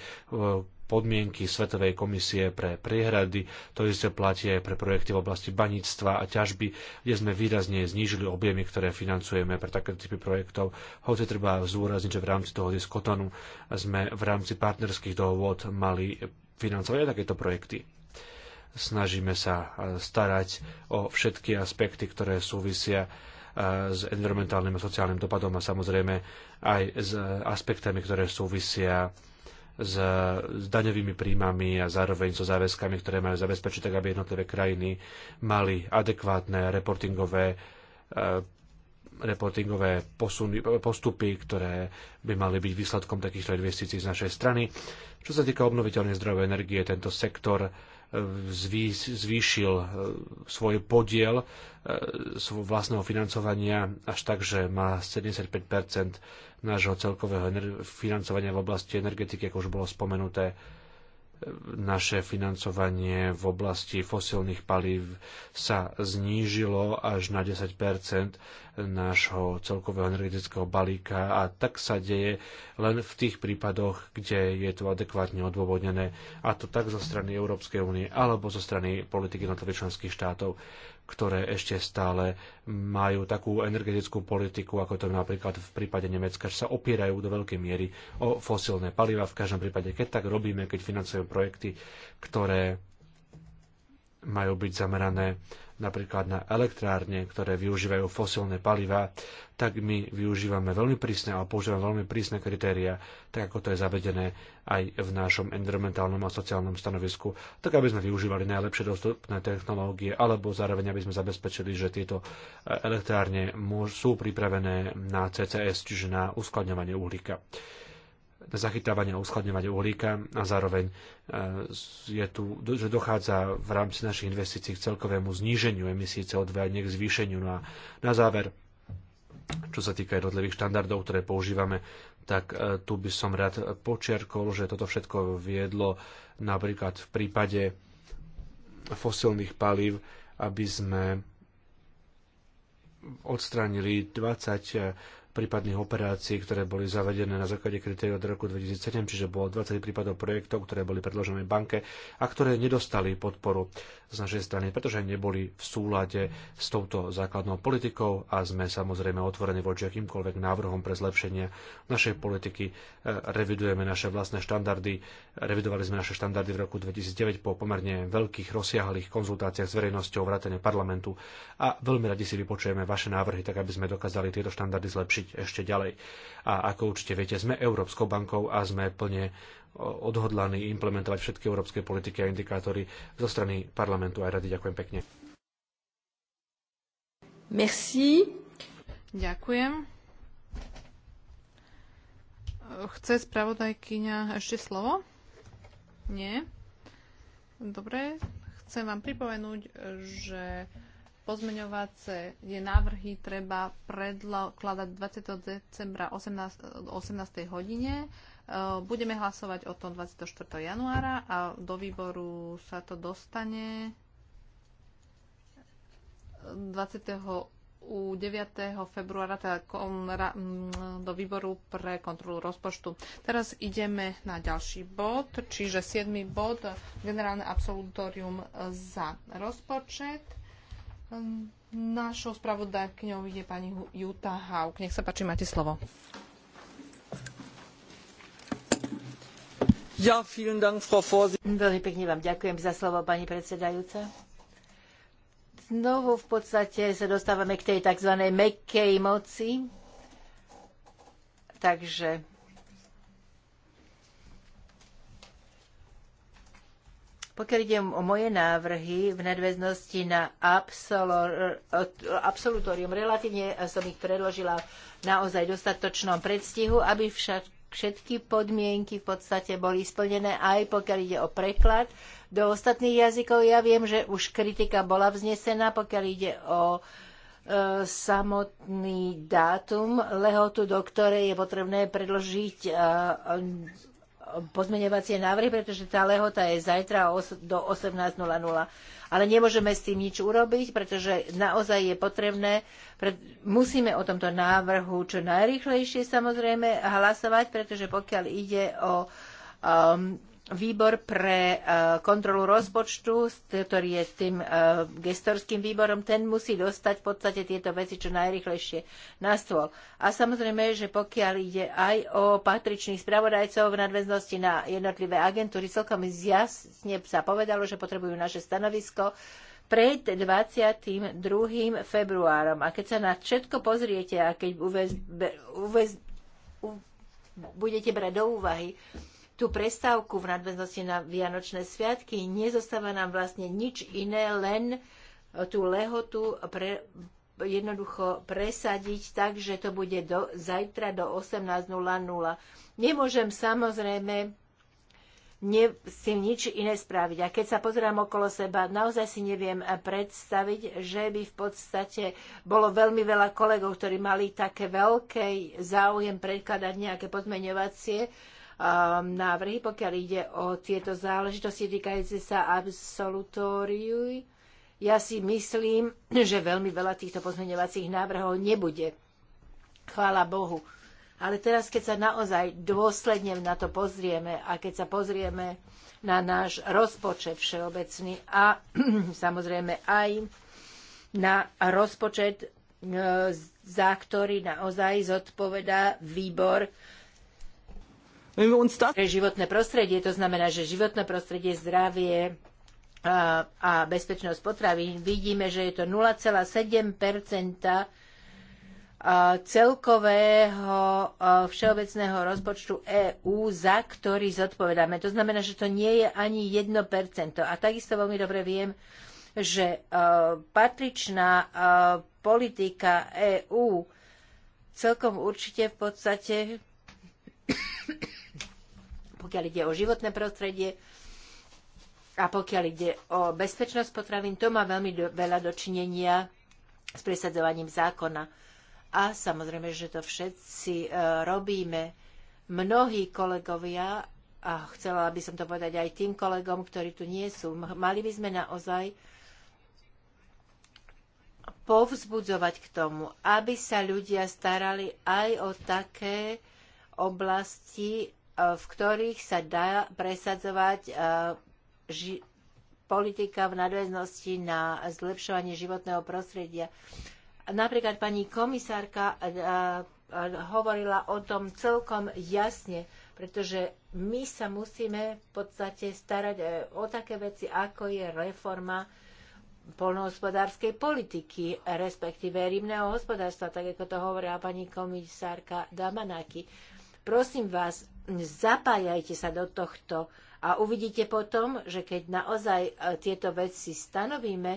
podmienky Svetovej komisie pre priehrady. To isté platí aj pre projekty v oblasti baníctva a ťažby, kde sme výrazne znížili objemy, ktoré financujeme pre takéto typy projektov. Hoci treba zúrazniť, že v rámci toho diskotonu sme v rámci partnerských dohôd mali financovať aj takéto projekty snažíme sa e, starať o všetky aspekty, ktoré súvisia e, s environmentálnym a sociálnym dopadom a samozrejme aj s aspektami, ktoré súvisia s, s daňovými príjmami a zároveň so záväzkami, ktoré majú zabezpečiť, tak aby jednotlivé krajiny mali adekvátne reportingové eh, reportingové posuny, postupy, ktoré by mali byť výsledkom takýchto investícií z našej strany. Čo sa týka obnoviteľných zdrojov energie, tento sektor zvýšil e, svoj podiel e, vlastného financovania až tak, že má 75 nášho celkového financovania v oblasti energetiky, ako už bolo spomenuté naše financovanie v oblasti fosilných palív sa znížilo až na 10 nášho celkového energetického balíka a tak sa deje len v tých prípadoch, kde je to adekvátne odôvodnené a to tak zo strany Európskej únie alebo zo strany politiky jednotlivých členských štátov ktoré ešte stále majú takú energetickú politiku, ako to napríklad v prípade Nemecka, že sa opierajú do veľkej miery o fosilné paliva. V každom prípade, keď tak robíme, keď financujeme projekty, ktoré majú byť zamerané napríklad na elektrárne, ktoré využívajú fosilné paliva, tak my využívame veľmi prísne a používame veľmi prísne kritéria, tak ako to je zavedené aj v našom environmentálnom a sociálnom stanovisku, tak aby sme využívali najlepšie dostupné technológie, alebo zároveň aby sme zabezpečili, že tieto eh, elektrárne sú pripravené na CCS, čiže na uskladňovanie uhlíka zachytávania a uskladňovania uhlíka a zároveň e, je tu, že dochádza v rámci našich investícií k celkovému zníženiu emisí CO2 a nie k zvýšeniu. No a na záver, čo sa týka jednotlivých štandardov, ktoré používame, tak e, tu by som rád počiarkol, že toto všetko viedlo napríklad v prípade fosilných palív, aby sme odstránili 20 prípadných operácií, ktoré boli zavedené na základe kritérií od roku 2007, čiže bolo 20 prípadov projektov, ktoré boli predložené banke a ktoré nedostali podporu z našej strany, pretože neboli v súlade s touto základnou politikou a sme samozrejme otvorení voči akýmkoľvek návrhom pre zlepšenie našej politiky. E, revidujeme naše vlastné štandardy, revidovali sme naše štandardy v roku 2009 po pomerne veľkých rozsiahlých konzultáciách s verejnosťou vrátane parlamentu a veľmi radi si vypočujeme vaše návrhy, tak aby sme dokázali tieto štandardy zlepšiť zlepšiť ešte ďalej. A ako určite viete, sme Európskou bankou a sme plne odhodlaní implementovať všetky európske politiky a indikátory zo strany parlamentu aj rady. Ďakujem pekne. Merci. Ďakujem. Chce spravodajkyňa ešte slovo? Nie. Dobre, chcem vám pripomenúť, že Pozmeňovacie návrhy treba predkladať 20. decembra 18, 18. hodine. E, budeme hlasovať o tom 24. januára a do výboru sa to dostane 29. februára teda do výboru pre kontrolu rozpočtu. Teraz ideme na ďalší bod, čiže 7. bod, generálne absolutórium za rozpočet. Našou spravodajkňou je pani Juta Hauk. Nech sa páči, máte slovo. Ja, vielen Dank, Frau Vorsi. Veľmi pekne vám ďakujem za slovo, pani predsedajúca. Znovu v podstate sa dostávame k tej tzv. mekej moci. Takže Pokiaľ ide o moje návrhy v nadväznosti na absolutorium, relatívne som ich predložila naozaj dostatočnom predstihu, aby však všetky podmienky v podstate boli splnené, aj pokiaľ ide o preklad do ostatných jazykov. Ja viem, že už kritika bola vznesená, pokiaľ ide o e, samotný dátum lehotu, do ktorej je potrebné predložiť e, pozmeňovacie návrhy, pretože tá lehota je zajtra do 18.00. Ale nemôžeme s tým nič urobiť, pretože naozaj je potrebné, musíme o tomto návrhu čo najrychlejšie samozrejme hlasovať, pretože pokiaľ ide o um, výbor pre e, kontrolu rozpočtu, ktorý je tým e, gestorským výborom, ten musí dostať v podstate tieto veci čo najrychlejšie na stôl. A samozrejme, že pokiaľ ide aj o patričných spravodajcov v nadväznosti na jednotlivé agentúry, celkom jasne sa povedalo, že potrebujú naše stanovisko pred 22. februárom. A keď sa na všetko pozriete a keď uväz, uväz, u, budete brať do úvahy, tú prestávku v nadväznosti na Vianočné sviatky, nezostáva nám vlastne nič iné, len e, tú lehotu pre, jednoducho presadiť tak, že to bude do, zajtra do 18.00. Nemôžem samozrejme ne, s tým nič iné spraviť. A keď sa pozerám okolo seba, naozaj si neviem predstaviť, že by v podstate bolo veľmi veľa kolegov, ktorí mali také veľký záujem predkladať nejaké podmeňovacie Um, návrhy, pokiaľ ide o tieto záležitosti týkajúce sa absolutóriu. Ja si myslím, že veľmi veľa týchto pozmeňovacích návrhov nebude. Chvála Bohu. Ale teraz, keď sa naozaj dôsledne na to pozrieme a keď sa pozrieme na náš rozpočet všeobecný a samozrejme aj na rozpočet, e, za ktorý naozaj zodpovedá výbor pre životné prostredie, to znamená, že životné prostredie, zdravie a, a bezpečnosť potravín, vidíme, že je to 0,7 celkového všeobecného rozpočtu EÚ, za ktorý zodpovedáme. To znamená, že to nie je ani 1%. A takisto veľmi dobre viem, že patričná politika EÚ celkom určite v podstate pokiaľ ide o životné prostredie a pokiaľ ide o bezpečnosť potravín, to má veľmi do, veľa dočinenia s presadzovaním zákona. A samozrejme, že to všetci e, robíme. Mnohí kolegovia, a chcela by som to povedať aj tým kolegom, ktorí tu nie sú, mali by sme naozaj povzbudzovať k tomu, aby sa ľudia starali aj o také oblasti, v ktorých sa dá presadzovať e, ži- politika v nadväznosti na zlepšovanie životného prostredia. Napríklad pani komisárka e, e, hovorila o tom celkom jasne, pretože my sa musíme v podstate starať o také veci, ako je reforma polnohospodárskej politiky, respektíve rybného hospodárstva, tak ako to hovorila pani komisárka Damanaki. Prosím vás, zapájajte sa do tohto a uvidíte potom, že keď naozaj e, tieto veci stanovíme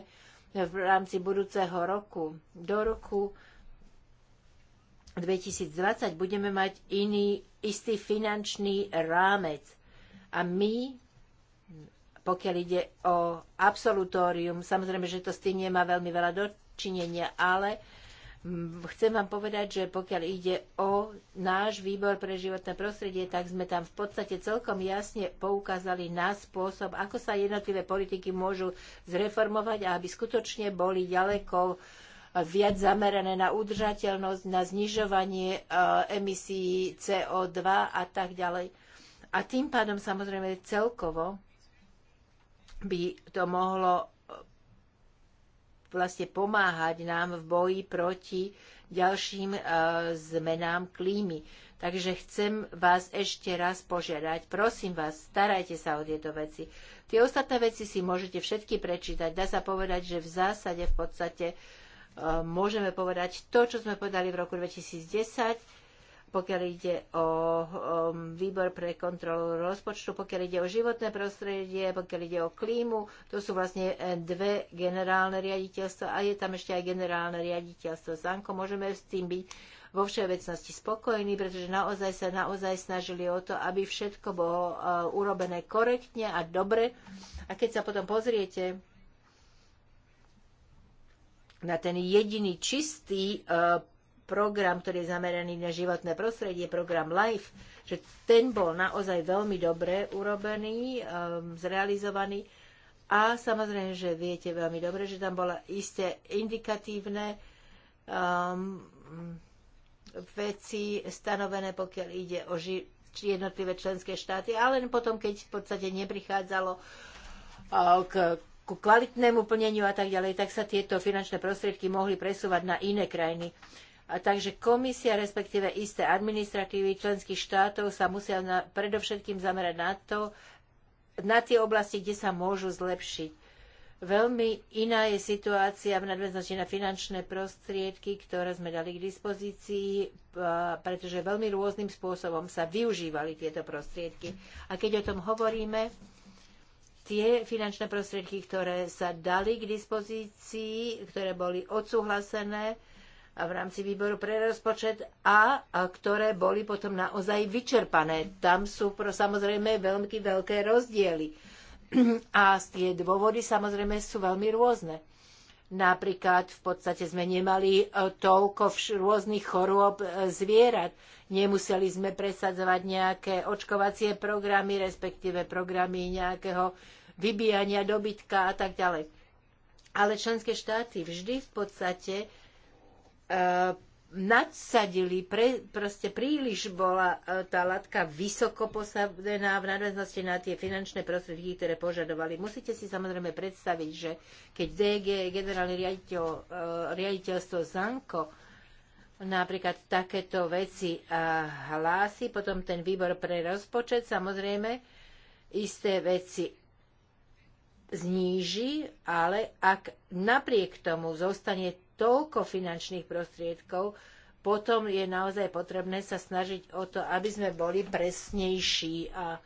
v rámci budúceho roku, do roku 2020 budeme mať iný, istý finančný rámec. A my, pokiaľ ide o absolutórium, samozrejme, že to s tým nemá veľmi veľa dočinenia, ale Chcem vám povedať, že pokiaľ ide o náš výbor pre životné prostredie, tak sme tam v podstate celkom jasne poukázali na spôsob, ako sa jednotlivé politiky môžu zreformovať a aby skutočne boli ďaleko e, viac zamerané na udržateľnosť, na znižovanie e, emisí CO2 a tak ďalej. A tým pádom samozrejme celkovo by to mohlo vlastne pomáhať nám v boji proti ďalším e, zmenám klímy. Takže chcem vás ešte raz požiadať, prosím vás, starajte sa o tieto veci. Tie ostatné veci si môžete všetky prečítať. Dá sa povedať, že v zásade v podstate e, môžeme povedať to, čo sme povedali v roku 2010 pokiaľ ide o um, výbor pre kontrolu rozpočtu, pokiaľ ide o životné prostredie, pokiaľ ide o klímu. To sú vlastne eh, dve generálne riaditeľstva a je tam ešte aj generálne riaditeľstvo Zanko. Môžeme s tým byť vo všeobecnosti spokojní, pretože naozaj sa naozaj snažili o to, aby všetko bolo eh, urobené korektne a dobre. A keď sa potom pozriete na ten jediný čistý eh, program, ktorý je zameraný na životné prostredie, program LIFE, že ten bol naozaj veľmi dobre urobený, um, zrealizovaný. A samozrejme, že viete veľmi dobre, že tam bola isté indikatívne um, veci stanovené, pokiaľ ide o ži- jednotlivé členské štáty, ale potom, keď v podstate neprichádzalo uh, k, k kvalitnému plneniu a tak ďalej, tak sa tieto finančné prostriedky mohli presúvať na iné krajiny. A takže komisia, respektíve isté administratívy členských štátov sa musia na, predovšetkým zamerať na to, na tie oblasti, kde sa môžu zlepšiť. Veľmi iná je situácia v nadväznosti na finančné prostriedky, ktoré sme dali k dispozícii, pretože veľmi rôznym spôsobom sa využívali tieto prostriedky. A keď o tom hovoríme, tie finančné prostriedky, ktoré sa dali k dispozícii, ktoré boli odsúhlasené, v rámci výboru pre rozpočet a, ktoré boli potom naozaj vyčerpané. Tam sú pro, samozrejme veľmi veľké rozdiely. A tie dôvody samozrejme sú veľmi rôzne. Napríklad v podstate sme nemali e, toľko rôznych chorôb e, zvierat. Nemuseli sme presadzovať nejaké očkovacie programy, respektíve programy nejakého vybijania, dobytka a tak ďalej. Ale členské štáty vždy v podstate Eh, nadsadili, pre, proste príliš bola eh, tá latka vysoko posadená v nadväznosti na tie finančné prostriedky, ktoré požadovali. Musíte si samozrejme predstaviť, že keď DG, generálne riaditeľ, eh, riaditeľstvo Zanko, napríklad takéto veci hlási, potom ten výbor pre rozpočet samozrejme isté veci zníži, ale ak napriek tomu zostane toľko finančných prostriedkov, potom je naozaj potrebné sa snažiť o to, aby sme boli presnejší a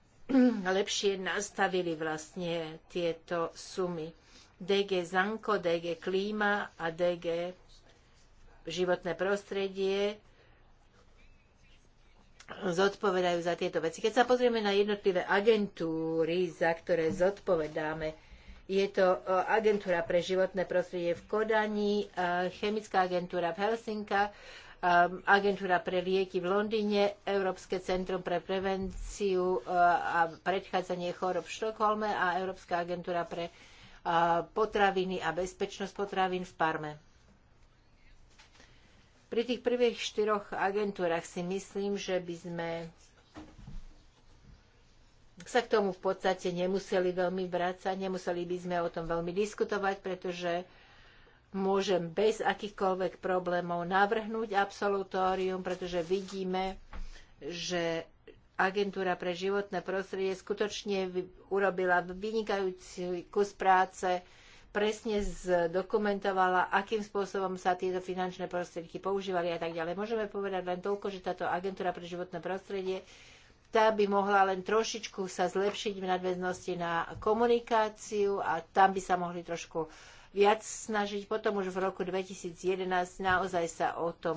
lepšie nastavili vlastne tieto sumy. DG Zanko, DG Klíma a DG životné prostredie zodpovedajú za tieto veci. Keď sa pozrieme na jednotlivé agentúry, za ktoré zodpovedáme, je to e, agentúra pre životné prostredie v Kodani, e, chemická agentúra v Helsinka, e, agentúra pre lieky v Londýne, Európske centrum pre prevenciu a predchádzanie chorob v Štokholme a Európska agentúra pre potraviny a bezpečnosť potravín v Parme. Pri tých prvých štyroch agentúrach si myslím, že by sme sa k tomu v podstate nemuseli veľmi vrácať, nemuseli by sme o tom veľmi diskutovať, pretože môžem bez akýchkoľvek problémov navrhnúť absolutórium, pretože vidíme, že agentúra pre životné prostredie skutočne urobila vynikajúci kus práce, presne zdokumentovala, akým spôsobom sa tieto finančné prostriedky používali a tak ďalej. Môžeme povedať len toľko, že táto agentúra pre životné prostredie tá by mohla len trošičku sa zlepšiť v nadväznosti na komunikáciu a tam by sa mohli trošku viac snažiť. Potom už v roku 2011 naozaj sa o tom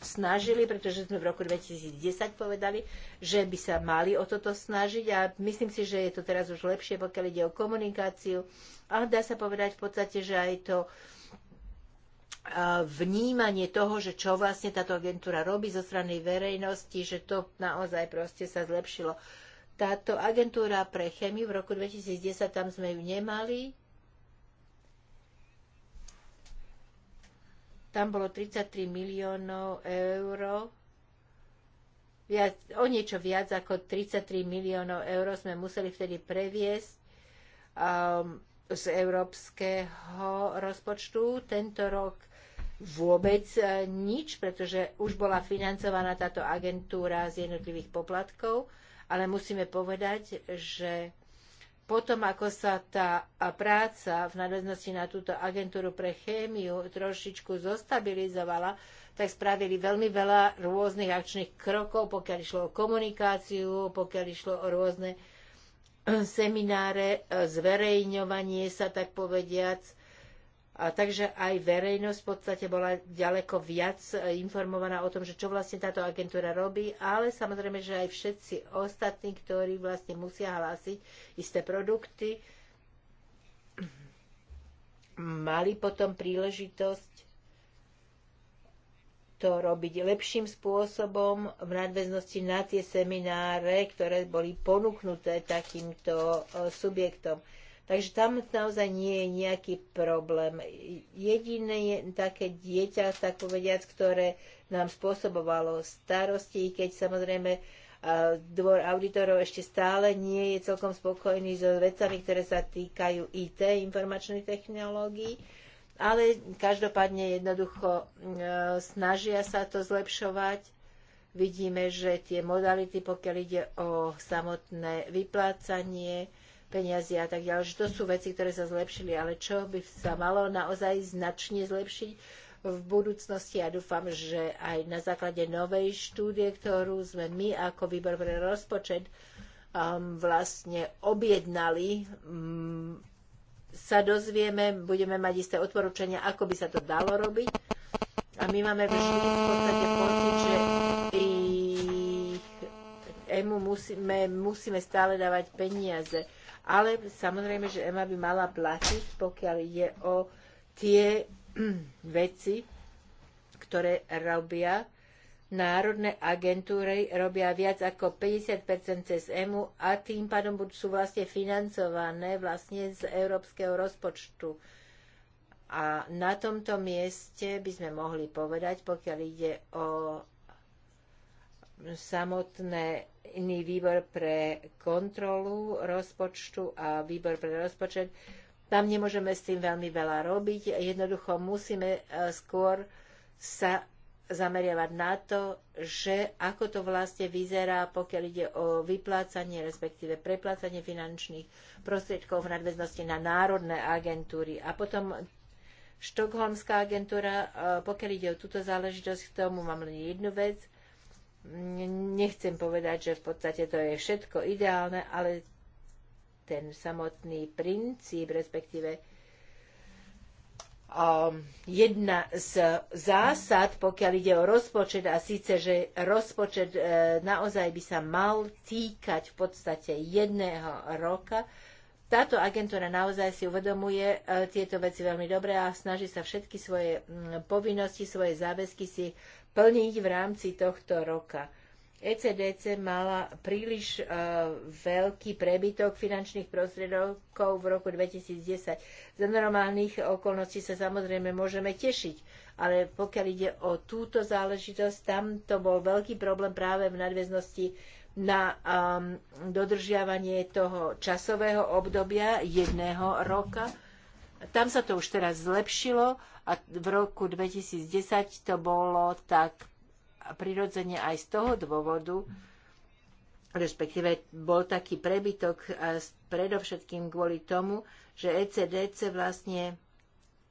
snažili, pretože sme v roku 2010 povedali, že by sa mali o toto snažiť a myslím si, že je to teraz už lepšie, pokiaľ ide o komunikáciu. Ale dá sa povedať v podstate, že aj to vnímanie toho, že čo vlastne táto agentúra robí zo strany verejnosti, že to naozaj proste sa zlepšilo. Táto agentúra pre chemiu v roku 2010, tam sme ju nemali. Tam bolo 33 miliónov eur. Viac, o niečo viac ako 33 miliónov eur sme museli vtedy previesť. Um, z európskeho rozpočtu. Tento rok vôbec e, nič, pretože už bola financovaná táto agentúra z jednotlivých poplatkov, ale musíme povedať, že potom, ako sa tá práca v nadväznosti na túto agentúru pre chémiu trošičku zostabilizovala, tak spravili veľmi veľa rôznych akčných krokov, pokiaľ išlo o komunikáciu, pokiaľ išlo o rôzne semináre, e, zverejňovanie sa, tak povediac, takže aj verejnosť v podstate bola ďaleko viac e, informovaná o tom, že čo vlastne táto agentúra robí, ale samozrejme, že aj všetci ostatní, ktorí vlastne musia hlásiť isté produkty, mali potom príležitosť to robiť lepším spôsobom v nadväznosti na tie semináre, ktoré boli ponúknuté takýmto e, subjektom. Takže tam naozaj nie je nejaký problém. Jediné je také dieťa, tak povediac, ktoré nám spôsobovalo starosti, keď samozrejme dvor auditorov ešte stále nie je celkom spokojný so vecami, ktoré sa týkajú IT, informačných technológií, ale každopádne jednoducho e, snažia sa to zlepšovať. Vidíme, že tie modality, pokiaľ ide o samotné vyplácanie, peniazy a tak ďalej. Že to sú veci, ktoré sa zlepšili, ale čo by sa malo naozaj značne zlepšiť v budúcnosti. Ja dúfam, že aj na základe novej štúdie, ktorú sme my ako výbor pre rozpočet um, vlastne objednali, um, sa dozvieme, budeme mať isté odporúčania, ako by sa to dalo robiť. A my máme v podstate pocit, že i EMU musíme, musíme stále dávať peniaze ale samozrejme, že EMA by mala platiť, pokiaľ ide o tie veci, ktoré robia národné agentúry, robia viac ako 50% cez EMU a tým pádom sú vlastne financované vlastne z európskeho rozpočtu. A na tomto mieste by sme mohli povedať, pokiaľ ide o samotný výbor pre kontrolu rozpočtu a výbor pre rozpočet. Tam nemôžeme s tým veľmi veľa robiť. Jednoducho musíme e, skôr sa zameriavať na to, že ako to vlastne vyzerá, pokiaľ ide o vyplácanie, respektíve preplácanie finančných prostriedkov v nadväznosti na národné agentúry. A potom Štokholmská agentúra, e, pokiaľ ide o túto záležitosť, k tomu mám len jednu vec nechcem povedať, že v podstate to je všetko ideálne, ale ten samotný princíp, respektíve um, jedna z zásad, pokiaľ ide o rozpočet, a síce, že rozpočet e, naozaj by sa mal týkať v podstate jedného roka, táto agentúra naozaj si uvedomuje e, tieto veci veľmi dobre a snaží sa všetky svoje m, povinnosti, svoje záväzky si plniť v rámci tohto roka. ECDC mala príliš uh, veľký prebytok finančných prostriedkov v roku 2010. Za normálnych okolností sa samozrejme môžeme tešiť, ale pokiaľ ide o túto záležitosť, tam to bol veľký problém práve v nadväznosti na um, dodržiavanie toho časového obdobia jedného roka tam sa to už teraz zlepšilo a v roku 2010 to bolo tak prirodzene aj z toho dôvodu, respektíve bol taký prebytok predovšetkým kvôli tomu, že ECDC vlastne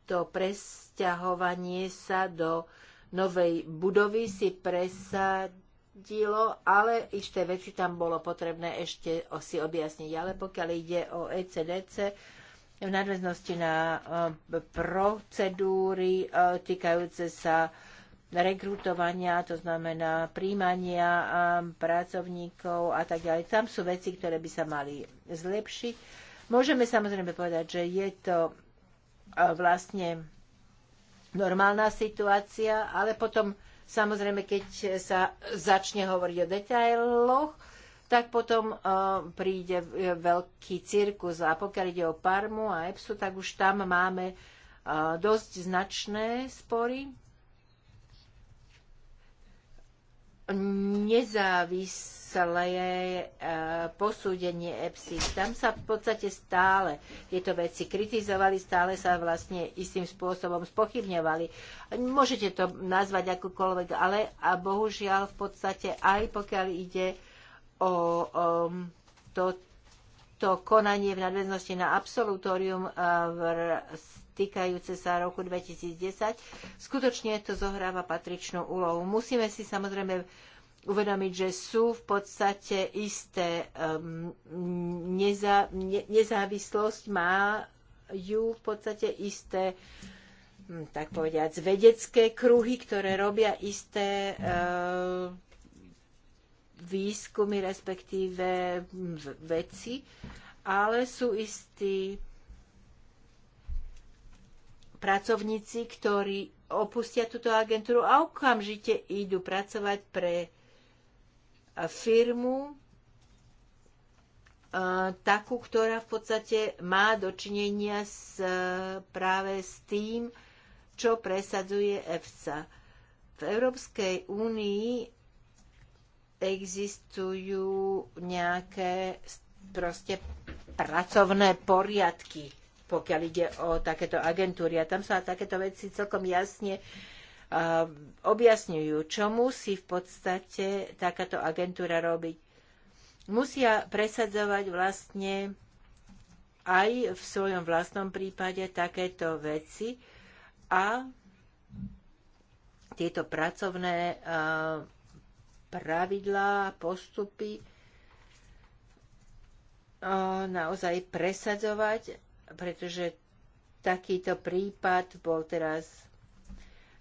to presťahovanie sa do novej budovy si presadilo, ale isté veci tam bolo potrebné ešte si objasniť. Ale pokiaľ ide o ECDC, v nadväznosti na e, procedúry e, týkajúce sa rekrutovania, to znamená príjmania e, pracovníkov a tak ďalej. Tam sú veci, ktoré by sa mali zlepšiť. Môžeme samozrejme povedať, že je to vlastne normálna situácia, ale potom samozrejme, keď sa začne hovoriť o detailoch, tak potom eh, príde eh, veľký cirkus. A pokiaľ ide o Parmu a Epsu, tak už tam máme eh, dosť značné spory. Nezávislé posúdenie EPSI. Tam sa v podstate stále tieto veci kritizovali, stále sa vlastne istým spôsobom spochybňovali. Môžete to nazvať akokoľvek, ale a bohužiaľ v podstate aj pokiaľ ide o um, to konanie v nadväznosti na absolutórium uh, v týkajúce sa roku 2010, skutočne to zohráva patričnú úlohu. Musíme si samozrejme uvedomiť, že sú v podstate isté um, neza, ne, nezávislosť, majú v podstate isté hm, tak povediať, vedecké kruhy, ktoré robia isté um, výskumy, respektíve veci, ale sú istí pracovníci, ktorí opustia túto agentúru a okamžite idú pracovať pre firmu, e, takú, ktorá v podstate má dočinenia s, e, práve s tým, čo presadzuje EFSA. V Európskej únii existujú nejaké proste pracovné poriadky, pokiaľ ide o takéto agentúry. A tam sa takéto veci celkom jasne uh, objasňujú, čo musí v podstate takáto agentúra robiť. Musia presadzovať vlastne aj v svojom vlastnom prípade takéto veci a tieto pracovné uh, pravidlá a postupy naozaj presadzovať, pretože takýto prípad bol teraz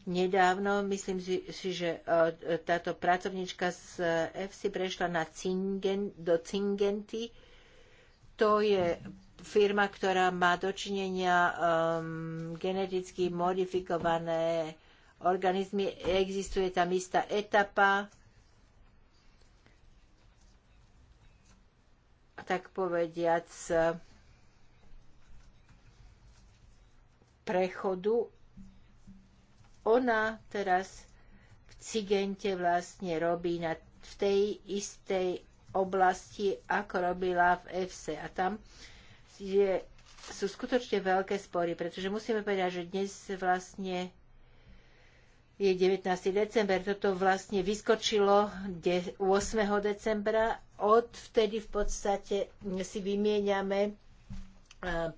nedávno. Myslím si, že e, táto pracovnička z FC prešla na Cingen, do Cingenty. To je firma, ktorá má dočinenia um, geneticky modifikované organizmy. Existuje tam istá etapa tak povediac, prechodu. Ona teraz v Cigente vlastne robí na, v tej istej oblasti, ako robila v EFSE. A tam je, sú skutočne veľké spory, pretože musíme povedať, že dnes vlastne je 19. december. Toto vlastne vyskočilo 8. decembra od vtedy v podstate si vymieňame e,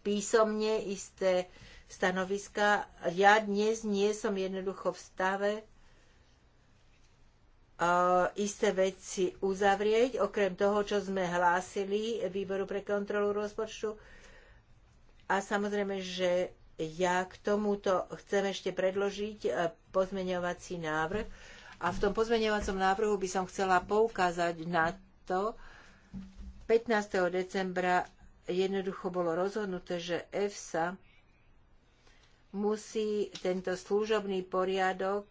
písomne isté stanoviska. Ja dnes nie som jednoducho v stave e, isté veci uzavrieť, okrem toho, čo sme hlásili Výboru pre kontrolu rozpočtu. A samozrejme, že ja k tomuto chcem ešte predložiť e, pozmeňovací návrh. A v tom pozmeňovacom návrhu by som chcela poukázať na to 15. decembra jednoducho bolo rozhodnuté, že EFSA musí tento služobný poriadok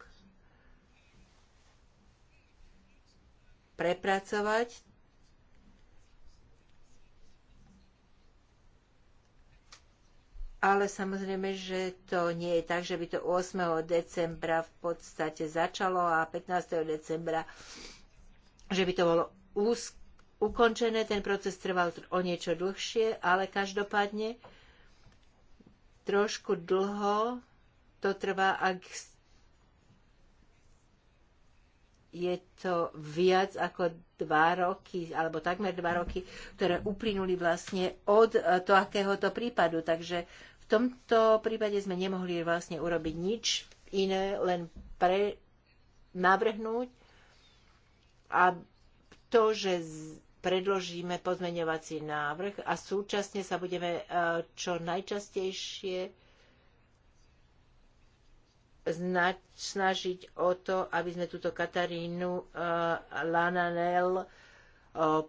prepracovať. Ale samozrejme, že to nie je tak, že by to 8. decembra v podstate začalo a 15. decembra, že by to bolo ukončené, ten proces trval o niečo dlhšie, ale každopádne trošku dlho to trvá, ak je to viac ako dva roky, alebo takmer dva roky, ktoré uplynuli vlastne od e, to, akéhoto prípadu. Takže v tomto prípade sme nemohli vlastne urobiť nič iné, len pre navrhnúť, aby to, že predložíme pozmeňovací návrh a súčasne sa budeme e, čo najčastejšie snažiť o to, aby sme túto Katarínu e, Lananel e,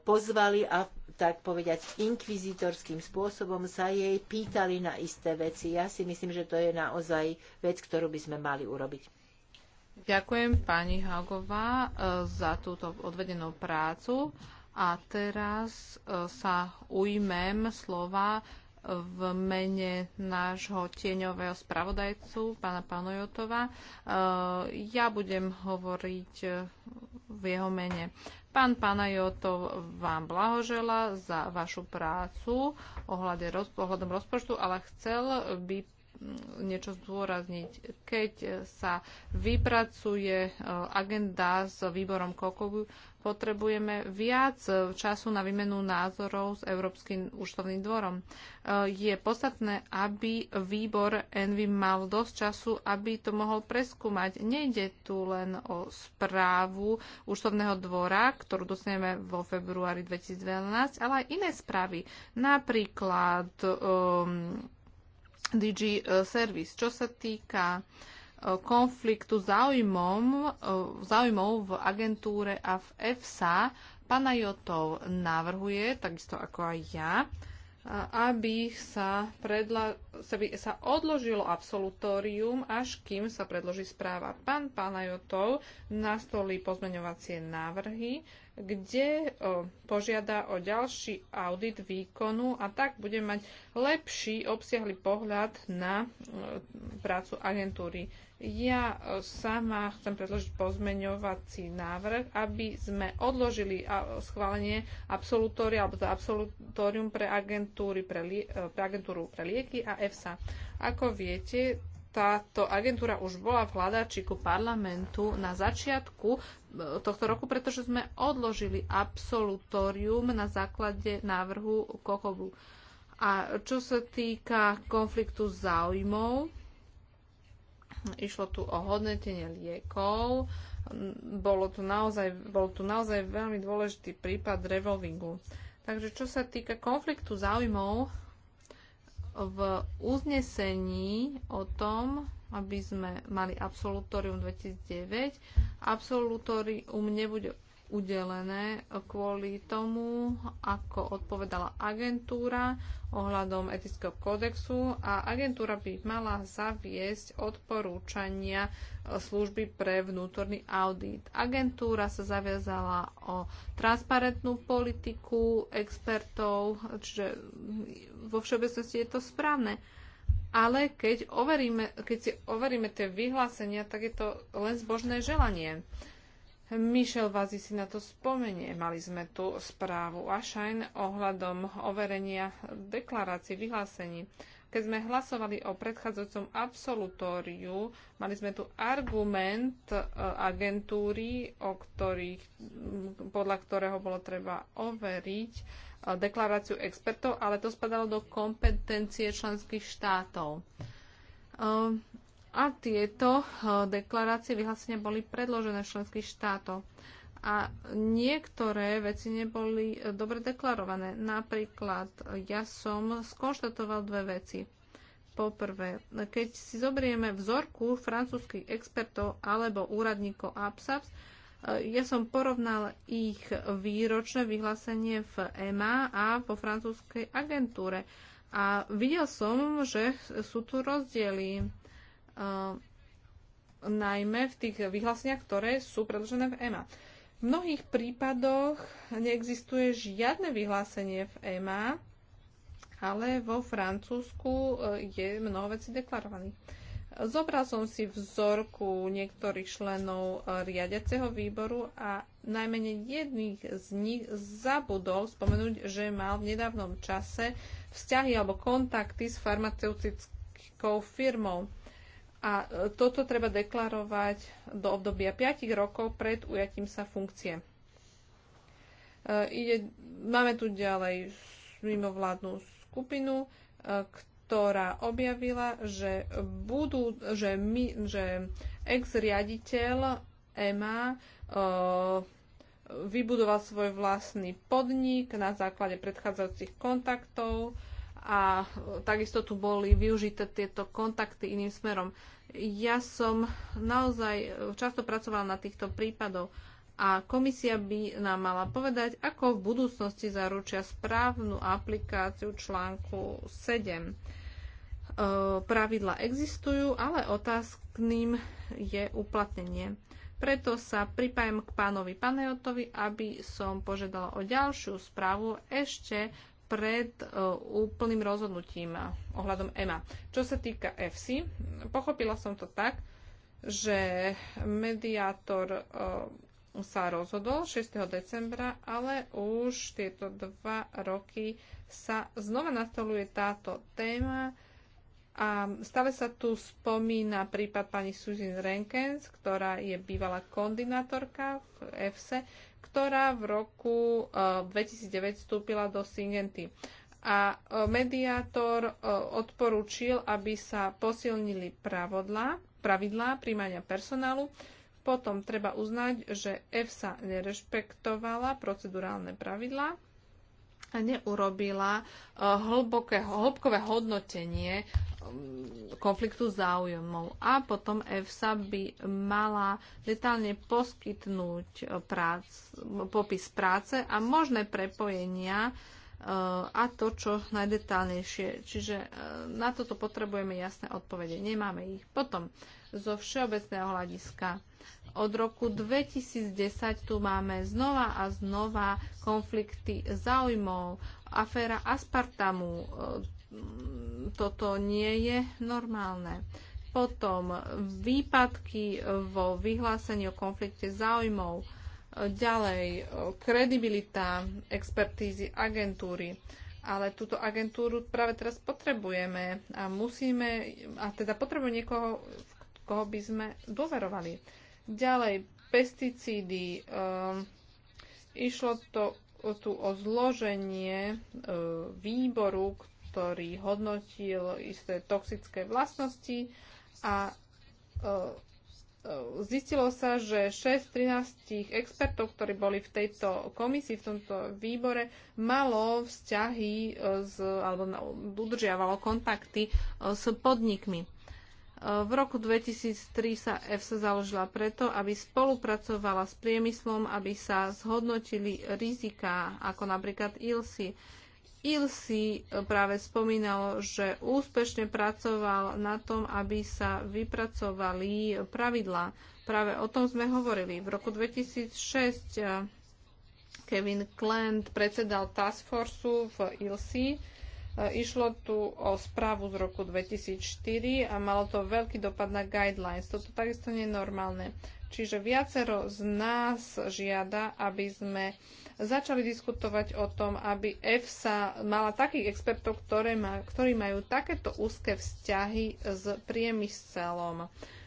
pozvali a tak povediať inkvizitorským spôsobom sa jej pýtali na isté veci. Ja si myslím, že to je naozaj vec, ktorú by sme mali urobiť. Ďakujem pani Hagová e, za túto odvedenú prácu. A teraz e, sa ujmem slova v mene nášho tieňového spravodajcu, pána Panojotova. E, ja budem hovoriť v jeho mene. Pán Panajotov vám blahožela za vašu prácu ohľadom rozpočtu, ale chcel by niečo zdôrazniť. Keď sa vypracuje e, agenda s výborom Kokovu, potrebujeme viac času na výmenu názorov s Európskym účtovným dvorom. E, je podstatné, aby výbor Envy mal dosť času, aby to mohol preskúmať. Nejde tu len o správu účtovného dvora, ktorú dostaneme vo februári 2012, ale aj iné správy. Napríklad um, DG eh, Service. Čo sa týka eh, konfliktu záujmov eh, záujmov v agentúre a v EFSA, Jotov navrhuje, takisto ako aj ja, aby sa, predla, sa odložilo absolutórium, až kým sa predloží správa. Pán Panajotov nastolí pozmeňovacie návrhy, kde o, požiada o ďalší audit výkonu a tak bude mať lepší obsiahly pohľad na o, prácu agentúry ja e, sama chcem predložiť pozmeňovací návrh, aby sme odložili schválenie absolutória alebo absolutórium pre, agentúry, pre, e, pre agentúru pre lieky a EFSA. Ako viete, táto agentúra už bola v hľadačiku parlamentu na začiatku e, tohto roku, pretože sme odložili absolutórium na základe návrhu Kokobu. A čo sa týka konfliktu záujmov, Išlo tu o hodnotenie liekov. Bolo tu naozaj, bol tu naozaj veľmi dôležitý prípad revolvingu. Takže čo sa týka konfliktu záujmov, v uznesení o tom, aby sme mali absolutorium 2009, absolutórium nebude udelené kvôli tomu, ako odpovedala agentúra ohľadom etického kódexu a agentúra by mala zaviesť odporúčania služby pre vnútorný audit. Agentúra sa zaviazala o transparentnú politiku expertov, čiže vo všeobecnosti je to správne. Ale keď, overíme, keď si overíme tie vyhlásenia, tak je to len zbožné želanie. Uh, Michel Vazi si na to spomenie. Mali sme tu správu a Ašajn ohľadom overenia deklarácií, vyhlásení. Keď sme hlasovali o predchádzajúcom absolutóriu, mali sme tu argument e, agentúry, o ktorých, podľa ktorého bolo treba overiť e, deklaráciu expertov, ale to spadalo do kompetencie členských štátov. E, a tieto eh, deklarácie vyhlásenia boli predložené členských štátov A niektoré veci neboli eh, dobre deklarované. Napríklad eh, ja som skonštatoval dve veci. Poprvé, keď si zoberieme vzorku francúzskych expertov alebo úradníkov APSAPS, ja som porovnal ich výročné vyhlásenie v EMA a po francúzskej agentúre. A videl som, že sú tu rozdiely najmä v tých vyhláseniach, ktoré sú predložené v EMA. V mnohých prípadoch neexistuje žiadne vyhlásenie v EMA, ale vo Francúzsku e, je mnoho vecí deklarovaných. Zobral som si vzorku niektorých členov e, riadiaceho výboru a najmenej jedných z nich zabudol spomenúť, že mal v nedávnom čase vzťahy alebo kontakty s farmaceutickou firmou a e, toto treba deklarovať do obdobia 5 rokov pred ujatím sa funkcie. E, ide, máme tu ďalej mimovládnu skupinu, e, ktorá objavila, že, budú, že, my, že ex-riaditeľ EMA vybudoval svoj vlastný podnik na základe predchádzajúcich kontaktov a takisto tu boli využité tieto kontakty iným smerom. Ja som naozaj často pracovala na týchto prípadoch a komisia by nám mala povedať, ako v budúcnosti zaručia správnu aplikáciu článku 7. E, pravidla existujú, ale otázkným je uplatnenie. Preto sa pripájam k pánovi Panejotovi, aby som požiadala o ďalšiu správu ešte pred e, úplným rozhodnutím ohľadom EMA. Čo sa týka FC, pochopila som to tak, že mediátor e, sa rozhodol 6. decembra, ale už tieto dva roky sa znova nastoluje táto téma a stále sa tu spomína prípad pani Susan Renkens, ktorá je bývalá koordinátorka v EFSE, ktorá v roku 2009 e, vstúpila do Singenty. A e, mediátor e, odporúčil, aby sa posilnili pravodlá, pravidlá príjmania personálu. Potom treba uznať, že EFSA nerešpektovala procedurálne pravidlá a neurobila hlboké, hĺbkové hodnotenie konfliktu záujmov. A potom EFSA by mala detálne poskytnúť prác, popis práce a možné prepojenia e, a to, čo najdetálnejšie. Čiže e, na toto potrebujeme jasné odpovede. Nemáme ich. Potom zo všeobecného hľadiska. Od roku 2010 tu máme znova a znova konflikty záujmov, aféra Aspartamu, e, toto nie je normálne. Potom výpadky vo vyhlásení o konflikte záujmov, ďalej kredibilita expertízy agentúry. Ale túto agentúru práve teraz potrebujeme a musíme, a teda potrebujeme niekoho, koho by sme dôverovali. Ďalej, pesticídy. Ehm, išlo to tu o zloženie e, výboru, ktorý hodnotil isté toxické vlastnosti a e, e, zistilo sa, že 6 13 expertov, ktorí boli v tejto komisii, v tomto výbore, malo vzťahy z, e, alebo udržiavalo kontakty s podnikmi. V roku 2003 sa EFSA založila preto, aby spolupracovala s priemyslom, aby sa zhodnotili rizika, ako napríklad ILSI, Ilsi e, práve spomínalo, že úspešne pracoval na tom, aby sa vypracovali pravidlá. Práve o tom sme hovorili. V roku 2006 e, Kevin Klant predsedal Task Forceu v Ilsi. E, išlo tu o správu z roku 2004 a malo to veľký dopad na guidelines. Toto takisto nie je normálne. Čiže viacero z nás žiada, aby sme začali diskutovať o tom, aby EFSA mala takých expertov, ktoré má, ktorí majú takéto úzke vzťahy s priemyselom. Uh,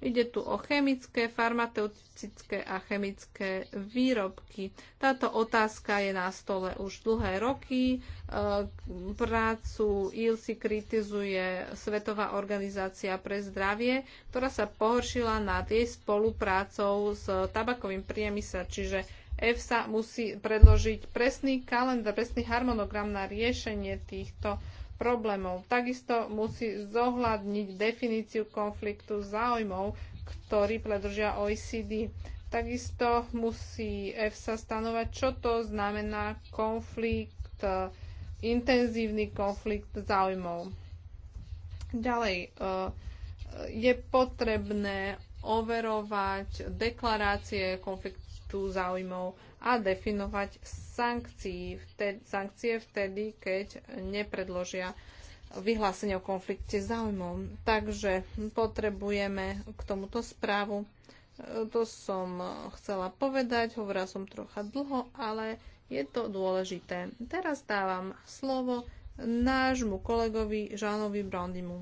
Ide tu o chemické, farmaceutické a chemické výrobky. Táto otázka je na stole už dlhé roky. E, prácu ILSI kritizuje Svetová organizácia pre zdravie, ktorá sa pohoršila nad jej spoluprácou s tabakovým priemyslom, čiže EFSA musí predložiť presný kalendár, presný harmonogram na riešenie týchto problémov. Takisto musí zohľadniť definíciu konfliktu záujmov, ktorý predržia OECD. Takisto musí EFSA stanovať, čo to znamená konflikt, eh, intenzívny konflikt záujmov. Ďalej, eh, je potrebné overovať deklarácie konfliktu konfliktu záujmov a definovať sankcií, vtedy, sankcie vtedy, keď nepredložia vyhlásenie o konflikte záujmov. Takže potrebujeme k tomuto správu. To som chcela povedať, hovorila som trocha dlho, ale je to dôležité. Teraz dávam slovo nášmu kolegovi Žánovi Brandimu.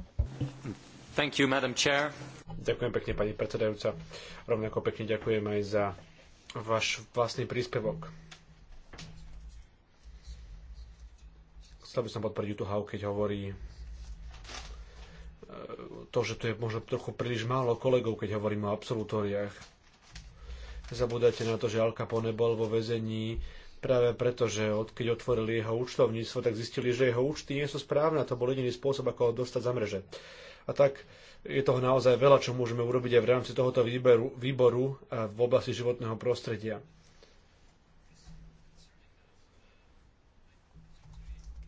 Thank you, Madam Chair. Ďakujem pekne, pani predsedajúca. Rovnako pekne ďakujem aj za váš vlastný príspevok. Chcel by som podporiť Hau, keď hovorí e, to, že tu je možno trochu príliš málo kolegov, keď hovoríme o absolutóriách. Zabúdajte na to, že Al Capone bol vo väzení práve preto, že od, keď otvorili jeho účtovníctvo, tak zistili, že jeho účty nie sú správne a to bol jediný spôsob, ako ho dostať za mreže. A tak je toho naozaj veľa, čo môžeme urobiť aj v rámci tohoto výberu, výboru v oblasti životného prostredia.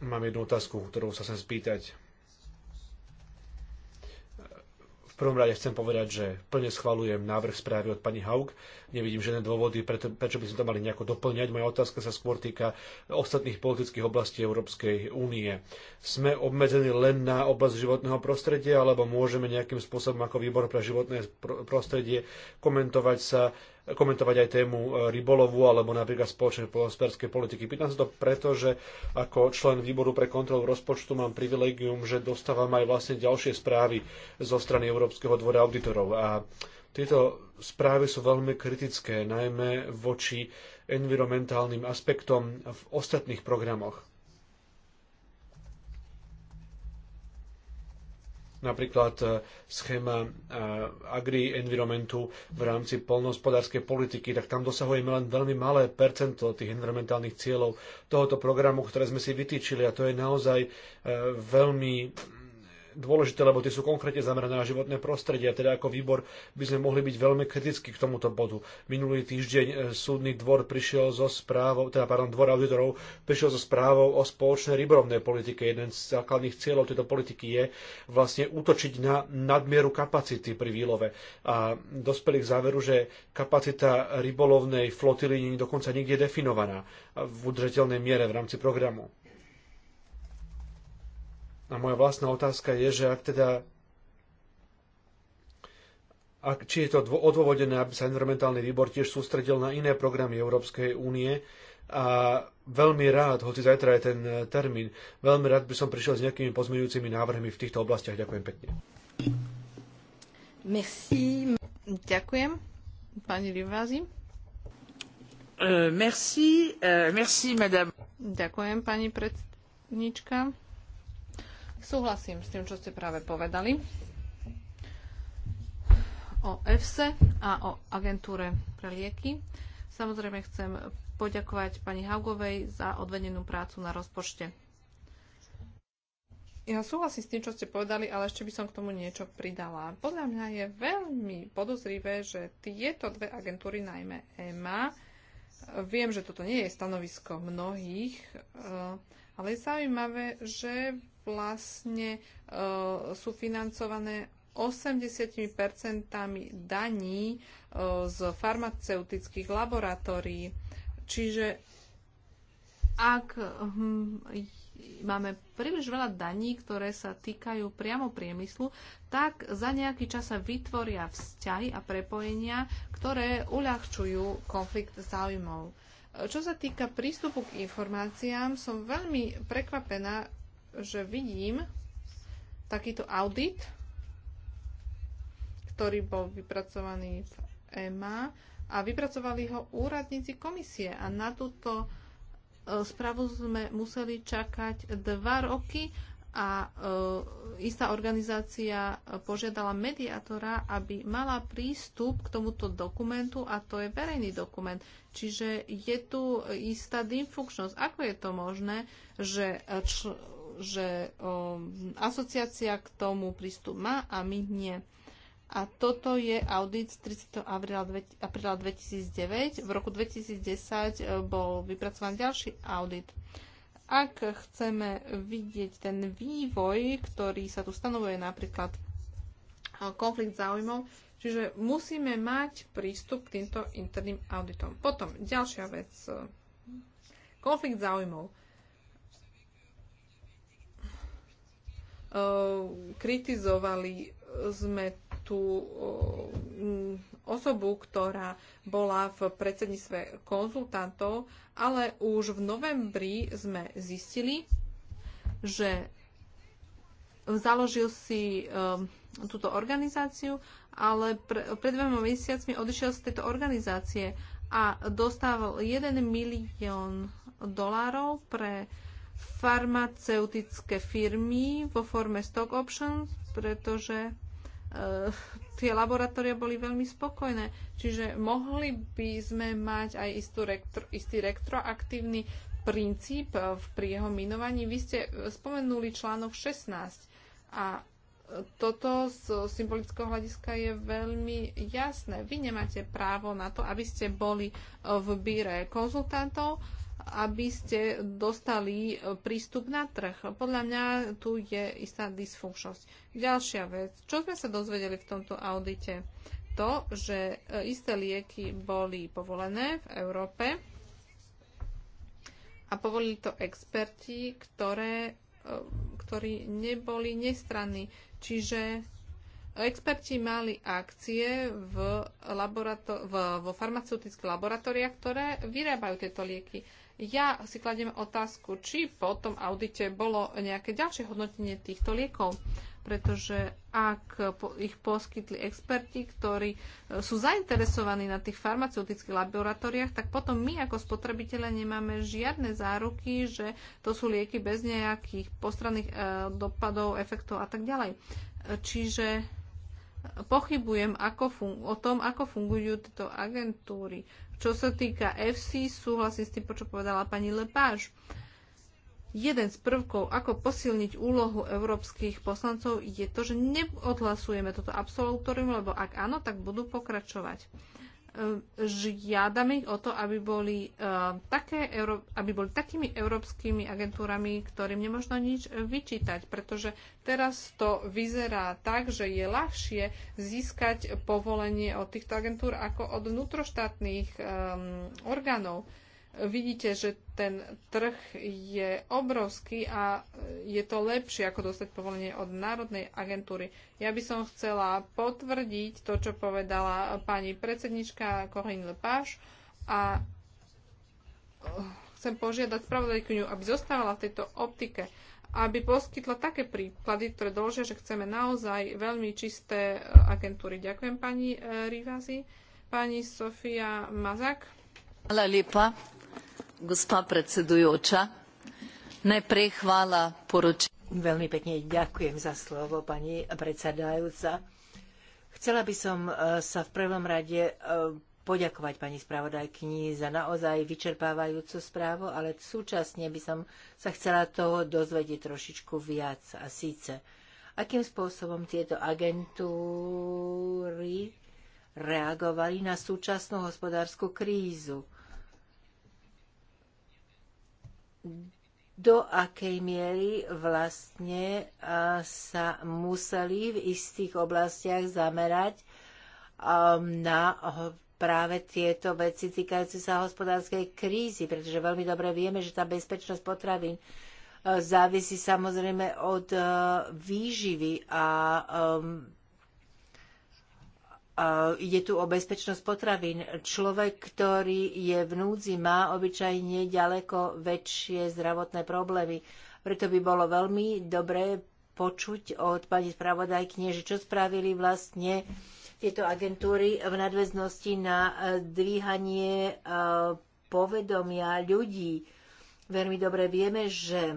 Mám jednu otázku, ktorú sa chcem spýtať prvom rade chcem povedať, že plne schvalujem návrh správy od pani Haug. Nevidím žiadne dôvody, preto, prečo by sme to mali nejako doplňať. Moja otázka sa skôr týka ostatných politických oblastí Európskej únie. Sme obmedzení len na oblasť životného prostredia, alebo môžeme nejakým spôsobom ako výbor pre životné prostredie komentovať sa komentovať aj tému e, rybolovu alebo napríklad spoločnej hospodárskej politiky. Pýtam sa to preto, že ako člen výboru pre kontrolu rozpočtu mám privilegium, že dostávam aj vlastne ďalšie správy zo strany Európskeho dvora auditorov. A tieto správy sú veľmi kritické, najmä voči environmentálnym aspektom v ostatných programoch. napríklad e, schéma e, agri-environmentu v rámci polnohospodárskej politiky, tak tam dosahujeme len veľmi malé percento tých environmentálnych cieľov tohoto programu, ktoré sme si vytýčili a to je naozaj e, veľmi dôležité, lebo tie sú konkrétne zamerané na životné prostredie. A teda ako výbor by sme mohli byť veľmi kritickí k tomuto bodu. Minulý týždeň e, súdny dvor prišiel so správou, teda pardon, dvor auditorov prišiel so správou o spoločnej rybolovnej politike. Jeden z základných cieľov tejto politiky je vlastne útočiť na nadmieru kapacity pri výlove. A dospeli k záveru, že kapacita rybolovnej flotily nie je dokonca nikde definovaná v udržateľnej miere v rámci programu. A moja vlastná otázka je, že ak teda a či je to odôvodené, aby sa environmentálny výbor tiež sústredil na iné programy Európskej únie. A veľmi rád, hoci zajtra je ten e, termín, veľmi rád by som prišiel s nejakými pozmeňujúcimi návrhmi v týchto oblastiach. Ďakujem pekne. Merci. Ďakujem. Pani Rivázi. Uh, e, merci, uh, merci, madame. Ďakujem, pani predsednička. Súhlasím s tým, čo ste práve povedali o EFSE a o agentúre pre lieky. Samozrejme chcem poďakovať pani Haugovej za odvedenú prácu na rozpočte. Ja súhlasím s tým, čo ste povedali, ale ešte by som k tomu niečo pridala. Podľa mňa je veľmi podozrivé, že tieto dve agentúry, najmä EMA, viem, že toto nie je stanovisko mnohých, eh, ale je zaujímavé, že vlastne e, sú financované 80 daní e, z farmaceutických laboratórií. Čiže ak hm, máme príliš veľa daní, ktoré sa týkajú priamo priemyslu, tak za nejaký čas sa vytvoria vzťahy a prepojenia, ktoré uľahčujú konflikt záujmov. E, čo sa týka prístupu k informáciám, som veľmi prekvapená, že vidím takýto audit, ktorý bol vypracovaný v EMA a vypracovali ho úradníci komisie a na túto e, správu sme museli čakať dva roky a e, istá organizácia požiadala mediátora, aby mala prístup k tomuto dokumentu a to je verejný dokument. Čiže je tu istá dysfunkčnosť. Ako je to možné, že že um, asociácia k tomu prístup má a my nie. A toto je audit z 30. apríla 2009. V roku 2010 e, bol vypracovaný ďalší audit. Ak chceme vidieť ten vývoj, ktorý sa tu stanovuje napríklad e, konflikt záujmov, čiže musíme mať prístup k týmto interným auditom. Potom ďalšia vec. E, konflikt záujmov Ehm, kritizovali sme tú ehm, osobu, ktorá bola v predsedníctve konzultantov, ale už v novembri sme zistili, že založil si ehm, túto organizáciu, ale pred dvoma mesiacmi odišiel z tejto organizácie a dostával 1 milión dolárov pre uh, farmaceutické firmy vo forme stock options, pretože uh, tie laboratória boli veľmi spokojné. Čiže mohli by sme mať aj istú retro, istý retroaktívny princíp e, v pri jeho minovaní. Vy ste e, spomenuli článok 16 a toto z symbolického hľadiska je veľmi jasné. Vy nemáte právo na to, aby ste boli v bíre konzultantov aby ste dostali e, prístup na trh. Podľa mňa tu je istá dysfunkčnosť. Ďalšia vec, čo sme sa dozvedeli v tomto audite? To, že e, isté lieky boli povolené v Európe a povolili to experti, ktoré, e, ktorí neboli nestranní. Čiže Experti mali akcie v laborato- v, vo farmaceutických laboratóriách, ktoré vyrábajú tieto lieky. Ja si kladiem otázku, či po tom audite bolo nejaké ďalšie hodnotenie týchto liekov, pretože ak ich poskytli experti, ktorí e, sú zainteresovaní na tých farmaceutických laboratóriách, tak potom my ako spotrebitelia nemáme žiadne záruky, že to sú lieky bez nejakých postranných e, dopadov, efektov a tak ďalej. Čiže e, pochybujem ako o tom, ako fungujú tieto agentúry čo sa týka FC, súhlasím s tým, čo povedala pani Lepáš. Jeden z prvkov, ako posilniť úlohu európskych poslancov, je to, že neodhlasujeme toto absolutorium, lebo ak áno, tak budú pokračovať žiadame o to, aby boli, e, také, aby boli takými európskymi agentúrami, ktorým nemožno nič vyčítať, pretože teraz to vyzerá tak, že je ľahšie získať povolenie od týchto agentúr ako od vnútroštátnych um, orgánov vidíte, že ten trh je obrovský a je to lepšie, ako dostať povolenie od Národnej agentúry. Ja by som chcela potvrdiť to, čo povedala pani predsednička Corinne Lepage a eh, chcem požiadať spravodajkyňu, aby zostávala v tejto optike, aby poskytla také príklady, ktoré doložia, že chceme naozaj veľmi čisté eh, agentúry. Ďakujem pani eh, Rivasi, pani Sofia Mazak gospa predsedujoča Najprej hvala poročilu. Veľmi pekne ďakujem za slovo, pani predsedajúca. Chcela by som e, sa v prvom rade e, poďakovať pani spravodajkyni za naozaj vyčerpávajúcu správu, ale súčasne by som sa chcela toho dozvedieť trošičku viac. A síce, akým spôsobom tieto agentúry reagovali na súčasnú hospodársku krízu do akej miery vlastne sa museli v istých oblastiach zamerať um, na práve tieto veci týkajúce sa hospodárskej krízy, pretože veľmi dobre vieme, že tá bezpečnosť potravín e, závisí samozrejme od e, výživy a um, Eh, ide tu o bezpečnosť potravín. Človek, ktorý je v núdzi, má obyčajne ďaleko väčšie zdravotné problémy. Preto by bolo veľmi dobré počuť od pani spravodajkne, že čo spravili vlastne tieto agentúry v nadväznosti na eh, dvíhanie eh, povedomia ľudí. Veľmi dobre vieme, že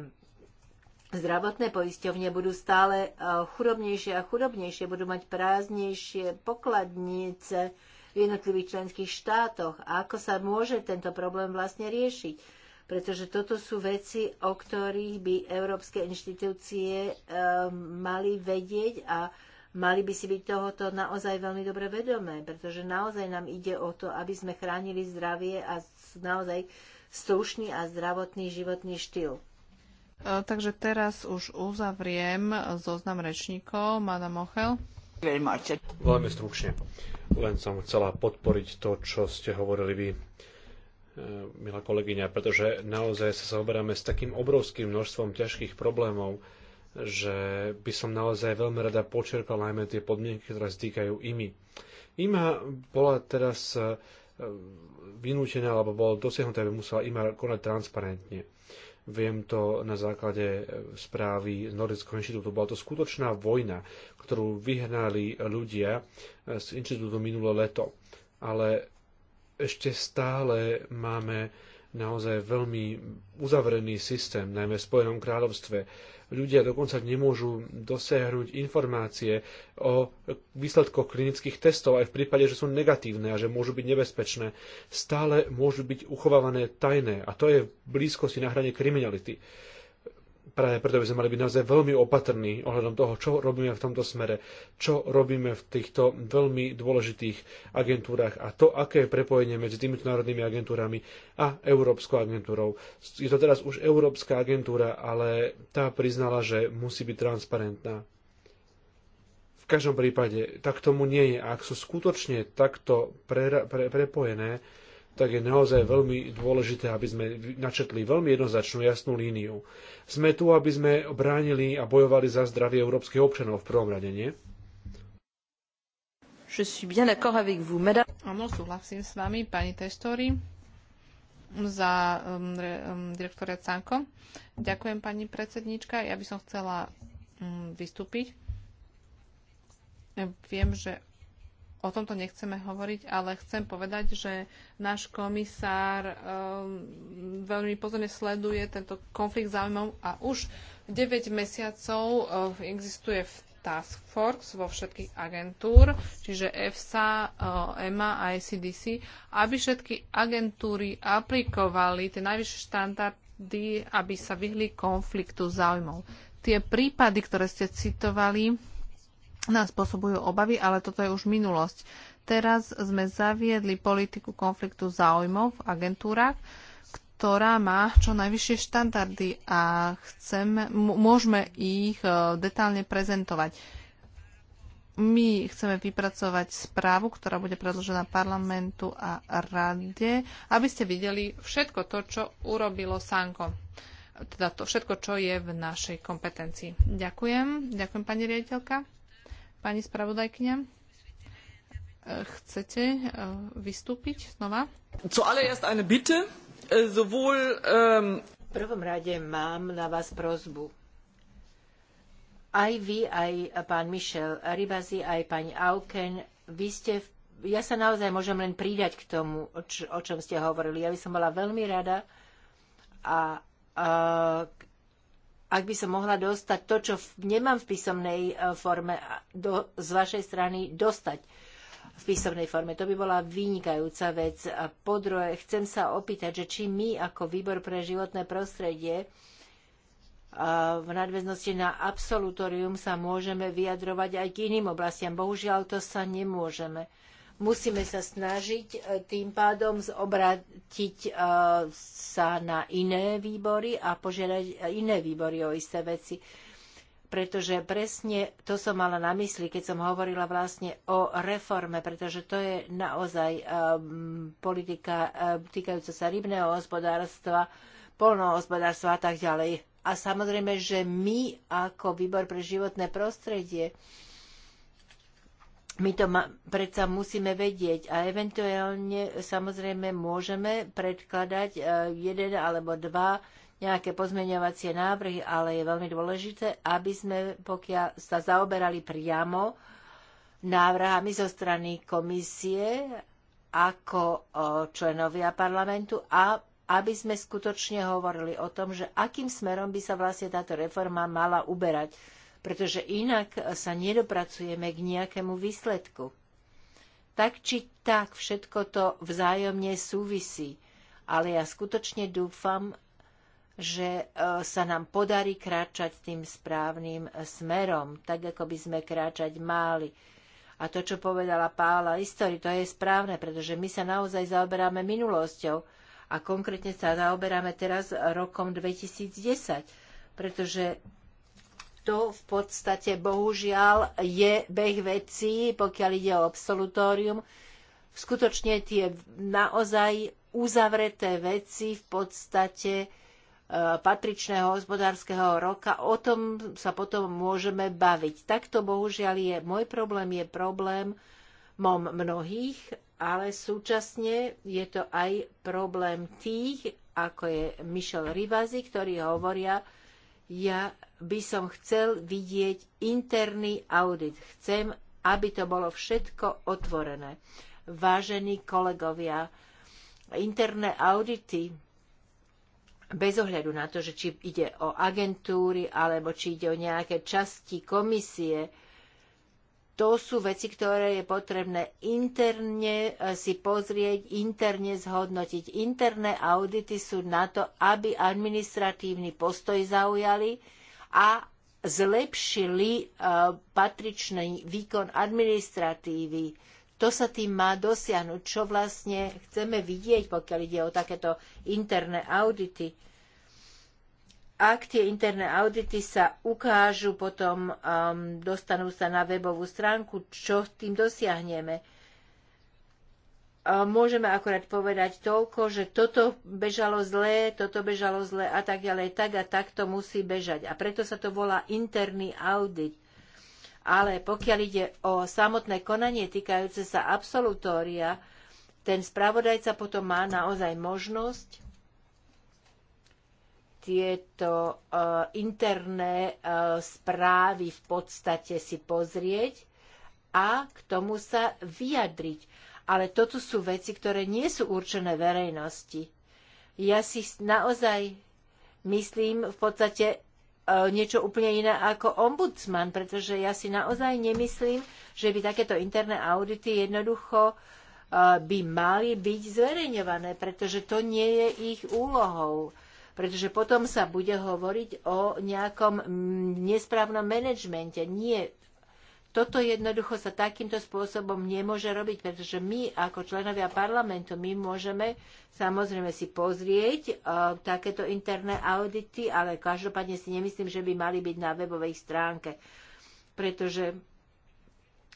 zdravotné poisťovne budú stále e, chudobnejšie a chudobnejšie, budú mať prázdnejšie pokladnice v jednotlivých členských štátoch. A ako sa môže tento problém vlastne riešiť? Pretože toto sú veci, o ktorých by európske inštitúcie e, mali vedieť a mali by si byť tohoto naozaj veľmi dobre vedomé, pretože naozaj nám ide o to, aby sme chránili zdravie a naozaj slušný a zdravotný životný štýl. E, takže teraz už uzavriem zoznam rečníkov. Madame Ochel. Veľmi stručne. Len som chcela podporiť to, čo ste hovorili vy, e, milá kolegyňa, pretože naozaj sa zaoberáme s takým obrovským množstvom ťažkých problémov, že by som naozaj veľmi rada počerpal najmä tie podmienky, ktoré stýkajú IMI. IMA bola teraz e, vynútená, alebo bolo dosiahnuté, aby musela IMA konať transparentne. Viem to na základe eh, správy z Nordického inštitútu. Bola to skutočná vojna, ktorú vyhnali ľudia eh, z inštitútu minulé leto. Ale ešte stále máme naozaj veľmi uzavrený systém, najmä v Spojenom kráľovstve ľudia dokonca nemôžu dosiahnuť informácie o výsledkoch klinických testov aj v prípade, že sú negatívne a že môžu byť nebezpečné. Stále môžu byť uchovávané tajné a to je v blízkosti na hrane kriminality. Práve preto by sme mali byť naozaj veľmi opatrní ohľadom toho, čo robíme v tomto smere, čo robíme v týchto veľmi dôležitých agentúrach a to, aké je prepojenie medzi týmito národnými agentúrami a Európskou agentúrou. Je to teraz už Európska agentúra, ale tá priznala, že musí byť transparentná. V každom prípade, tak tomu nie je. Ak sú skutočne takto pre, pre, prepojené, tak je naozaj veľmi dôležité, aby sme načetli veľmi jednoznačnú jasnú líniu. Sme tu, aby sme bránili a bojovali za zdravie európskych občanov v prvom rade, nie? Je suis bien d'accord avec vous, madame. Áno, súhlasím s vami, pani Testori, za um, um, direktora Canko. Ďakujem, pani predsednička. Ja by som chcela um, vystúpiť. Viem, že o tomto nechceme hovoriť, ale chcem povedať, že náš komisár um, veľmi pozorne sleduje tento konflikt záujmov a už 9 mesiacov uh, existuje v Task Force vo všetkých agentúr, čiže EFSA, ehm, EMA a ICDC, aby všetky agentúry aplikovali tie najvyššie štandardy, aby sa vyhli konfliktu záujmov. Tie prípady, ktoré ste citovali, nás spôsobujú obavy, ale toto je už minulosť. Teraz sme zaviedli politiku konfliktu záujmov v agentúrach, ktorá má čo najvyššie štandardy a chceme, môžeme ich e, detálne prezentovať. My chceme vypracovať správu, ktorá bude predložená parlamentu a rade, aby ste videli všetko to, čo urobilo Sanko. Teda to všetko, čo je v našej kompetencii. Ďakujem. Ďakujem, pani riaditeľka. Pani spravodajkňa, e, chcete e, vystúpiť znova? Zuallererst eine Bitte, äh, sowohl... Ähm, v prvom rade mám na vás prozbu. Aj vy, aj pán Michel Ribazi, aj pani Auken, vy ste v ja sa naozaj môžem len pridať k tomu, o, čom ste hovorili. Ja by som bola veľmi rada, a, a ak by som mohla dostať to, čo nemám v písomnej e, forme, do, z vašej strany dostať v písomnej forme. To by bola vynikajúca vec. A po druhé, chcem sa opýtať, že či my ako výbor pre životné prostredie e, v nadväznosti na absolutórium sa môžeme vyjadrovať aj k iným oblastiam. Bohužiaľ, to sa nemôžeme musíme sa snažiť e, tým pádom zobrátiť e, sa na iné výbory a požiadať e, iné výbory o isté veci. Pretože presne to som mala na mysli, keď som hovorila vlastne o reforme, pretože to je naozaj um, politika um, týkajúca sa rybného hospodárstva, polnohospodárstva a tak ďalej. A samozrejme, že my ako výbor pre životné prostredie my to ma, predsa musíme vedieť a eventuálne samozrejme môžeme predkladať e, jeden alebo dva nejaké pozmeňovacie návrhy, ale je veľmi dôležité, aby sme pokiaľ sa zaoberali priamo návrhami zo strany komisie ako e, členovia parlamentu a aby sme skutočne hovorili o tom, že akým smerom by sa vlastne táto reforma mala uberať pretože inak sa nedopracujeme k nejakému výsledku. Tak či tak všetko to vzájomne súvisí, ale ja skutočne dúfam, že e, sa nám podarí kráčať tým správnym e, smerom, tak ako by sme kráčať mali. A to, čo povedala Pála Istori, to je správne, pretože my sa naozaj zaoberáme minulosťou a konkrétne sa zaoberáme teraz rokom 2010, pretože to v podstate bohužiaľ je beh vecí, pokiaľ ide o absolutórium. Skutočne tie naozaj uzavreté veci v podstate e, patričného hospodárskeho roka, o tom sa potom môžeme baviť. Takto bohužiaľ je môj problém, je problém mom mnohých, ale súčasne je to aj problém tých, ako je Michel Rivazi, ktorí hovoria, ja by som chcel vidieť interný audit. Chcem, aby to bolo všetko otvorené. Vážení kolegovia, interné audity bez ohľadu na to, že či ide o agentúry alebo či ide o nejaké časti komisie, to sú veci, ktoré je potrebné interne eh, si pozrieť, interne zhodnotiť. Interné audity sú na to, aby administratívny postoj zaujali, a zlepšili e, patričný výkon administratívy. To sa tým má dosiahnuť, čo vlastne chceme vidieť, pokiaľ ide o takéto interné audity. Ak tie interné audity sa ukážu, potom um, dostanú sa na webovú stránku, čo tým dosiahneme môžeme akorát povedať toľko, že toto bežalo zlé, toto bežalo zlé a tak ďalej, tak a tak to musí bežať. A preto sa to volá interný audit. Ale pokiaľ ide o samotné konanie týkajúce sa absolutória, ten spravodajca potom má naozaj možnosť tieto uh, interné uh, správy v podstate si pozrieť a k tomu sa vyjadriť ale toto sú veci, ktoré nie sú určené verejnosti. Ja si naozaj myslím v podstate e, niečo úplne iné ako ombudsman, pretože ja si naozaj nemyslím, že by takéto interné audity jednoducho e, by mali byť zverejňované, pretože to nie je ich úlohou. Pretože potom sa bude hovoriť o nejakom nesprávnom manažmente. Nie, toto jednoducho sa takýmto spôsobom nemôže robiť, pretože my ako členovia parlamentu, my môžeme samozrejme si pozrieť uh, takéto interné audity, ale každopádne si nemyslím, že by mali byť na webovej stránke, pretože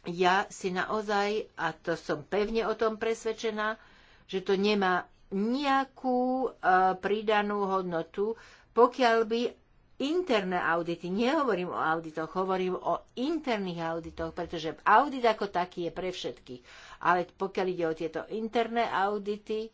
ja si naozaj, a to som pevne o tom presvedčená, že to nemá nejakú uh, pridanú hodnotu, pokiaľ by interné audity. Nehovorím o auditoch, hovorím o interných auditoch, pretože audit ako taký je pre všetkých. Ale pokiaľ ide o tieto interné audity,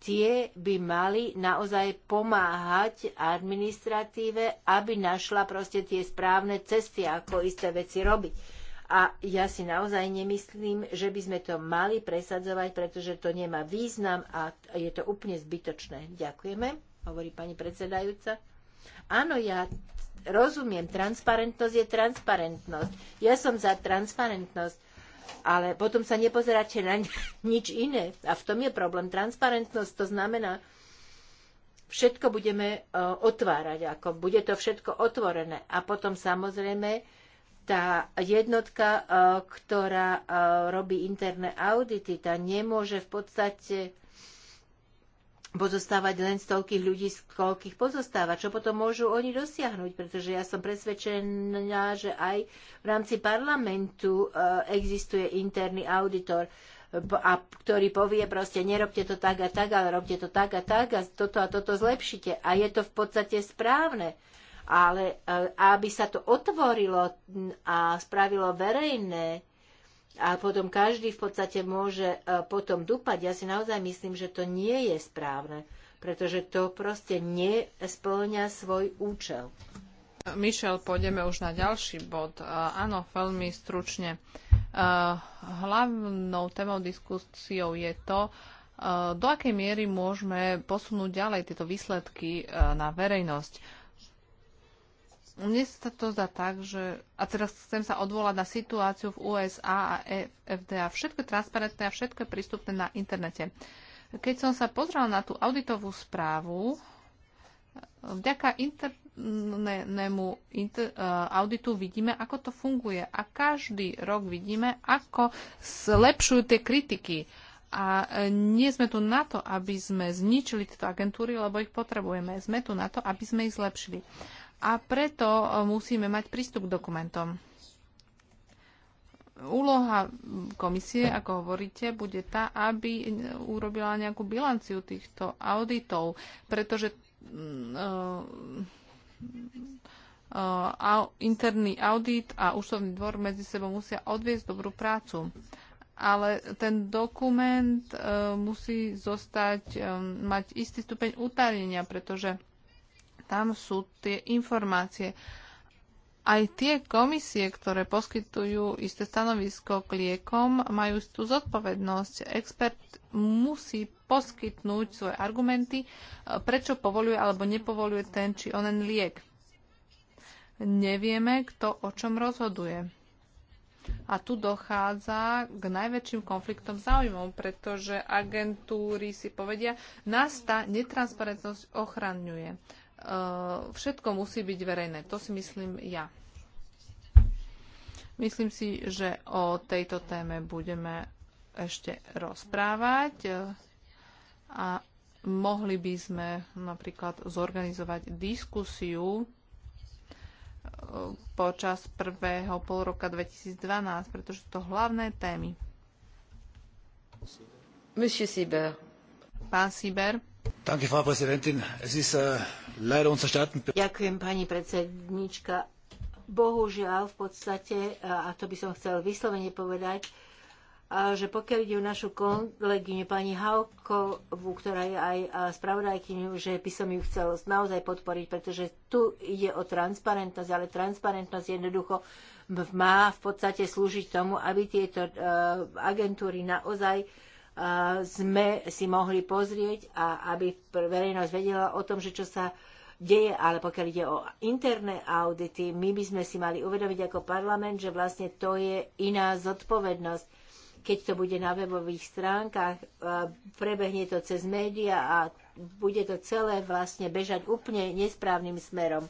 tie by mali naozaj pomáhať administratíve, aby našla proste tie správne cesty, ako isté veci robiť. A ja si naozaj nemyslím, že by sme to mali presadzovať, pretože to nemá význam a je to úplne zbytočné. Ďakujeme, hovorí pani predsedajúca. Áno, ja rozumiem, transparentnosť je transparentnosť. Ja som za transparentnosť, ale potom sa nepozeráte na nič iné. A v tom je problém. Transparentnosť to znamená, všetko budeme e, otvárať, ako bude to všetko otvorené. A potom samozrejme tá jednotka, e, ktorá e, robí interné audity, tá nemôže v podstate pozostávať len z toľkých ľudí, z koľkých pozostáva. Čo potom môžu oni dosiahnuť? Pretože ja som presvedčená, že aj v rámci parlamentu eh, existuje interný auditor, a ktorý povie proste, nerobte to tak a tak, ale robte to tak a tak a toto a toto zlepšite. A je to v podstate správne. Ale eh, aby sa to otvorilo mm, a spravilo verejné, a potom každý v podstate môže e, potom dúpať. Ja si naozaj myslím, že to nie je správne, pretože to proste nesplňa svoj účel. Mišel, pôjdeme už na ďalší bod. E, áno, veľmi stručne. E, hlavnou témou diskusiou je to, do akej miery môžeme posunúť ďalej tieto výsledky na verejnosť mne sa to zdá tak, že... A teraz chcem sa odvolať na situáciu v USA a FDA. Všetko je transparentné a všetko je prístupné na internete. Keď som sa pozrel na tú auditovú správu, vďaka internému inter, eh, auditu vidíme, ako to funguje. A každý rok vidíme, ako zlepšujú tie kritiky. A eh, nie sme tu na to, aby sme zničili tieto agentúry, lebo ich potrebujeme. Sme tu na to, aby sme ich zlepšili a preto e, musíme mať prístup k dokumentom. Úloha komisie, ako hovoríte, bude tá, aby e, urobila nejakú bilanciu týchto auditov, pretože uh, uh, interný audit a úsobný dvor medzi sebou musia odviesť dobrú prácu ale ten dokument uh, musí zostať, um, mať istý stupeň utajenia, pretože tam sú tie informácie. Aj tie komisie, ktoré poskytujú isté stanovisko k liekom, majú tú zodpovednosť. Expert musí poskytnúť svoje argumenty, e, prečo povoluje alebo nepovoluje ten či onen liek. Nevieme, kto o čom rozhoduje. A tu dochádza k najväčším konfliktom záujmov, pretože agentúry si povedia, nás tá netransparentnosť ochraňuje. Eh, všetko musí byť verejné. To si myslím ja. Myslím si, že o tejto téme budeme ešte rozprávať eh, a mohli by sme napríklad zorganizovať diskusiu eh, počas prvého pol roka 2012, pretože to hlavné témy. Monsieur Sieber. Pán Sieber. Danke, Frau Präsidentin. Es ist, uh... Ďakujem, pani Bohužiaľ, v podstate, a to by som chcel vyslovene povedať, že pokiaľ ide o našu kolegyňu pani Haukovú, ktorá je aj spravodajkyňou, že by som ju chcel naozaj podporiť, pretože tu ide o transparentnosť, ale transparentnosť jednoducho má v podstate slúžiť tomu, aby tieto agentúry naozaj sme si mohli pozrieť a aby verejnosť vedela o tom, že čo sa deje, ale pokiaľ ide o interné audity, my by sme si mali uvedomiť ako parlament, že vlastne to je iná zodpovednosť. Keď to bude na webových stránkach, e, prebehne to cez média a bude to celé vlastne bežať úplne nesprávnym smerom.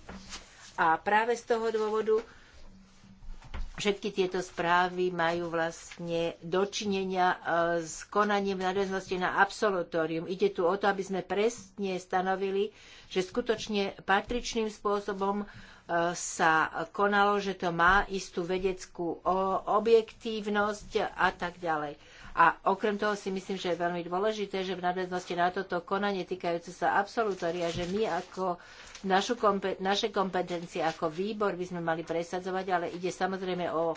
A práve z toho dôvodu Všetky tieto správy majú vlastne dočinenia e, s konaním v nadväznosti na absolutórium. Ide tu o to, aby sme presne stanovili, že skutočne patričným spôsobom e, sa konalo, že to má istú vedeckú objektívnosť a tak ďalej. A okrem toho si myslím, že je veľmi dôležité, že v nadväznosti na toto konanie týkajúce sa absolutória, že my ako našu, naše kompetencie ako výbor by sme mali presadzovať, ale ide samozrejme o e,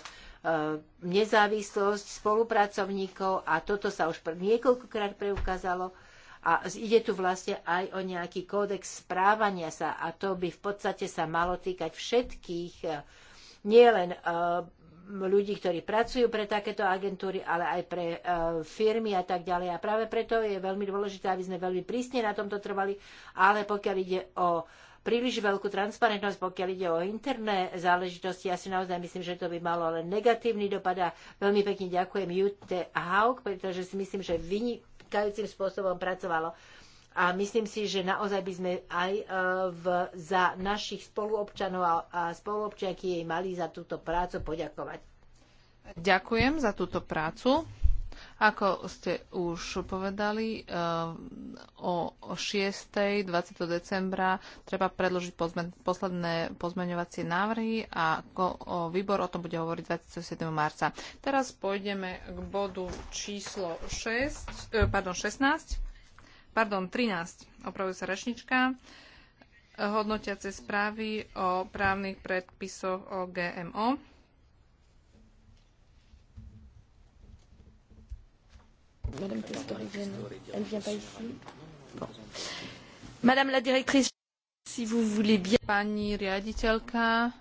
nezávislosť spolupracovníkov a toto sa už niekoľkokrát preukázalo a ide tu vlastne aj o nejaký kódex správania sa a to by v podstate sa malo týkať všetkých e, nielen e, ľudí, ktorí pracujú pre takéto agentúry, ale aj pre e, firmy a tak ďalej. A práve preto je veľmi dôležité, aby sme veľmi prísne na tomto trvali, ale pokiaľ ide o príliš veľkú transparentnosť, pokiaľ ide o interné záležitosti. Ja si naozaj myslím, že to by malo len negatívny dopad a veľmi pekne ďakujem Jute Haug, pretože si myslím, že vynikajúcim spôsobom pracovalo a myslím si, že naozaj by sme aj e, v, za našich spoluobčanov a, a jej mali za túto prácu poďakovať. Ďakujem za túto prácu. Ako ste už povedali, e, o 6. 20. decembra treba predložiť pozmen- posledné pozmeňovacie návrhy a výbor o tom bude hovoriť 27. marca. Teraz pôjdeme k bodu číslo 6, e, pardon, 16 pardon, 13, opravuje sa rečnička, hodnotiace správy o právnych predpisoch o GMO. Madame elle vient pas ici. Bon. Madame la directrice, si vous voulez bien. Pani riaditeľka,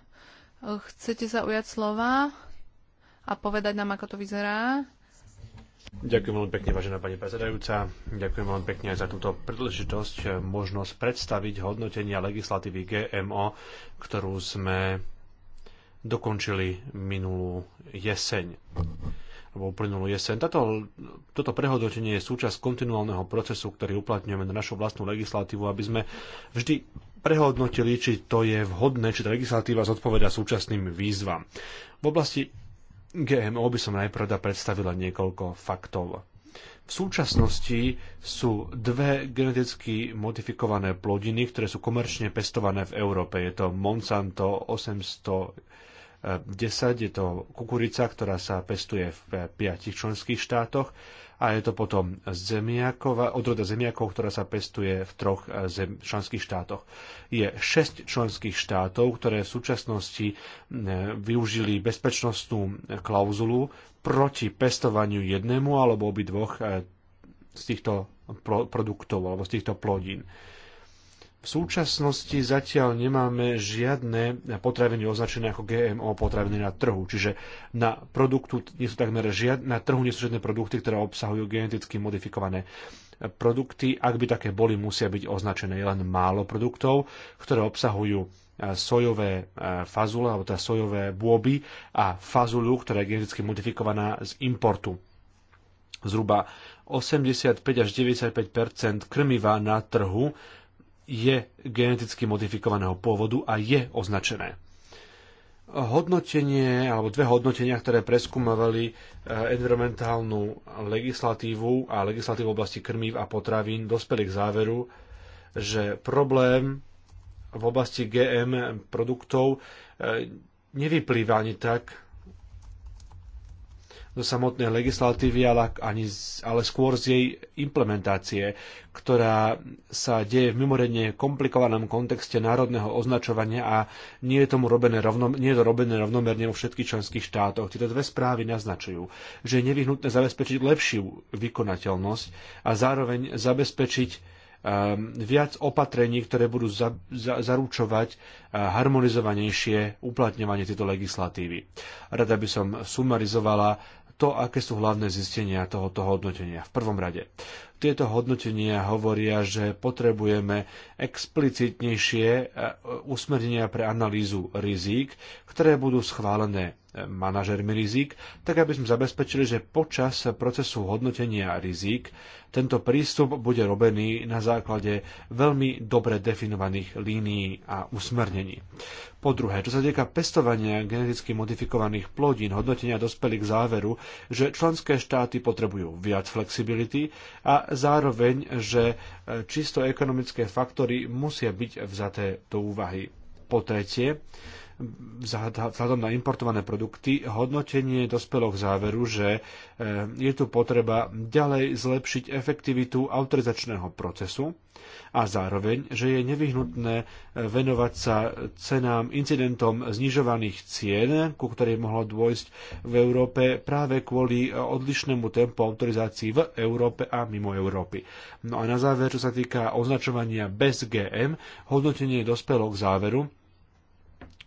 chcete sa ujať slova a povedať nám, ako to vyzerá? Ďakujem veľmi pekne, vážená pani predsedajúca. Ďakujem veľmi pekne aj za túto príležitosť, e, možnosť predstaviť hodnotenia legislatívy GMO, ktorú sme dokončili minulú jeseň alebo uplynulú jeseň. Tato, toto prehodnotenie je súčasť kontinuálneho procesu, ktorý uplatňujeme na našu vlastnú legislatívu, aby sme vždy prehodnotili, či to je vhodné, či tá legislatíva zodpoveda súčasným výzvam. V oblasti GMO by som najprv teda predstavila niekoľko faktov. V súčasnosti sú dve geneticky modifikované plodiny, ktoré sú komerčne pestované v Európe. Je to Monsanto 810, eh, je to kukurica, ktorá sa pestuje v piatich členských štátoch a je to potom zemiakova, odroda zemiakov, ktorá sa pestuje v troch eh, zem, členských štátoch. Je šesť členských štátov, ktoré v súčasnosti eh, využili bezpečnostnú eh, klauzulu proti pestovaniu jednému alebo obidvoch z týchto produktov alebo z týchto plodín. V súčasnosti zatiaľ nemáme žiadne potraviny označené ako GMO potraviny na trhu, čiže na, produktu nie sú takmer žiad, na trhu nie sú žiadne produkty, ktoré obsahujú geneticky modifikované produkty. Ak by také boli, musia byť označené len málo produktov, ktoré obsahujú e, sojové e, fazule, alebo teda sojové bôby a fazulu, ktorá je geneticky modifikovaná z importu. Zhruba 85 až 95 krmiva na trhu je geneticky modifikovaného pôvodu a je označené. Hodnotenie, alebo dve hodnotenia, ktoré preskúmavali e, environmentálnu legislatívu a legislatívu v oblasti krmív a potravín, dospeli k záveru, že problém v oblasti GM produktov e, nevyplýva ani tak zo samotnej legislatívy, ale, ani, ale skôr z jej implementácie, ktorá sa deje v mimoriadne komplikovanom kontexte národného označovania a nie je, tomu robené rovno, nie je to robené rovnomerne vo všetkých členských štátoch. Tieto dve správy naznačujú, že je nevyhnutné zabezpečiť lepšiu vykonateľnosť a zároveň zabezpečiť ehm, viac opatrení, ktoré budú za, za, zaručovať eh, harmonizovanejšie uplatňovanie tejto legislatívy. Rada by som sumarizovala to, aké sú hlavné zistenia tohoto hodnotenia. V prvom rade, tieto hodnotenia hovoria, že potrebujeme explicitnejšie e, usmernenia pre analýzu rizík, ktoré budú schválené manažermi rizik, tak aby sme zabezpečili, že počas procesu hodnotenia rizik tento prístup bude robený na základe veľmi dobre definovaných línií a usmernení. Po druhé, čo sa týka pestovania geneticky modifikovaných plodín, hodnotenia dospeli k záveru, že členské štáty potrebujú viac flexibility a zároveň, že e, čisto ekonomické faktory musia byť vzaté do úvahy. Po tretie, vzhľadom na importované produkty hodnotenie dospelo k záveru, že e, je tu potreba ďalej zlepšiť efektivitu autorizačného procesu a zároveň, že je nevyhnutné e, venovať sa cenám, incidentom znižovaných cien, ku ktorej mohlo dôjsť v Európe práve kvôli e, odlišnému tempu autorizácií v Európe a mimo Európy. No a na záver, čo sa týka označovania bez GM, hodnotenie dospelo k záveru,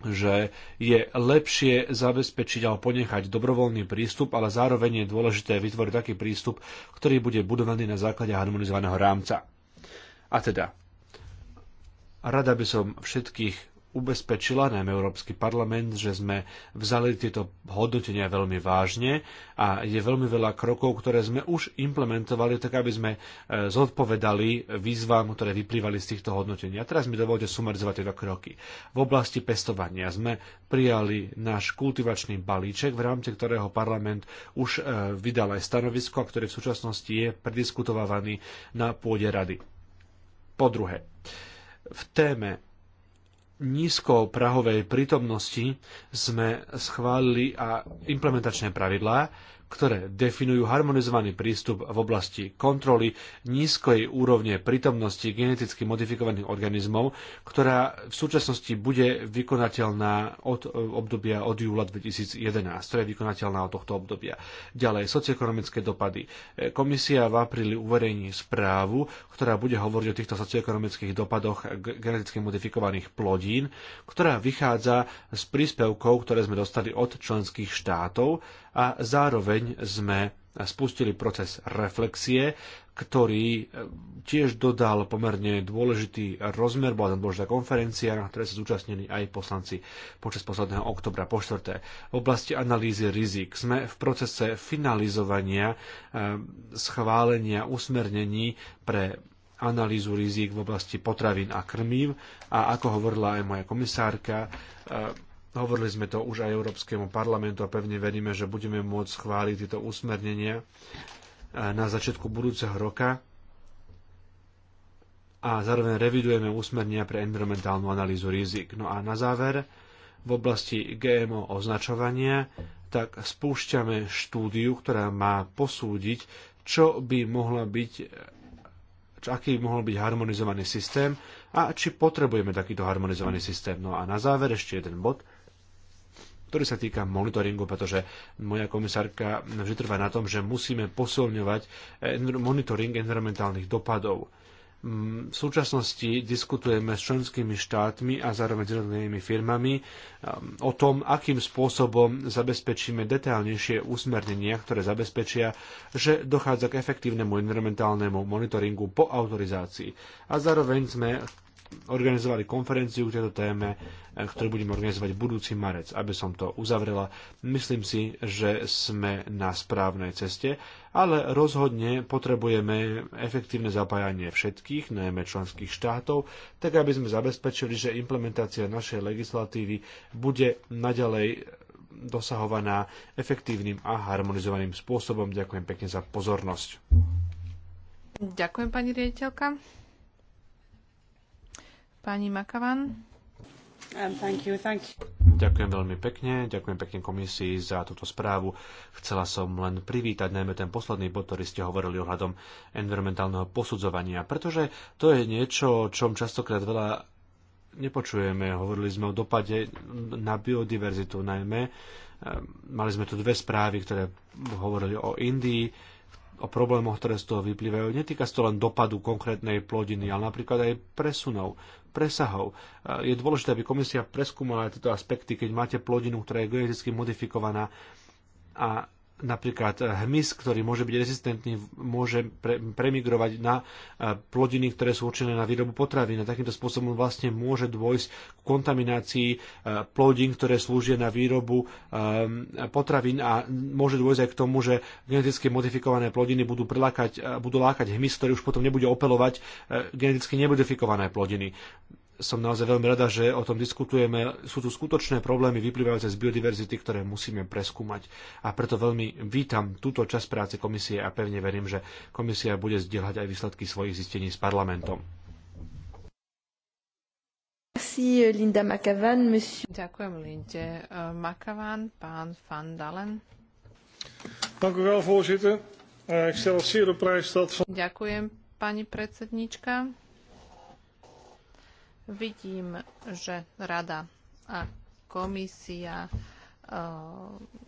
že je lepšie zabezpečiť alebo ponechať dobrovoľný prístup, ale zároveň je dôležité vytvoriť taký prístup, ktorý bude budovaný na základe harmonizovaného rámca. A teda, rada by som všetkých ubezpečila, najmä Európsky parlament, že sme vzali tieto hodnotenia veľmi vážne a je veľmi veľa krokov, ktoré sme už implementovali, tak aby sme e, zodpovedali výzvam, ktoré vyplývali z týchto hodnotení. A teraz mi dovolte sumarizovať tieto kroky. V oblasti pestovania sme prijali náš kultivačný balíček, v rámci ktorého parlament už e, vydal aj stanovisko, ktoré v súčasnosti je prediskutovaný na pôde rady. Po druhé, v téme nízko prahovej prítomnosti sme schválili a implementačné pravidlá, ktoré definujú harmonizovaný prístup v oblasti kontroly nízkej úrovne prítomnosti geneticky modifikovaných organizmov, ktorá v súčasnosti bude vykonateľná od e, obdobia od júla 2011, ktorá je vykonateľná od tohto obdobia. Ďalej, socioekonomické dopady. E, komisia v apríli uverejní správu, ktorá bude hovoriť o týchto socioekonomických dopadoch geneticky modifikovaných plodín, ktorá vychádza z príspevkov, ktoré sme dostali od členských štátov a zároveň sme spustili proces reflexie, ktorý eh, tiež dodal pomerne dôležitý rozmer, bola tam dôležitá konferencia, na ktorej sa zúčastnili aj poslanci počas posledného oktobra po štvrté. V oblasti analýzy rizik sme v procese finalizovania eh, schválenia usmernení pre analýzu rizik v oblasti potravín a krmív a ako hovorila aj moja komisárka, eh, Hovorili sme to už aj Európskemu parlamentu a pevne veríme, že budeme môcť schváliť tieto usmernenia eh, na začiatku budúceho roka a zároveň revidujeme úsmernia pre environmentálnu analýzu rizik. No a na záver, v oblasti GMO označovania, tak spúšťame štúdiu, ktorá má posúdiť, čo by mohla byť eh, čo, aký by mohol byť harmonizovaný systém a či potrebujeme takýto harmonizovaný systém. No a na záver ešte jeden bod ktorý sa týka monitoringu, pretože moja komisárka vždy trvá na tom, že musíme posilňovať monitoring environmentálnych dopadov. Mm, v súčasnosti diskutujeme s členskými štátmi a zároveň s jednotlivými firmami um, o tom, akým spôsobom zabezpečíme detailnejšie usmernenia, ktoré zabezpečia, že dochádza k efektívnemu environmentálnemu monitoringu po autorizácii. A zároveň sme organizovali konferenciu k tejto téme, e, ktorú budeme organizovať budúci marec, aby som to uzavrela. Myslím si, že sme na správnej ceste, ale rozhodne potrebujeme efektívne zapájanie všetkých, najmä členských štátov, tak aby sme zabezpečili, že implementácia našej legislatívy bude naďalej dosahovaná efektívnym a harmonizovaným spôsobom. Ďakujem pekne za pozornosť. Ďakujem, pani riaditeľka. Pani Makavan. Um, thank you, thank you. Ďakujem veľmi pekne, ďakujem pekne komisii za túto správu. Chcela som len privítať najmä ten posledný bod, ktorý ste hovorili ohľadom environmentálneho posudzovania, pretože to je niečo, o čom častokrát veľa nepočujeme. Hovorili sme o dopade na biodiverzitu najmä. Ehm, mali sme tu dve správy, ktoré hovorili o Indii o problémoch, ktoré z toho vyplývajú. Netýka sa to len dopadu konkrétnej plodiny, ale napríklad aj presunov, presahov. Je dôležité, aby komisia preskúmala tieto aspekty, keď máte plodinu, ktorá je geneticky modifikovaná a napríklad eh, hmyz, ktorý môže byť rezistentný, môže pre, premigrovať na eh, plodiny, ktoré sú určené na výrobu potravín. A takýmto spôsobom vlastne môže dôjsť k kontaminácii eh, plodín, ktoré slúžia na výrobu potravín a môže dôjsť aj k tomu, že geneticky modifikované plodiny budú, prilákať, budú lákať hmyz, ktorý už potom nebude opelovať geneticky nemodifikované plodiny som naozaj veľmi rada, že o tom diskutujeme. Sú tu skutočné problémy vyplývajúce z biodiverzity, ktoré musíme preskúmať. A preto veľmi vítam túto časť práce komisie a pevne verím, že komisia bude zdieľať aj výsledky svojich zistení s parlamentom. Linda monsieur... Ďakujem Linde. Eh, Makavan, pán Van Dalen. Dank u wel, voorzitter. Eh, ik stel zeer op prijs dat... Ďakujem, pani predsednička. Vidím, že rada a komisia e,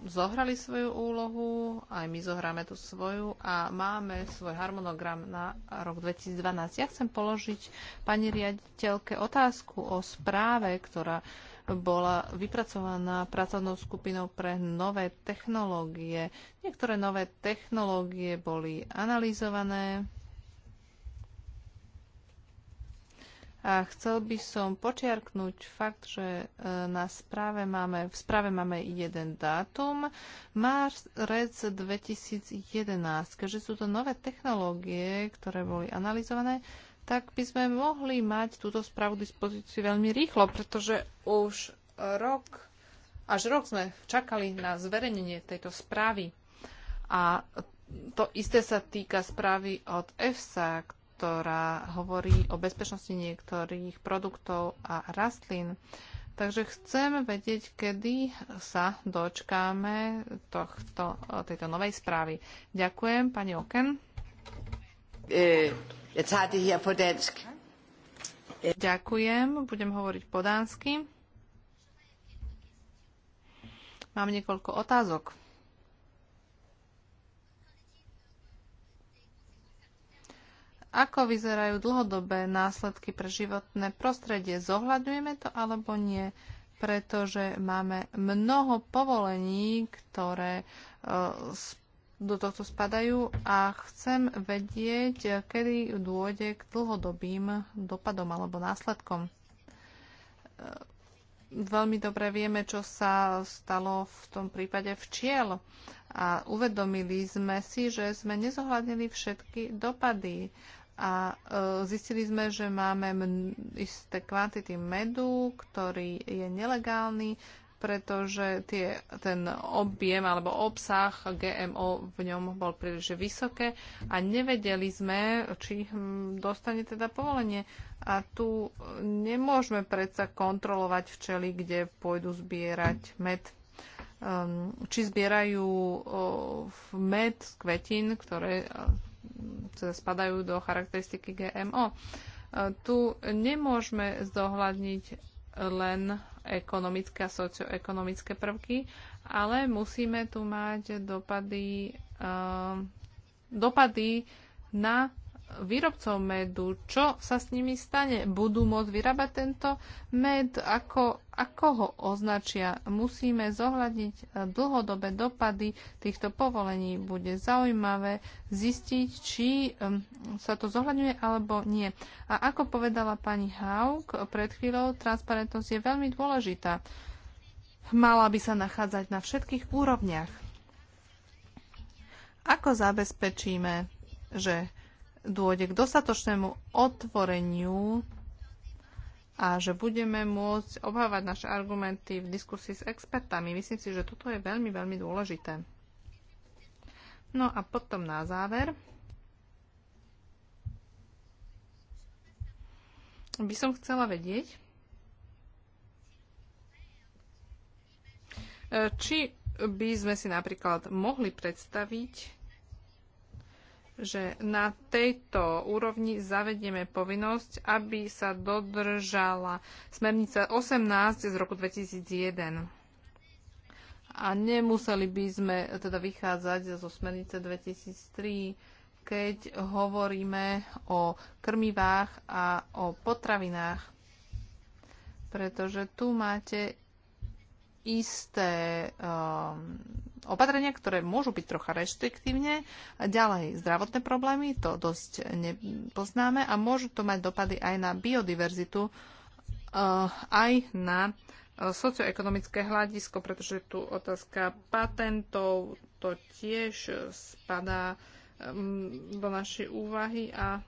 zohrali svoju úlohu, aj my zohráme tú svoju a máme svoj harmonogram na rok 2012. Ja chcem položiť pani riaditeľke otázku o správe, ktorá bola vypracovaná pracovnou skupinou pre nové technológie. Niektoré nové technológie boli analyzované A chcel by som počiarknúť fakt, že e, na správe máme, v správe máme jeden dátum, marec 2011. Keďže sú to nové technológie, ktoré boli analyzované, tak by sme mohli mať túto správu dispozíciu dispozícii veľmi rýchlo, pretože už rok, až rok sme čakali na zverejnenie tejto správy. A to isté sa týka správy od EFSA, ktorá hovorí o bezpečnosti niektorých produktov a rastlín. Takže chcem vedieť, kedy sa dočkáme tohto, tejto novej správy. Ďakujem, pani Oken. Eh, eh. Ďakujem, budem hovoriť po dánsky. Mám niekoľko otázok. Ako vyzerajú dlhodobé následky pre životné prostredie? Zohľadňujeme to alebo nie? Pretože máme mnoho povolení, ktoré e, do tohto spadajú a chcem vedieť, kedy dôjde k dlhodobým dopadom alebo následkom e, veľmi dobre vieme, čo sa stalo v tom prípade včiel. A uvedomili sme si, že sme nezohľadnili všetky dopady a e, zistili sme, že máme isté kvantity medu, ktorý je nelegálny, pretože tie, ten objem alebo obsah GMO v ňom bol príliš vysoké a nevedeli sme, či hm, dostane teda povolenie. A tu nemôžeme predsa kontrolovať včely, kde pôjdu zbierať med. Um, či zbierajú uh, med z kvetín, ktoré spadajú do charakteristiky GMO. E, tu nemôžeme zohľadniť len ekonomické a socioekonomické prvky, ale musíme tu mať dopady, e, dopady na výrobcov medu, čo sa s nimi stane? Budú môcť vyrábať tento med? Ako, ako ho označia? Musíme zohľadniť eh, dlhodobé dopady týchto povolení. Bude zaujímavé zistiť, či eh, sa to zohľadňuje alebo nie. A ako povedala pani Haug pred chvíľou, transparentnosť je veľmi dôležitá. Mala by sa nachádzať na všetkých úrovniach. Ako zabezpečíme, že dôjde k dostatočnému otvoreniu a že budeme môcť obhávať naše argumenty v diskusii s expertami. Myslím si, že toto je veľmi, veľmi dôležité. No a potom na záver by som chcela vedieť, či by sme si napríklad mohli predstaviť že na tejto úrovni zavedieme povinnosť, aby sa dodržala smernica 18 z roku 2001. A nemuseli by sme teda vychádzať zo smernice 2003, keď hovoríme o krmivách a o potravinách. Pretože tu máte isté um, opatrenia, ktoré môžu byť trocha reštriktívne. Ďalej, zdravotné problémy, to dosť nepoznáme a môžu to mať dopady aj na biodiverzitu, uh, aj na uh, socioekonomické hľadisko, pretože tu otázka patentov, to tiež spadá um, do našej úvahy a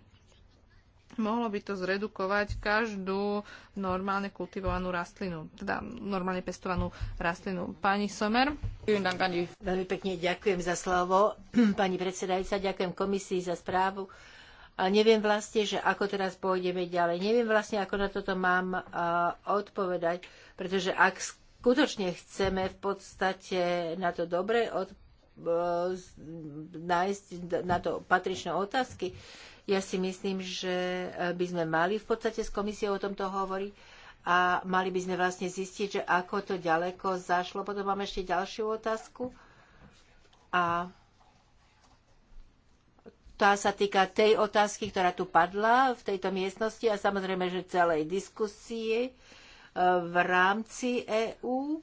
mohlo by to zredukovať každú normálne kultivovanú rastlinu, teda normálne pestovanú rastlinu. Pani Somer. Veľmi pekne ďakujem za slovo. Pani predsedajúca, ďakujem komisii za správu. A neviem vlastne, že ako teraz pôjdeme ďalej. Neviem vlastne, ako na toto mám odpovedať, pretože ak skutočne chceme v podstate na to dobre od, e, nájsť na to patričné otázky, ja si myslím, že e, by sme mali v podstate s komisiou o tomto hovoriť a mali by sme vlastne zistiť, že ako to ďaleko zašlo. Potom mám ešte ďalšiu otázku a tá sa týka tej otázky, ktorá tu padla v tejto miestnosti a samozrejme, že celej diskusie e, v rámci EÚ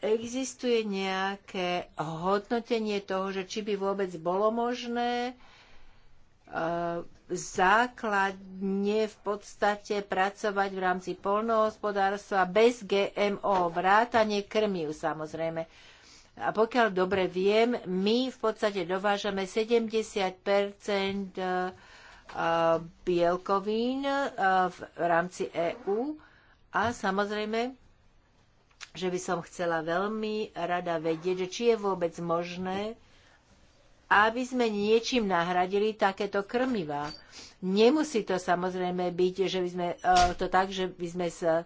existuje nejaké hodnotenie toho, že či by vôbec bolo možné E, základne v podstate pracovať v rámci polnohospodárstva bez GMO, vrátanie krmiv samozrejme. A pokiaľ dobre viem, my v podstate dovážame 70 e, bielkovín e, v rámci EÚ a samozrejme, že by som chcela veľmi rada vedieť, že či je vôbec možné aby sme niečím nahradili takéto krmivá. Nemusí to samozrejme byť, že by sme e, to tak, že by sme sa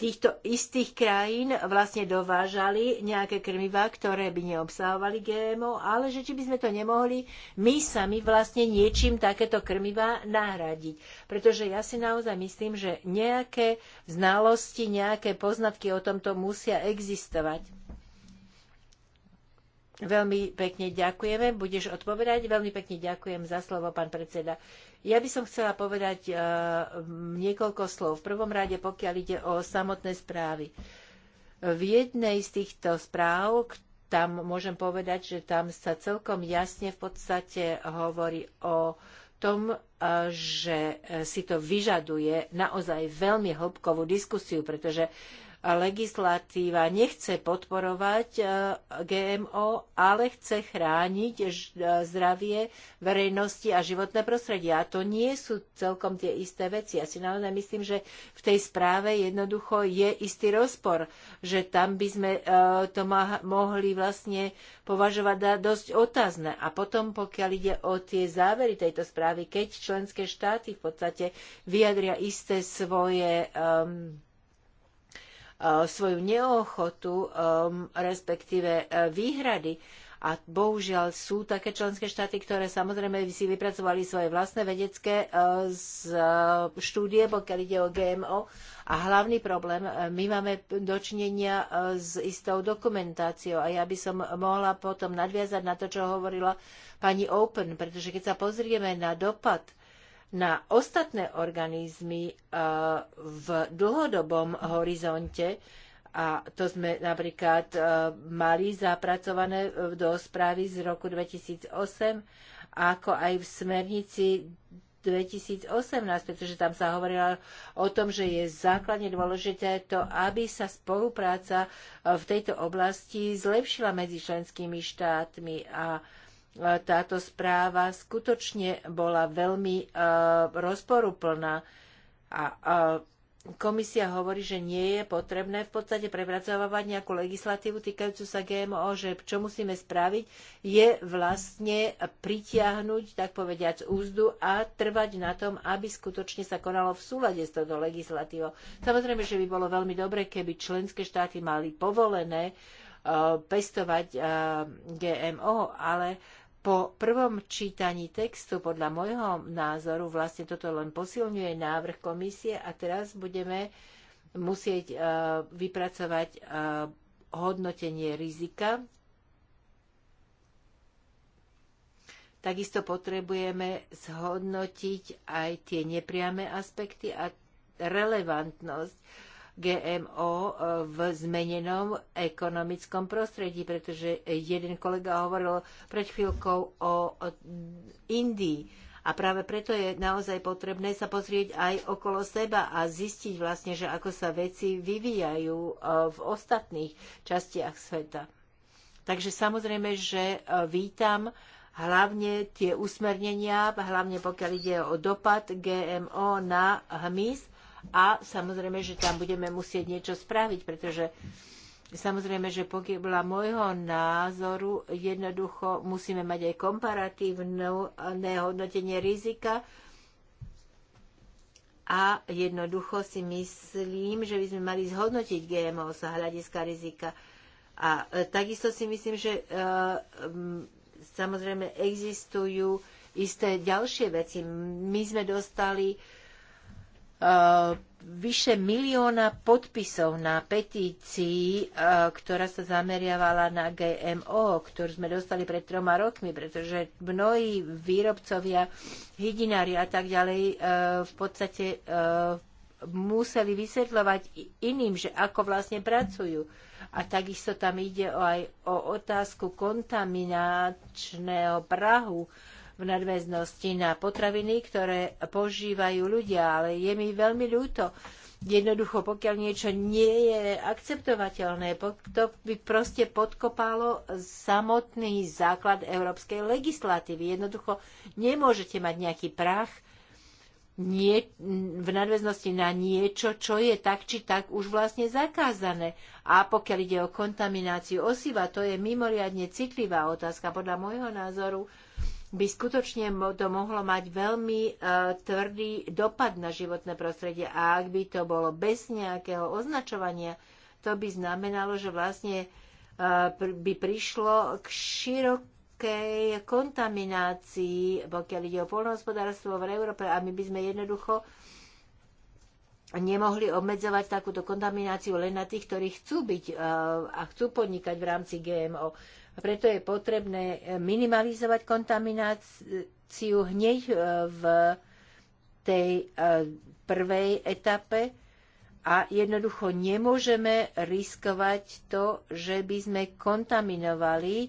týchto istých krajín vlastne dovážali nejaké krmivá, ktoré by neobsahovali GMO, ale že či by sme to nemohli my sami vlastne niečím takéto krmivá nahradiť. Pretože ja si naozaj myslím, že nejaké znalosti, nejaké poznatky o tomto musia existovať. Veľmi pekne ďakujeme. Budeš odpovedať? Veľmi pekne ďakujem za slovo, pán predseda. Ja by som chcela povedať uh, niekoľko slov. V prvom rade, pokiaľ ide o samotné správy. V jednej z týchto správ, tam môžem povedať, že tam sa celkom jasne v podstate hovorí o tom, e, že si to vyžaduje naozaj veľmi hĺbkovú diskusiu, pretože uh, legislatíva nechce podporovať e, GMO, ale chce chrániť e, zdravie verejnosti a životné prostredie. A to nie sú celkom tie isté veci. Ja si naozaj myslím, že v tej správe jednoducho je istý rozpor, že tam by sme e, to mohli vlastne považovať za dosť otázne. A potom, pokiaľ ide o tie závery tejto správy, keď členské štáty v podstate vyjadria isté svoje um, E, svoju neochotu, e, respektíve e, výhrady. A bohužiaľ sú také členské štáty, ktoré samozrejme si vypracovali svoje vlastné vedecké štúdie, pokiaľ ide o GMO. A hlavný problém, my máme dočinenia s istou dokumentáciou a ja by som mohla potom nadviazať na to, čo hovorila pani Open, pretože keď sa pozrieme na dopad na ostatné organizmy e, v dlhodobom horizonte. A to sme napríklad e, mali zapracované e, do správy z roku 2008, ako aj v smernici 2018, pretože tam sa hovorilo o tom, že je základne dôležité to, aby sa spolupráca v tejto oblasti zlepšila medzi členskými štátmi a E, táto správa skutočne bola veľmi e, rozporuplná a e, komisia hovorí, že nie je potrebné v podstate prepracovávať nejakú legislatívu týkajúcu sa GMO, že čo musíme spraviť, je vlastne pritiahnuť, tak povediať, úzdu a trvať na tom, aby skutočne sa konalo v súlade s touto legislatívou. Samozrejme, že by bolo veľmi dobre, keby členské štáty mali povolené uh, Eh, pestovať eh, GMO, ale po prvom čítaní textu, podľa môjho názoru, vlastne toto len posilňuje návrh komisie a teraz budeme musieť eh, vypracovať hodnotenie rizika. Takisto potrebujeme zhodnotiť aj tie nepriame aspekty a relevantnosť GMO e, v zmenenom ekonomickom prostredí, pretože jeden kolega hovoril pred chvíľkou o, o Indii. A práve preto je naozaj potrebné sa pozrieť aj okolo seba a zistiť vlastne, že ako sa veci vyvíjajú e, v ostatných častiach sveta. Takže samozrejme, že e, vítam hlavne tie usmernenia, hlavne pokiaľ ide o dopad GMO na hmyz a samozrejme, že tam budeme musieť niečo spraviť, pretože Samozrejme, že bola môjho názoru jednoducho musíme mať aj komparatívne hodnotenie rizika a jednoducho si myslím, že by sme mali zhodnotiť GMO sa hľadiska rizika. A e, takisto si myslím, že e, samozrejme existujú isté ďalšie veci. My sme dostali E, vyše milióna podpisov na petícii, e, ktorá sa zameriavala na GMO, ktorú sme dostali pred troma rokmi, pretože mnohí výrobcovia, hydinári a tak ďalej e, v podstate museli vysvetľovať iným, že ako vlastne pracujú. A takisto tam ide aj o otázku kontaminačného prahu, v nadväznosti na potraviny, ktoré požívajú ľudia, ale je mi veľmi ľúto. Jednoducho, pokiaľ niečo nie je akceptovateľné, to by proste podkopalo samotný základ európskej legislatívy. Jednoducho, nemôžete mať nejaký prach nie, v nadväznosti na niečo, čo je tak či tak už vlastne zakázané. A pokiaľ ide o kontamináciu osiva, to je mimoriadne citlivá otázka. Podľa môjho názoru, by skutočne to mohlo mať veľmi e, tvrdý dopad na životné prostredie. A ak by to bolo bez nejakého označovania, to by znamenalo, že vlastne e, by prišlo k širokej kontaminácii, pokiaľ ide o polnohospodárstvo v Európe a my by sme jednoducho nemohli obmedzovať takúto kontamináciu len na tých, ktorí chcú byť e, a chcú podnikať v rámci GMO. A preto je potrebné eh, minimalizovať kontamináciu hneď eh, v tej eh, prvej etape a jednoducho nemôžeme riskovať to, že by sme kontaminovali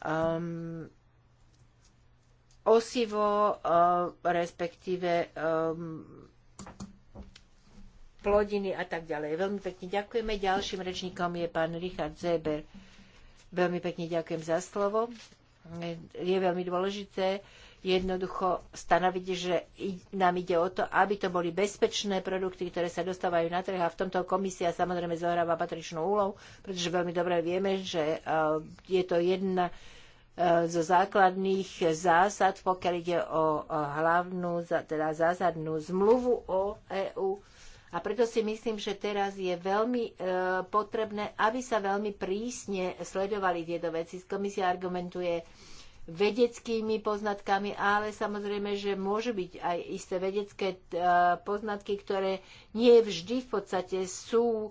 um, osivo, uh, respektíve um, plodiny a tak ďalej. Veľmi pekne ďakujeme. Ďalším rečníkom je pán Richard Zeber. Veľmi pekne ďakujem za slovo. Je veľmi dôležité jednoducho stanoviť, že nám ide o to, aby to boli bezpečné produkty, ktoré sa dostávajú na trh a v tomto komisia samozrejme zohráva patričnú úlohu, pretože veľmi dobre vieme, že e, je to jedna e, zo základných zásad, pokiaľ ide o hlavnú, teda zásadnú zmluvu o EÚ a preto si myslím, že teraz je veľmi e, potrebné, aby sa veľmi prísne sledovali tieto veci. Komisia argumentuje vedeckými poznatkami, ale samozrejme, že môžu byť aj isté vedecké e, poznatky, ktoré nie vždy v podstate sú e,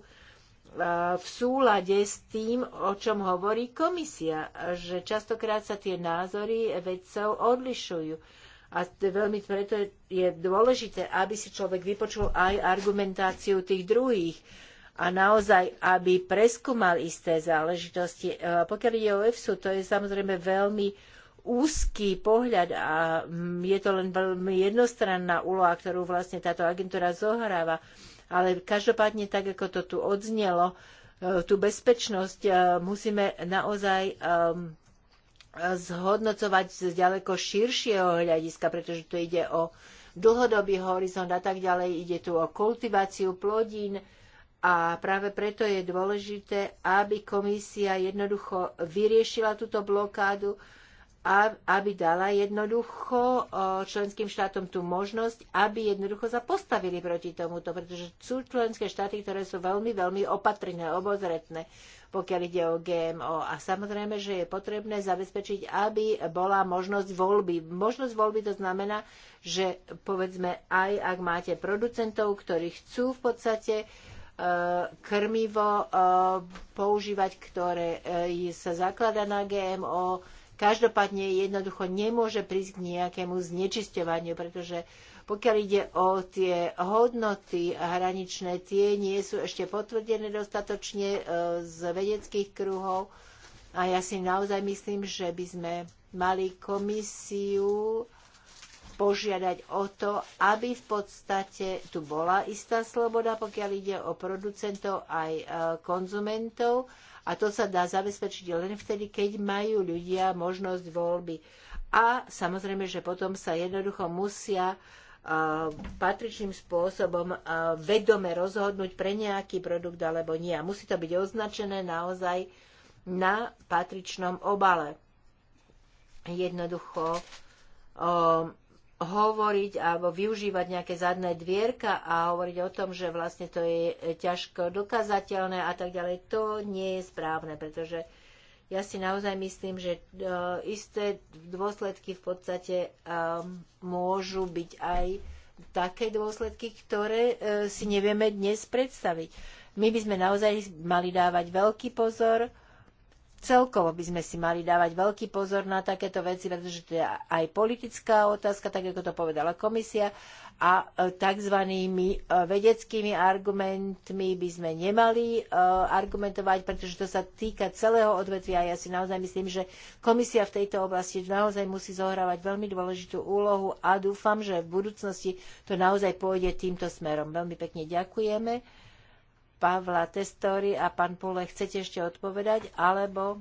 v súlade s tým, o čom hovorí komisia, že častokrát sa tie názory vedcov odlišujú. A veľmi preto je dôležité, aby si človek vypočul aj argumentáciu tých druhých a naozaj, aby preskúmal isté záležitosti. E, pokiaľ ide o EFSU, to je samozrejme veľmi úzký pohľad a mm, je to len veľmi jednostranná úloha, ktorú vlastne táto agentúra zohráva. Ale každopádne, tak ako to tu odznelo, e, tú bezpečnosť e, musíme naozaj zhodnocovať z ďaleko širšieho hľadiska, pretože tu ide o dlhodobý horizont a tak ďalej. Ide tu o kultiváciu plodín a práve preto je dôležité, aby komisia jednoducho vyriešila túto blokádu, aby dala jednoducho členským štátom tú možnosť, aby jednoducho sa postavili proti tomuto, pretože sú členské štáty, ktoré sú veľmi, veľmi opatrné, obozretné, pokiaľ ide o GMO. A samozrejme, že je potrebné zabezpečiť, aby bola možnosť voľby. Možnosť voľby to znamená, že povedzme aj ak máte producentov, ktorí chcú v podstate e, krmivo e, používať, ktoré e, sa zaklada na GMO, Každopádne jednoducho nemôže prísť k nejakému znečisťovaniu, pretože pokiaľ ide o tie hodnoty hraničné, tie nie sú ešte potvrdené dostatočne e, z vedeckých kruhov. A ja si naozaj myslím, že by sme mali komisiu požiadať o to, aby v podstate tu bola istá sloboda, pokiaľ ide o producentov aj e, konzumentov. A to sa dá zabezpečiť len vtedy, keď majú ľudia možnosť voľby. A samozrejme, že potom sa jednoducho musia e, patričným spôsobom e, vedome rozhodnúť pre nejaký produkt alebo nie. A musí to byť označené naozaj na patričnom obale. Jednoducho hovoriť alebo využívať nejaké zadné dvierka a hovoriť o tom, že vlastne to je ťažko dokazateľné a tak ďalej, to nie je správne, pretože ja si naozaj myslím, že e, isté dôsledky v podstate e, môžu byť aj také dôsledky, ktoré e, si nevieme dnes predstaviť. My by sme naozaj mali dávať veľký pozor, celkovo by sme si mali dávať veľký pozor na takéto veci, pretože to je aj politická otázka, tak ako to povedala komisia, a e, tzv. E, vedeckými argumentmi by sme nemali e, argumentovať, pretože to sa týka celého odvetvia a ja si naozaj myslím, že komisia v tejto oblasti naozaj musí zohrávať veľmi dôležitú úlohu a dúfam, že v budúcnosti to naozaj pôjde týmto smerom. Veľmi pekne ďakujeme. Pavla Testori a pán Pule, chcete ešte odpovedať? Alebo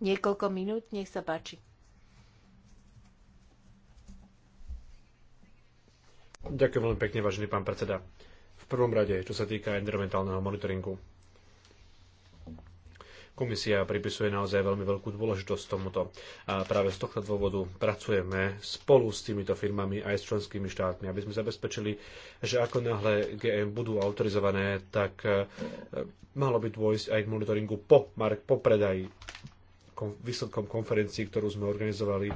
niekoľko minút, nech sa páči. Ďakujem veľmi pekne, vážený pán predseda. V prvom rade, čo sa týka environmentálneho monitoringu. Komisia pripisuje naozaj veľmi veľkú dôležitosť tomuto a práve z tohto dôvodu pracujeme spolu s týmito firmami aj s členskými štátmi, aby sme zabezpečili, že ako náhle GM budú autorizované, tak e, malo by dôjsť aj k monitoringu po, po predaji výsledkom konferencií, ktorú sme organizovali,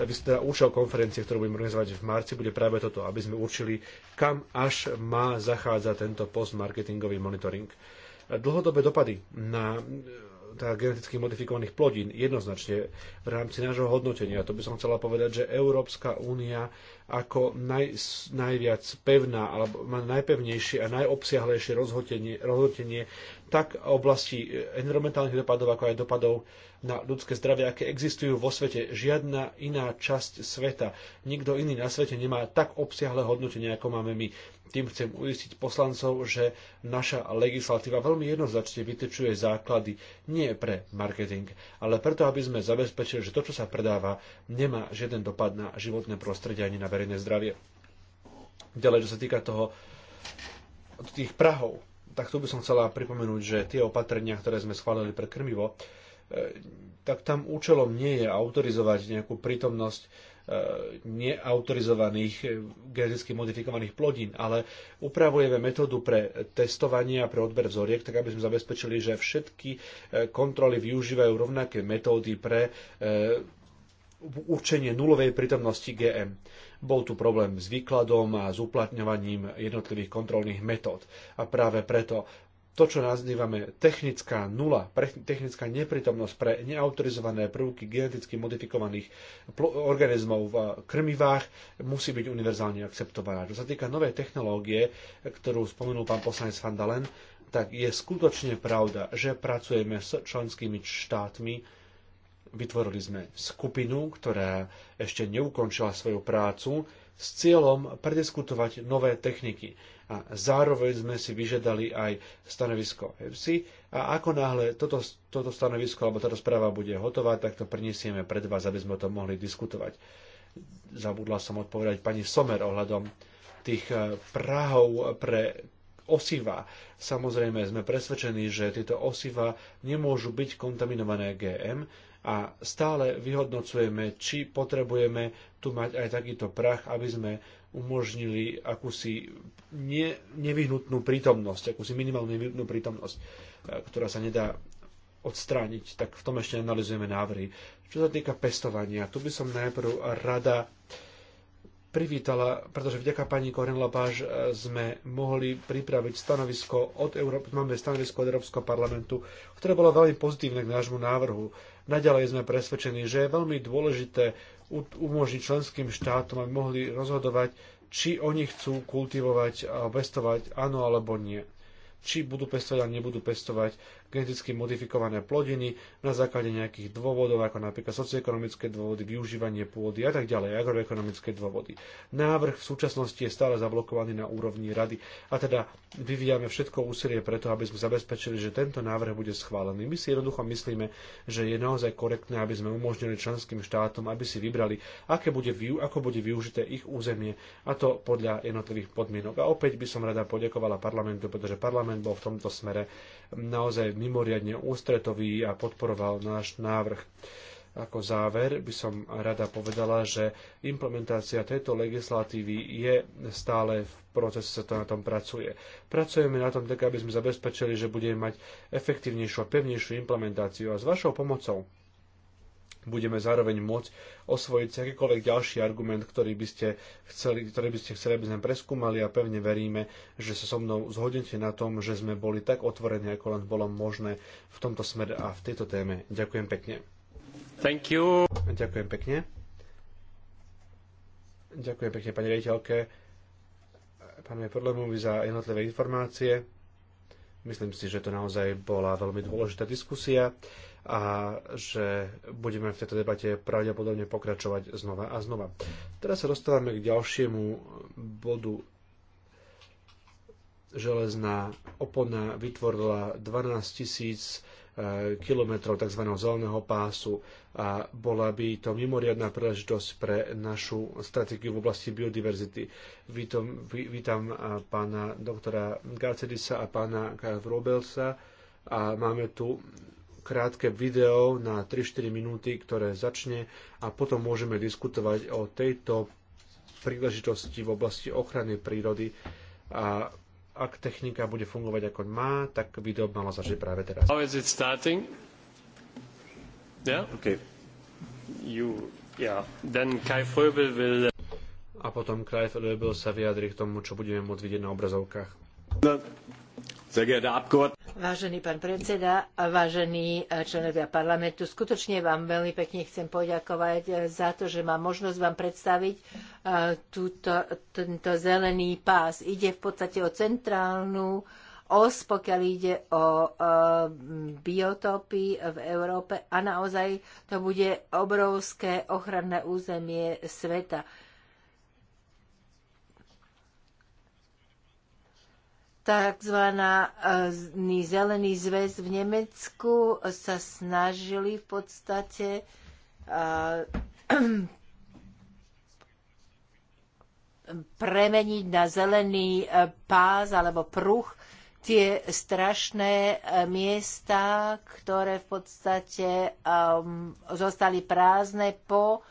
teda účel konferencie, ktorú budeme organizovať v marci, bude práve toto, aby sme určili, kam až má zachádzať tento postmarketingový monitoring. Dlhodobé dopady na teda geneticky modifikovaných plodín jednoznačne v rámci nášho hodnotenia. To by som chcela povedať, že Európska únia ako naj, najviac pevná alebo má najpevnejšie a najobsiahlejšie rozhodenie, rozhodenie tak oblasti environmentálnych dopadov, ako aj dopadov na ľudské zdravie, aké existujú vo svete. Žiadna iná časť sveta, nikto iný na svete nemá tak obsiahle hodnotenie, ako máme my tým chcem uistiť poslancov, že naša legislatíva veľmi jednoznačne vytečuje základy nie pre marketing, ale preto, aby sme zabezpečili, že to, čo sa predáva, nemá žiaden dopad na životné prostredie ani na verejné zdravie. Ďalej, čo sa týka toho, tých prahov, tak tu by som chcela pripomenúť, že tie opatrenia, ktoré sme schválili pre krmivo, e, tak tam účelom nie je autorizovať nejakú prítomnosť E, neautorizovaných e, geneticky modifikovaných plodín, ale upravujeme metódu pre testovanie a pre odber vzoriek, tak aby sme zabezpečili, že všetky e, kontroly využívajú rovnaké metódy pre určenie nulovej prítomnosti GM. Bol tu problém s výkladom a s uplatňovaním jednotlivých kontrolných metód. A práve preto to, čo nazývame technická nula, technická neprítomnosť pre neautorizované prvky geneticky modifikovaných organizmov v krmivách, musí byť univerzálne akceptovaná. Čo sa týka novej technológie, ktorú spomenul pán poslanec Van Dalen, tak je skutočne pravda, že pracujeme s členskými štátmi, Vytvorili sme skupinu, ktorá ešte neukončila svoju prácu s cieľom prediskutovať nové techniky a zároveň sme si vyžiadali aj stanovisko EFSI a ako náhle toto, toto stanovisko alebo táto správa bude hotová, tak to prinesieme pred vás, aby sme to mohli diskutovať. Zabudla som odpovedať pani Somer ohľadom tých e, prahov pre osiva. Samozrejme sme presvedčení, že tieto osiva nemôžu byť kontaminované GM, a stále vyhodnocujeme, či potrebujeme tu mať aj takýto prach, aby sme umožnili akúsi ne, nevyhnutnú prítomnosť, akúsi minimálnu nevyhnutnú prítomnosť, e, ktorá sa nedá odstrániť, tak v tom ešte analizujeme návrhy. Čo sa týka pestovania, tu by som najprv rada privítala, pretože vďaka pani Koren Lapáž e, sme mohli pripraviť stanovisko od Euró- máme stanovisko od Európskeho parlamentu, ktoré bolo veľmi pozitívne k nášmu návrhu. Naďalej sme presvedčení, že je veľmi dôležité umožniť členským štátom, aby mohli rozhodovať, či oni chcú kultivovať a pestovať áno alebo nie. Či budú pestovať a nebudú pestovať geneticky modifikované plodiny na základe nejakých dôvodov, ako napríklad socioekonomické dôvody, využívanie pôdy a tak ďalej, agroekonomické dôvody. Návrh v súčasnosti je stále zablokovaný na úrovni rady a teda vyvíjame všetko úsilie preto, aby sme zabezpečili, že tento návrh bude schválený. My si jednoducho myslíme, že je naozaj korektné, aby sme umožnili členským štátom, aby si vybrali, aké bude, ako bude využité ich územie a to podľa jednotlivých podmienok. A opäť by som rada poďakovala parlamentu, pretože parlament bol v tomto smere naozaj mimoriadne ústretový a podporoval náš návrh. Ako záver by som rada povedala, že implementácia tejto legislatívy je stále v procese, sa to na tom pracuje. Pracujeme na tom tak, aby sme zabezpečili, že budeme mať efektívnejšiu a pevnejšiu implementáciu a s vašou pomocou budeme zároveň môcť osvojiť si akýkoľvek ďalší argument, ktorý by ste chceli, ktorý by ste chceli, aby sme preskúmali a pevne veríme, že sa so mnou zhodnete na tom, že sme boli tak otvorení, ako len bolo možné v tomto smere a v tejto téme. Ďakujem pekne. Thank you. Ďakujem pekne. Ďakujem pekne pani rejiteľke, pánovi Podlemovi za jednotlivé informácie. Myslím si, že to naozaj bola veľmi dôležitá diskusia a že budeme v tejto debate pravdepodobne pokračovať znova a znova. Teraz sa dostávame k ďalšiemu bodu. Železná opona vytvorila 12 tisíc e, kilometrov tzv. zeleného pásu a bola by to mimoriadná príležitosť pre našu stratégiu v oblasti biodiverzity. Vítam, vítam e, pána doktora Garcedisa a pána Karl a máme tu krátke video na 3-4 minúty, ktoré začne a potom môžeme diskutovať o tejto príležitosti v oblasti ochrany prírody a ak technika bude fungovať ako má, tak video malo začať práve teraz. How is it starting? Yeah? Okay. You, yeah. Then Kai Fröbel will... Uh, a potom Kai Fröbel sa vyjadri k tomu, čo budeme môcť vidieť na obrazovkách. No. Vážený pán predseda, vážení členovia parlamentu, skutočne vám veľmi pekne chcem poďakovať za to, že mám možnosť vám predstaviť e, túto, tento zelený pás. Ide v podstate o centrálnu os, pokiaľ ide o e, biotopy v Európe a naozaj to bude obrovské ochranné územie sveta tzv. E, zelený zväz v Nemecku sa snažili v podstate e, premeniť na zelený e, pás alebo pruh tie strašné miesta, ktoré v podstate um, zostali prázdne po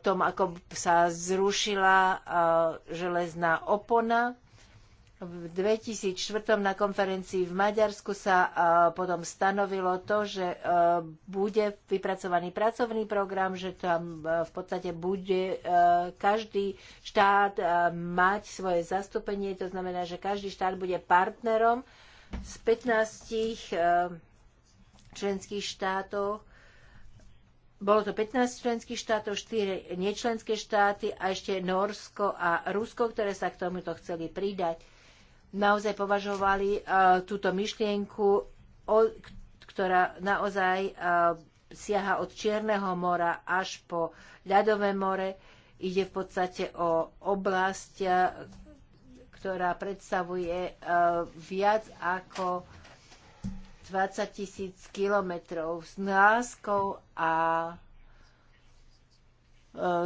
tom, ako sa zrušila železná opona v 2004 na konferencii v Maďarsku sa e, potom stanovilo to, že e, bude vypracovaný pracovný program, že tam e, v podstate bude každý štát mať svoje zastúpenie, to znamená, že každý štát bude partnerom z 15 členských štátov bolo to 15 členských štátov, 4 nečlenské štáty a ešte Norsko a Rusko, ktoré sa k tomuto chceli pridať naozaj považovali e, túto myšlienku, ktorá naozaj e, siaha od Čierneho mora až po ľadové more. Ide v podstate o oblasť, e, ktorá predstavuje viac ako 20 tisíc kilometrov s láskou a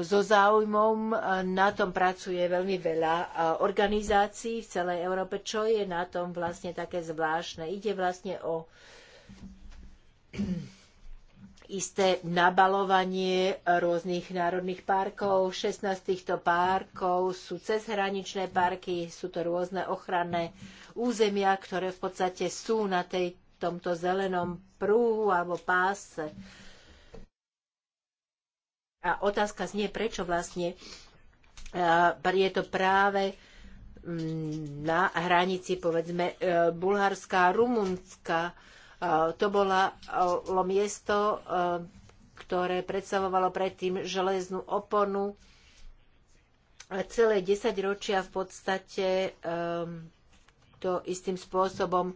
so záujmom. E, na tom pracuje veľmi veľa e, organizácií v celej Európe. Čo je na tom vlastne také zvláštne? Ide vlastne o isté nabalovanie rôznych národných parkov. 16 týchto parkov sú cezhraničné parky, sú to rôzne ochranné územia, ktoré v podstate sú na tej, tomto zelenom pruhu alebo páse. A otázka znie, prečo vlastne e, je to práve mm, na hranici povedzme e, Bulharská a Rumunska. E, to bolo miesto, ktoré predstavovalo predtým železnú oponu. Celé desaťročia v podstate to istým spôsobom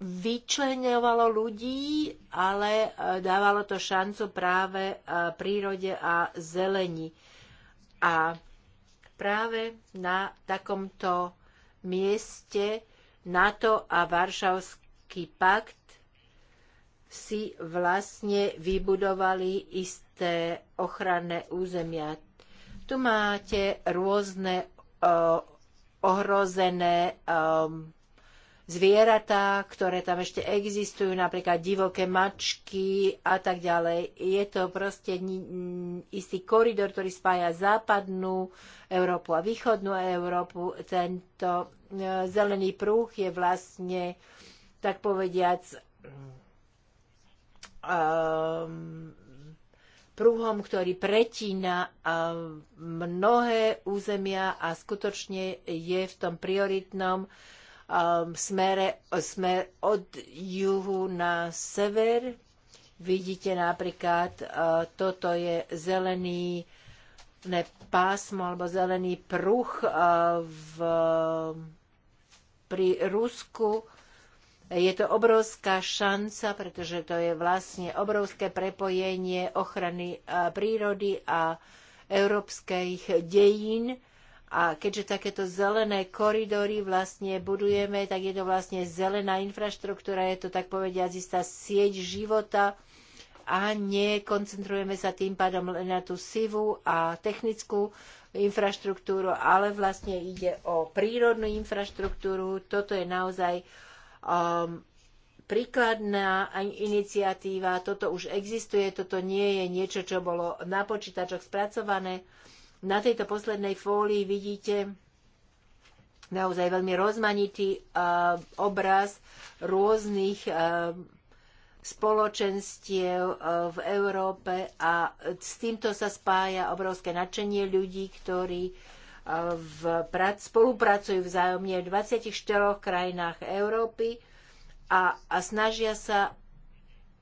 vyčlenovalo ľudí, ale e, dávalo to šancu práve e, prírode a zelení. A práve na takomto mieste NATO a Varšavský pakt si vlastne vybudovali isté ochranné územia. Tu máte rôzne e, ohrozené um, zvieratá, ktoré tam ešte existujú, napríklad divoké mačky a tak ďalej. Je to proste istý koridor, ktorý spája západnú Európu a východnú Európu. Tento e, zelený prúh je vlastne, tak povediac, um, prúhom, ktorý pretína e, mnohé územia a skutočne je v tom prioritnom uh, Um, smere, smer od juhu na sever. Vidíte napríklad, uh, toto je zelený ne, pásmo alebo zelený pruh uh, v, pri Rusku. Je to obrovská šanca, pretože to je vlastne obrovské prepojenie ochrany uh, prírody a európskych dejín a keďže takéto zelené koridory vlastne budujeme, tak je to vlastne zelená infraštruktúra, je to tak povediať istá sieť života a nekoncentrujeme sa tým pádom len na tú sivú a technickú infraštruktúru, ale vlastne ide o prírodnú infraštruktúru. Toto je naozaj um, príkladná iniciatíva, toto už existuje, toto nie je niečo, čo bolo na počítačoch spracované. Na tejto poslednej fólii vidíte naozaj veľmi rozmanitý e, obraz rôznych e, spoločenstiev e, v Európe a s týmto sa spája obrovské nadšenie ľudí, ktorí v prac, spolupracujú vzájomne v 24 krajinách Európy a, a snažia sa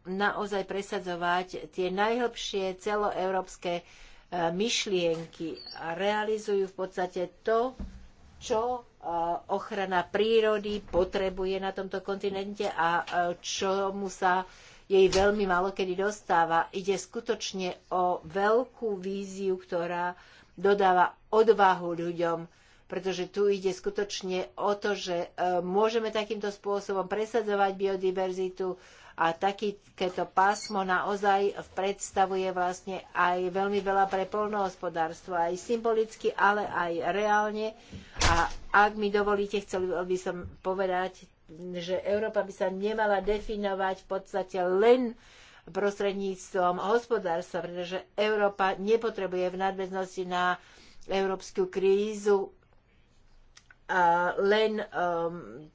naozaj presadzovať tie najhlbšie celoeurópske E, myšlienky a realizujú v podstate to, čo e, ochrana prírody potrebuje na tomto kontinente a e, čomu sa jej veľmi málo kedy dostáva. Ide skutočne o veľkú víziu, ktorá dodáva odvahu ľuďom, pretože tu ide skutočne o to, že môžeme takýmto spôsobom presadzovať biodiverzitu, a takéto pásmo naozaj predstavuje vlastne aj veľmi veľa pre polnohospodárstvo, aj symbolicky, ale aj reálne. A ak mi dovolíte, chcel by som povedať, že Európa by sa nemala definovať v podstate len prostredníctvom hospodárstva, pretože Európa nepotrebuje v nadväznosti na európsku krízu len um,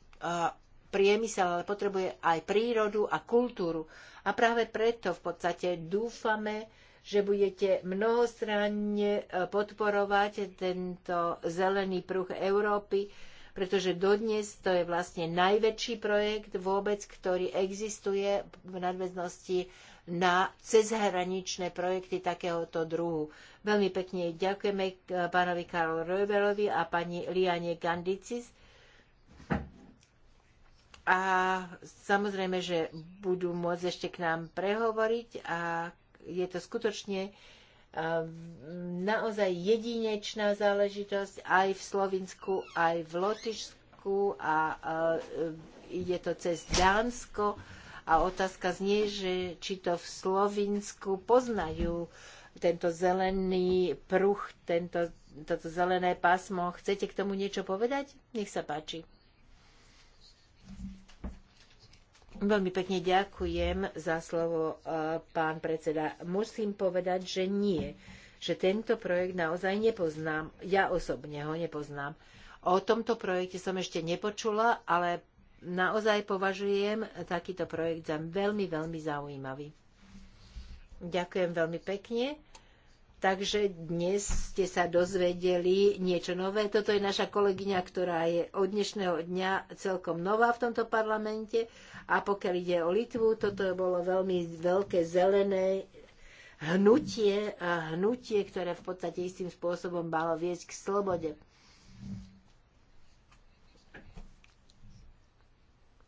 priemysel, ale potrebuje aj prírodu a kultúru. A práve preto v podstate dúfame, že budete mnohostranne e, podporovať tento zelený pruh Európy, pretože dodnes to je vlastne najväčší projekt vôbec, ktorý existuje v nadväznosti na cezhraničné projekty takéhoto druhu. Veľmi pekne ďakujeme e, pánovi Karol Röverovi a pani Liane Gandicis a samozrejme, že budú môcť ešte k nám prehovoriť a je to skutočne ehm, naozaj jedinečná záležitosť aj v Slovinsku, aj v Lotyšsku a ehm, ide to cez Dánsko a otázka znie, že či to v Slovinsku poznajú tento zelený pruh, tento, toto zelené pásmo. Chcete k tomu niečo povedať? Nech sa páči. Veľmi pekne ďakujem za slovo, e, pán predseda. Musím povedať, že nie. Že tento projekt naozaj nepoznám. Ja osobne ho nepoznám. O tomto projekte som ešte nepočula, ale naozaj považujem takýto projekt za veľmi, veľmi zaujímavý. Ďakujem veľmi pekne. Takže dnes ste sa dozvedeli niečo nové. Toto je naša kolegyňa, ktorá je od dnešného dňa celkom nová v tomto parlamente a pokiaľ ide o Litvu, toto bolo veľmi veľké zelené hnutie, a hnutie, ktoré v podstate istým spôsobom malo viesť k slobode.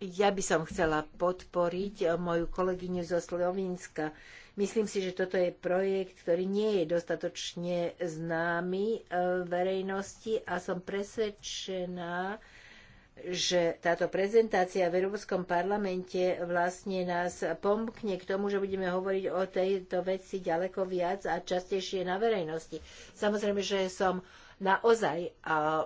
Ja by som chcela podporiť moju kolegyňu zo Slovenska. Myslím si, že toto je projekt, ktorý nie je dostatočne známy eh, verejnosti a som presvedčená, že táto prezentácia v Európskom parlamente vlastne nás pomkne k tomu, že budeme hovoriť o tejto veci ďaleko viac a častejšie na verejnosti. Samozrejme, že som naozaj eh,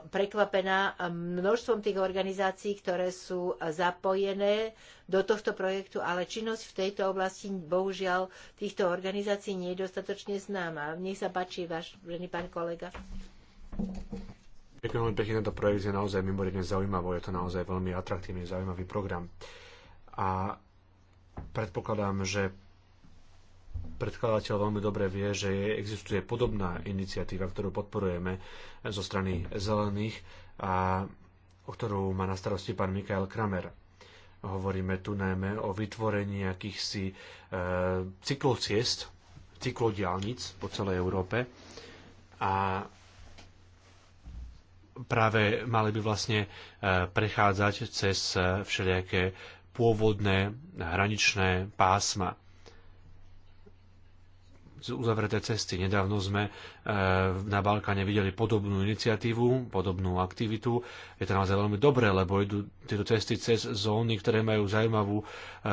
prekvapená množstvom tých organizácií, ktoré sú zapojené do tohto projektu, ale činnosť v tejto oblasti bohužiaľ týchto organizácií nie je dostatočne známa. Nech sa páči, váš pán kolega. Ďakujem veľmi pekne, tento projekt je naozaj mimoriadne zaujímavý, je to naozaj veľmi atraktívny, zaujímavý program. A predpokladám, že predkladateľ veľmi dobre vie, že existuje podobná iniciatíva, ktorú podporujeme zo strany zelených a o ktorú má na starosti pán Mikael Kramer. Hovoríme tu najmä o vytvorení akýchsi e, cyklociest, cyklodialnic po celej Európe a práve mali by vlastne e, prechádzať cez e, všelijaké pôvodné hraničné pásma Z uzavreté cesty. Nedávno sme e, na Balkáne videli podobnú iniciatívu, podobnú aktivitu. Je to naozaj veľmi dobré, lebo idú tieto cesty cez zóny, ktoré majú zaujímavú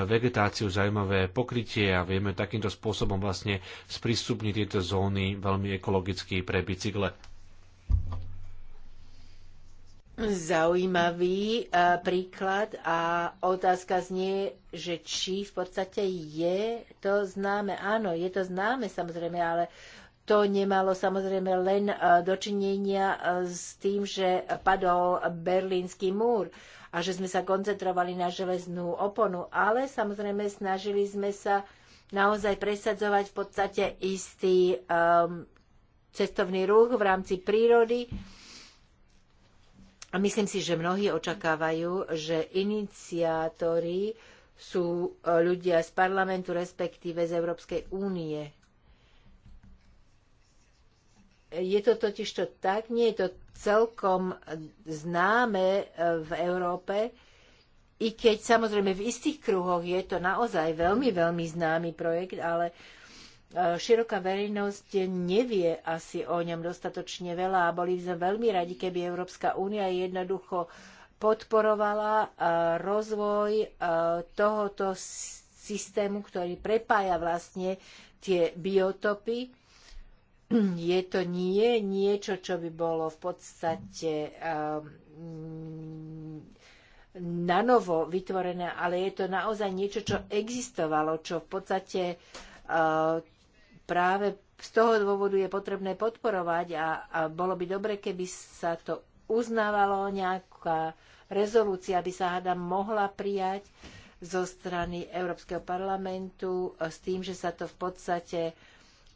vegetáciu, zaujímavé pokrytie a vieme takýmto spôsobom vlastne sprístupniť tieto zóny veľmi ekologicky pre bicykle zaujímavý e, príklad a otázka znie, že či v podstate je to známe. Áno, je to známe samozrejme, ale to nemalo samozrejme len e, dočinenia e, s tým, že padol berlínsky múr a že sme sa koncentrovali na železnú oponu, ale samozrejme snažili sme sa naozaj presadzovať v podstate istý um, cestovný ruch v rámci prírody a myslím si, že mnohí očakávajú, že iniciátori sú e, ľudia z parlamentu, respektíve z Európskej únie. Je to totižto tak, nie je to celkom známe e, v Európe, i keď samozrejme v istých kruhoch je to naozaj veľmi, veľmi známy projekt, ale E, široká verejnosť nevie asi o ňom dostatočne veľa a boli by sme veľmi radi, keby Európska únia jednoducho podporovala e, rozvoj e, tohoto systému, ktorý prepája vlastne tie biotopy. Je to nie niečo, čo by bolo v podstate ehm, na novo vytvorené, ale je to naozaj niečo, čo existovalo, čo v podstate ehm, práve z toho dôvodu je potrebné podporovať a, a bolo by dobre, keby sa to uznávalo nejaká rezolúcia, by sa hada mohla prijať zo strany Európskeho parlamentu e, s tým, že sa to v podstate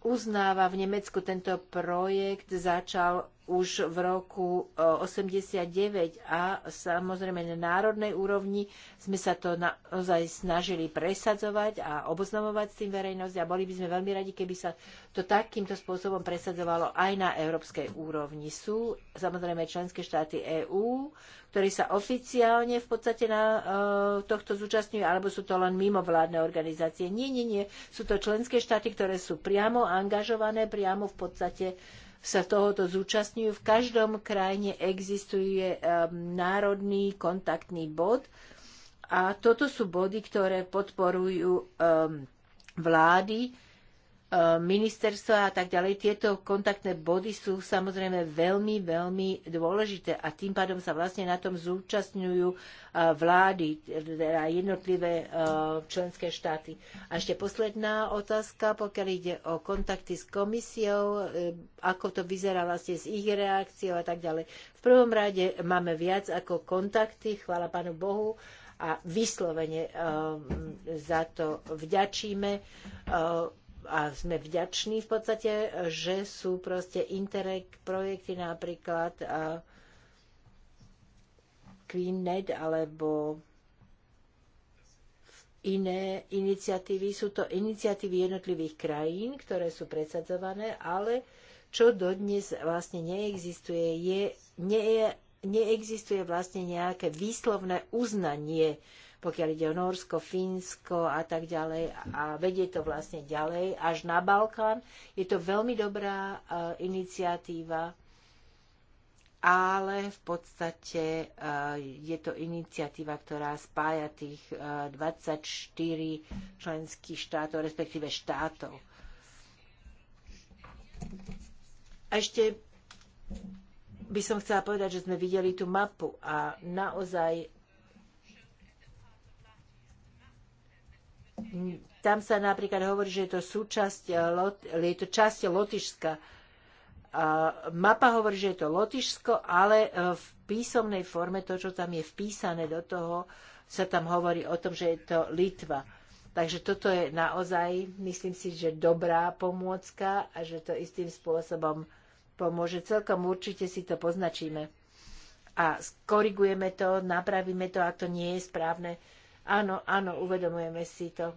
uznáva. V Nemecku tento projekt začal už v roku 89 e, a samozrejme na národnej úrovni sme sa to naozaj snažili presadzovať a oboznamovať s tým verejnosť a boli by sme veľmi radi, keby sa to takýmto spôsobom presadzovalo aj na európskej úrovni. Sú samozrejme členské štáty EÚ, ktorí sa oficiálne v podstate na uh, tohto zúčastňujú, alebo sú to len mimovládne organizácie. Nie, nie, nie. Sú to členské štáty, ktoré sú priamo angažované, priamo v podstate uh, sa tohoto zúčastňujú. V každom krajine existuje um, národný kontaktný bod a toto sú body, ktoré podporujú um, vlády E, ministerstva a tak ďalej, tieto kontaktné body sú samozrejme veľmi, veľmi dôležité a tým pádom sa vlastne na tom zúčastňujú e, vlády, teda jednotlivé e, členské štáty. A ešte posledná otázka, pokiaľ ide o kontakty s komisiou, ako to vyzerá vlastne s ich reakciou a tak ďalej. V prvom rade máme viac ako kontakty, chvála Pánu Bohu, a vyslovene za to vďačíme a sme vďační v podstate, že sú proste Interreg projekty napríklad a QueenNet alebo iné iniciatívy. Sú to iniciatívy jednotlivých krajín, ktoré sú predsadzované, ale čo dodnes vlastne neexistuje, je, nie je, neexistuje vlastne nejaké výslovné uznanie pokiaľ ide o Norsko, Fínsko a tak ďalej a vedie to vlastne ďalej až na Balkán. Je to veľmi dobrá e, iniciatíva, ale v podstate e, je to iniciatíva, ktorá spája tých 24 e, členských štátov, respektíve štátov. A ešte by som chcela povedať, že sme videli tú mapu a naozaj tam sa napríklad hovorí, že je to, súčasť, eh, je to časť Lotyšska. Mapa hovorí, že je to Lotyšsko, ale eh, v písomnej forme, to, čo tam je vpísané do toho, sa tam hovorí o tom, že je to Litva. Takže toto je naozaj, myslím si, že dobrá pomôcka a že to istým spôsobom pomôže. Celkom určite si to poznačíme a skorigujeme to, napravíme to, ak to nie je správne Áno, áno, uvedomujeme si to.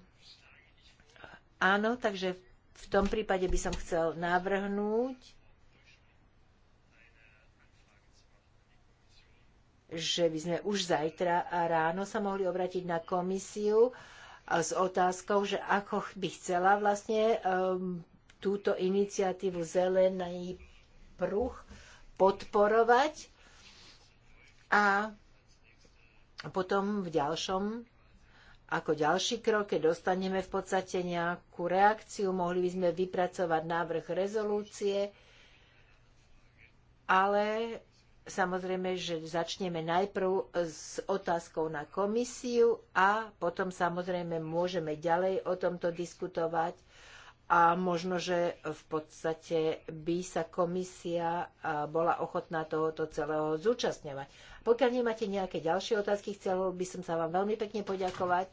Áno, takže v tom prípade by som chcel navrhnúť, že by sme už zajtra a ráno sa mohli obrátiť na komisiu s otázkou, že ako by chcela vlastne um, túto iniciatívu Zelený pruh podporovať a potom v ďalšom ako ďalší krok, keď dostaneme v podstate nejakú reakciu, mohli by sme vypracovať návrh rezolúcie, ale samozrejme, že začneme najprv s otázkou na komisiu a potom samozrejme môžeme ďalej o tomto diskutovať a možno, že v podstate by sa komisia bola ochotná tohoto celého zúčastňovať. Pokiaľ nemáte nejaké ďalšie otázky, chcel by som sa vám veľmi pekne poďakovať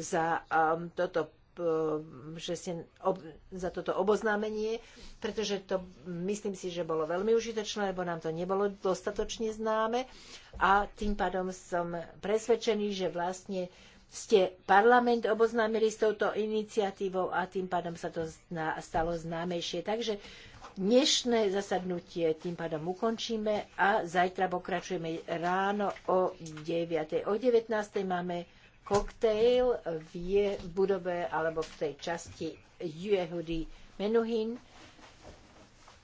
za um, toto um, že ste ob, za toto oboznámenie, pretože to myslím si, že bolo veľmi užitočné, lebo nám to nebolo dostatočne známe a tým pádom som presvedčený, že vlastne ste parlament oboznámili s touto iniciatívou a tým pádom sa to stalo známejšie. Takže Dnešné zasadnutie tým pádom ukončíme a zajtra pokračujeme ráno o 9. O 19. máme koktejl v budove alebo v tej časti Jehudy Menuhin.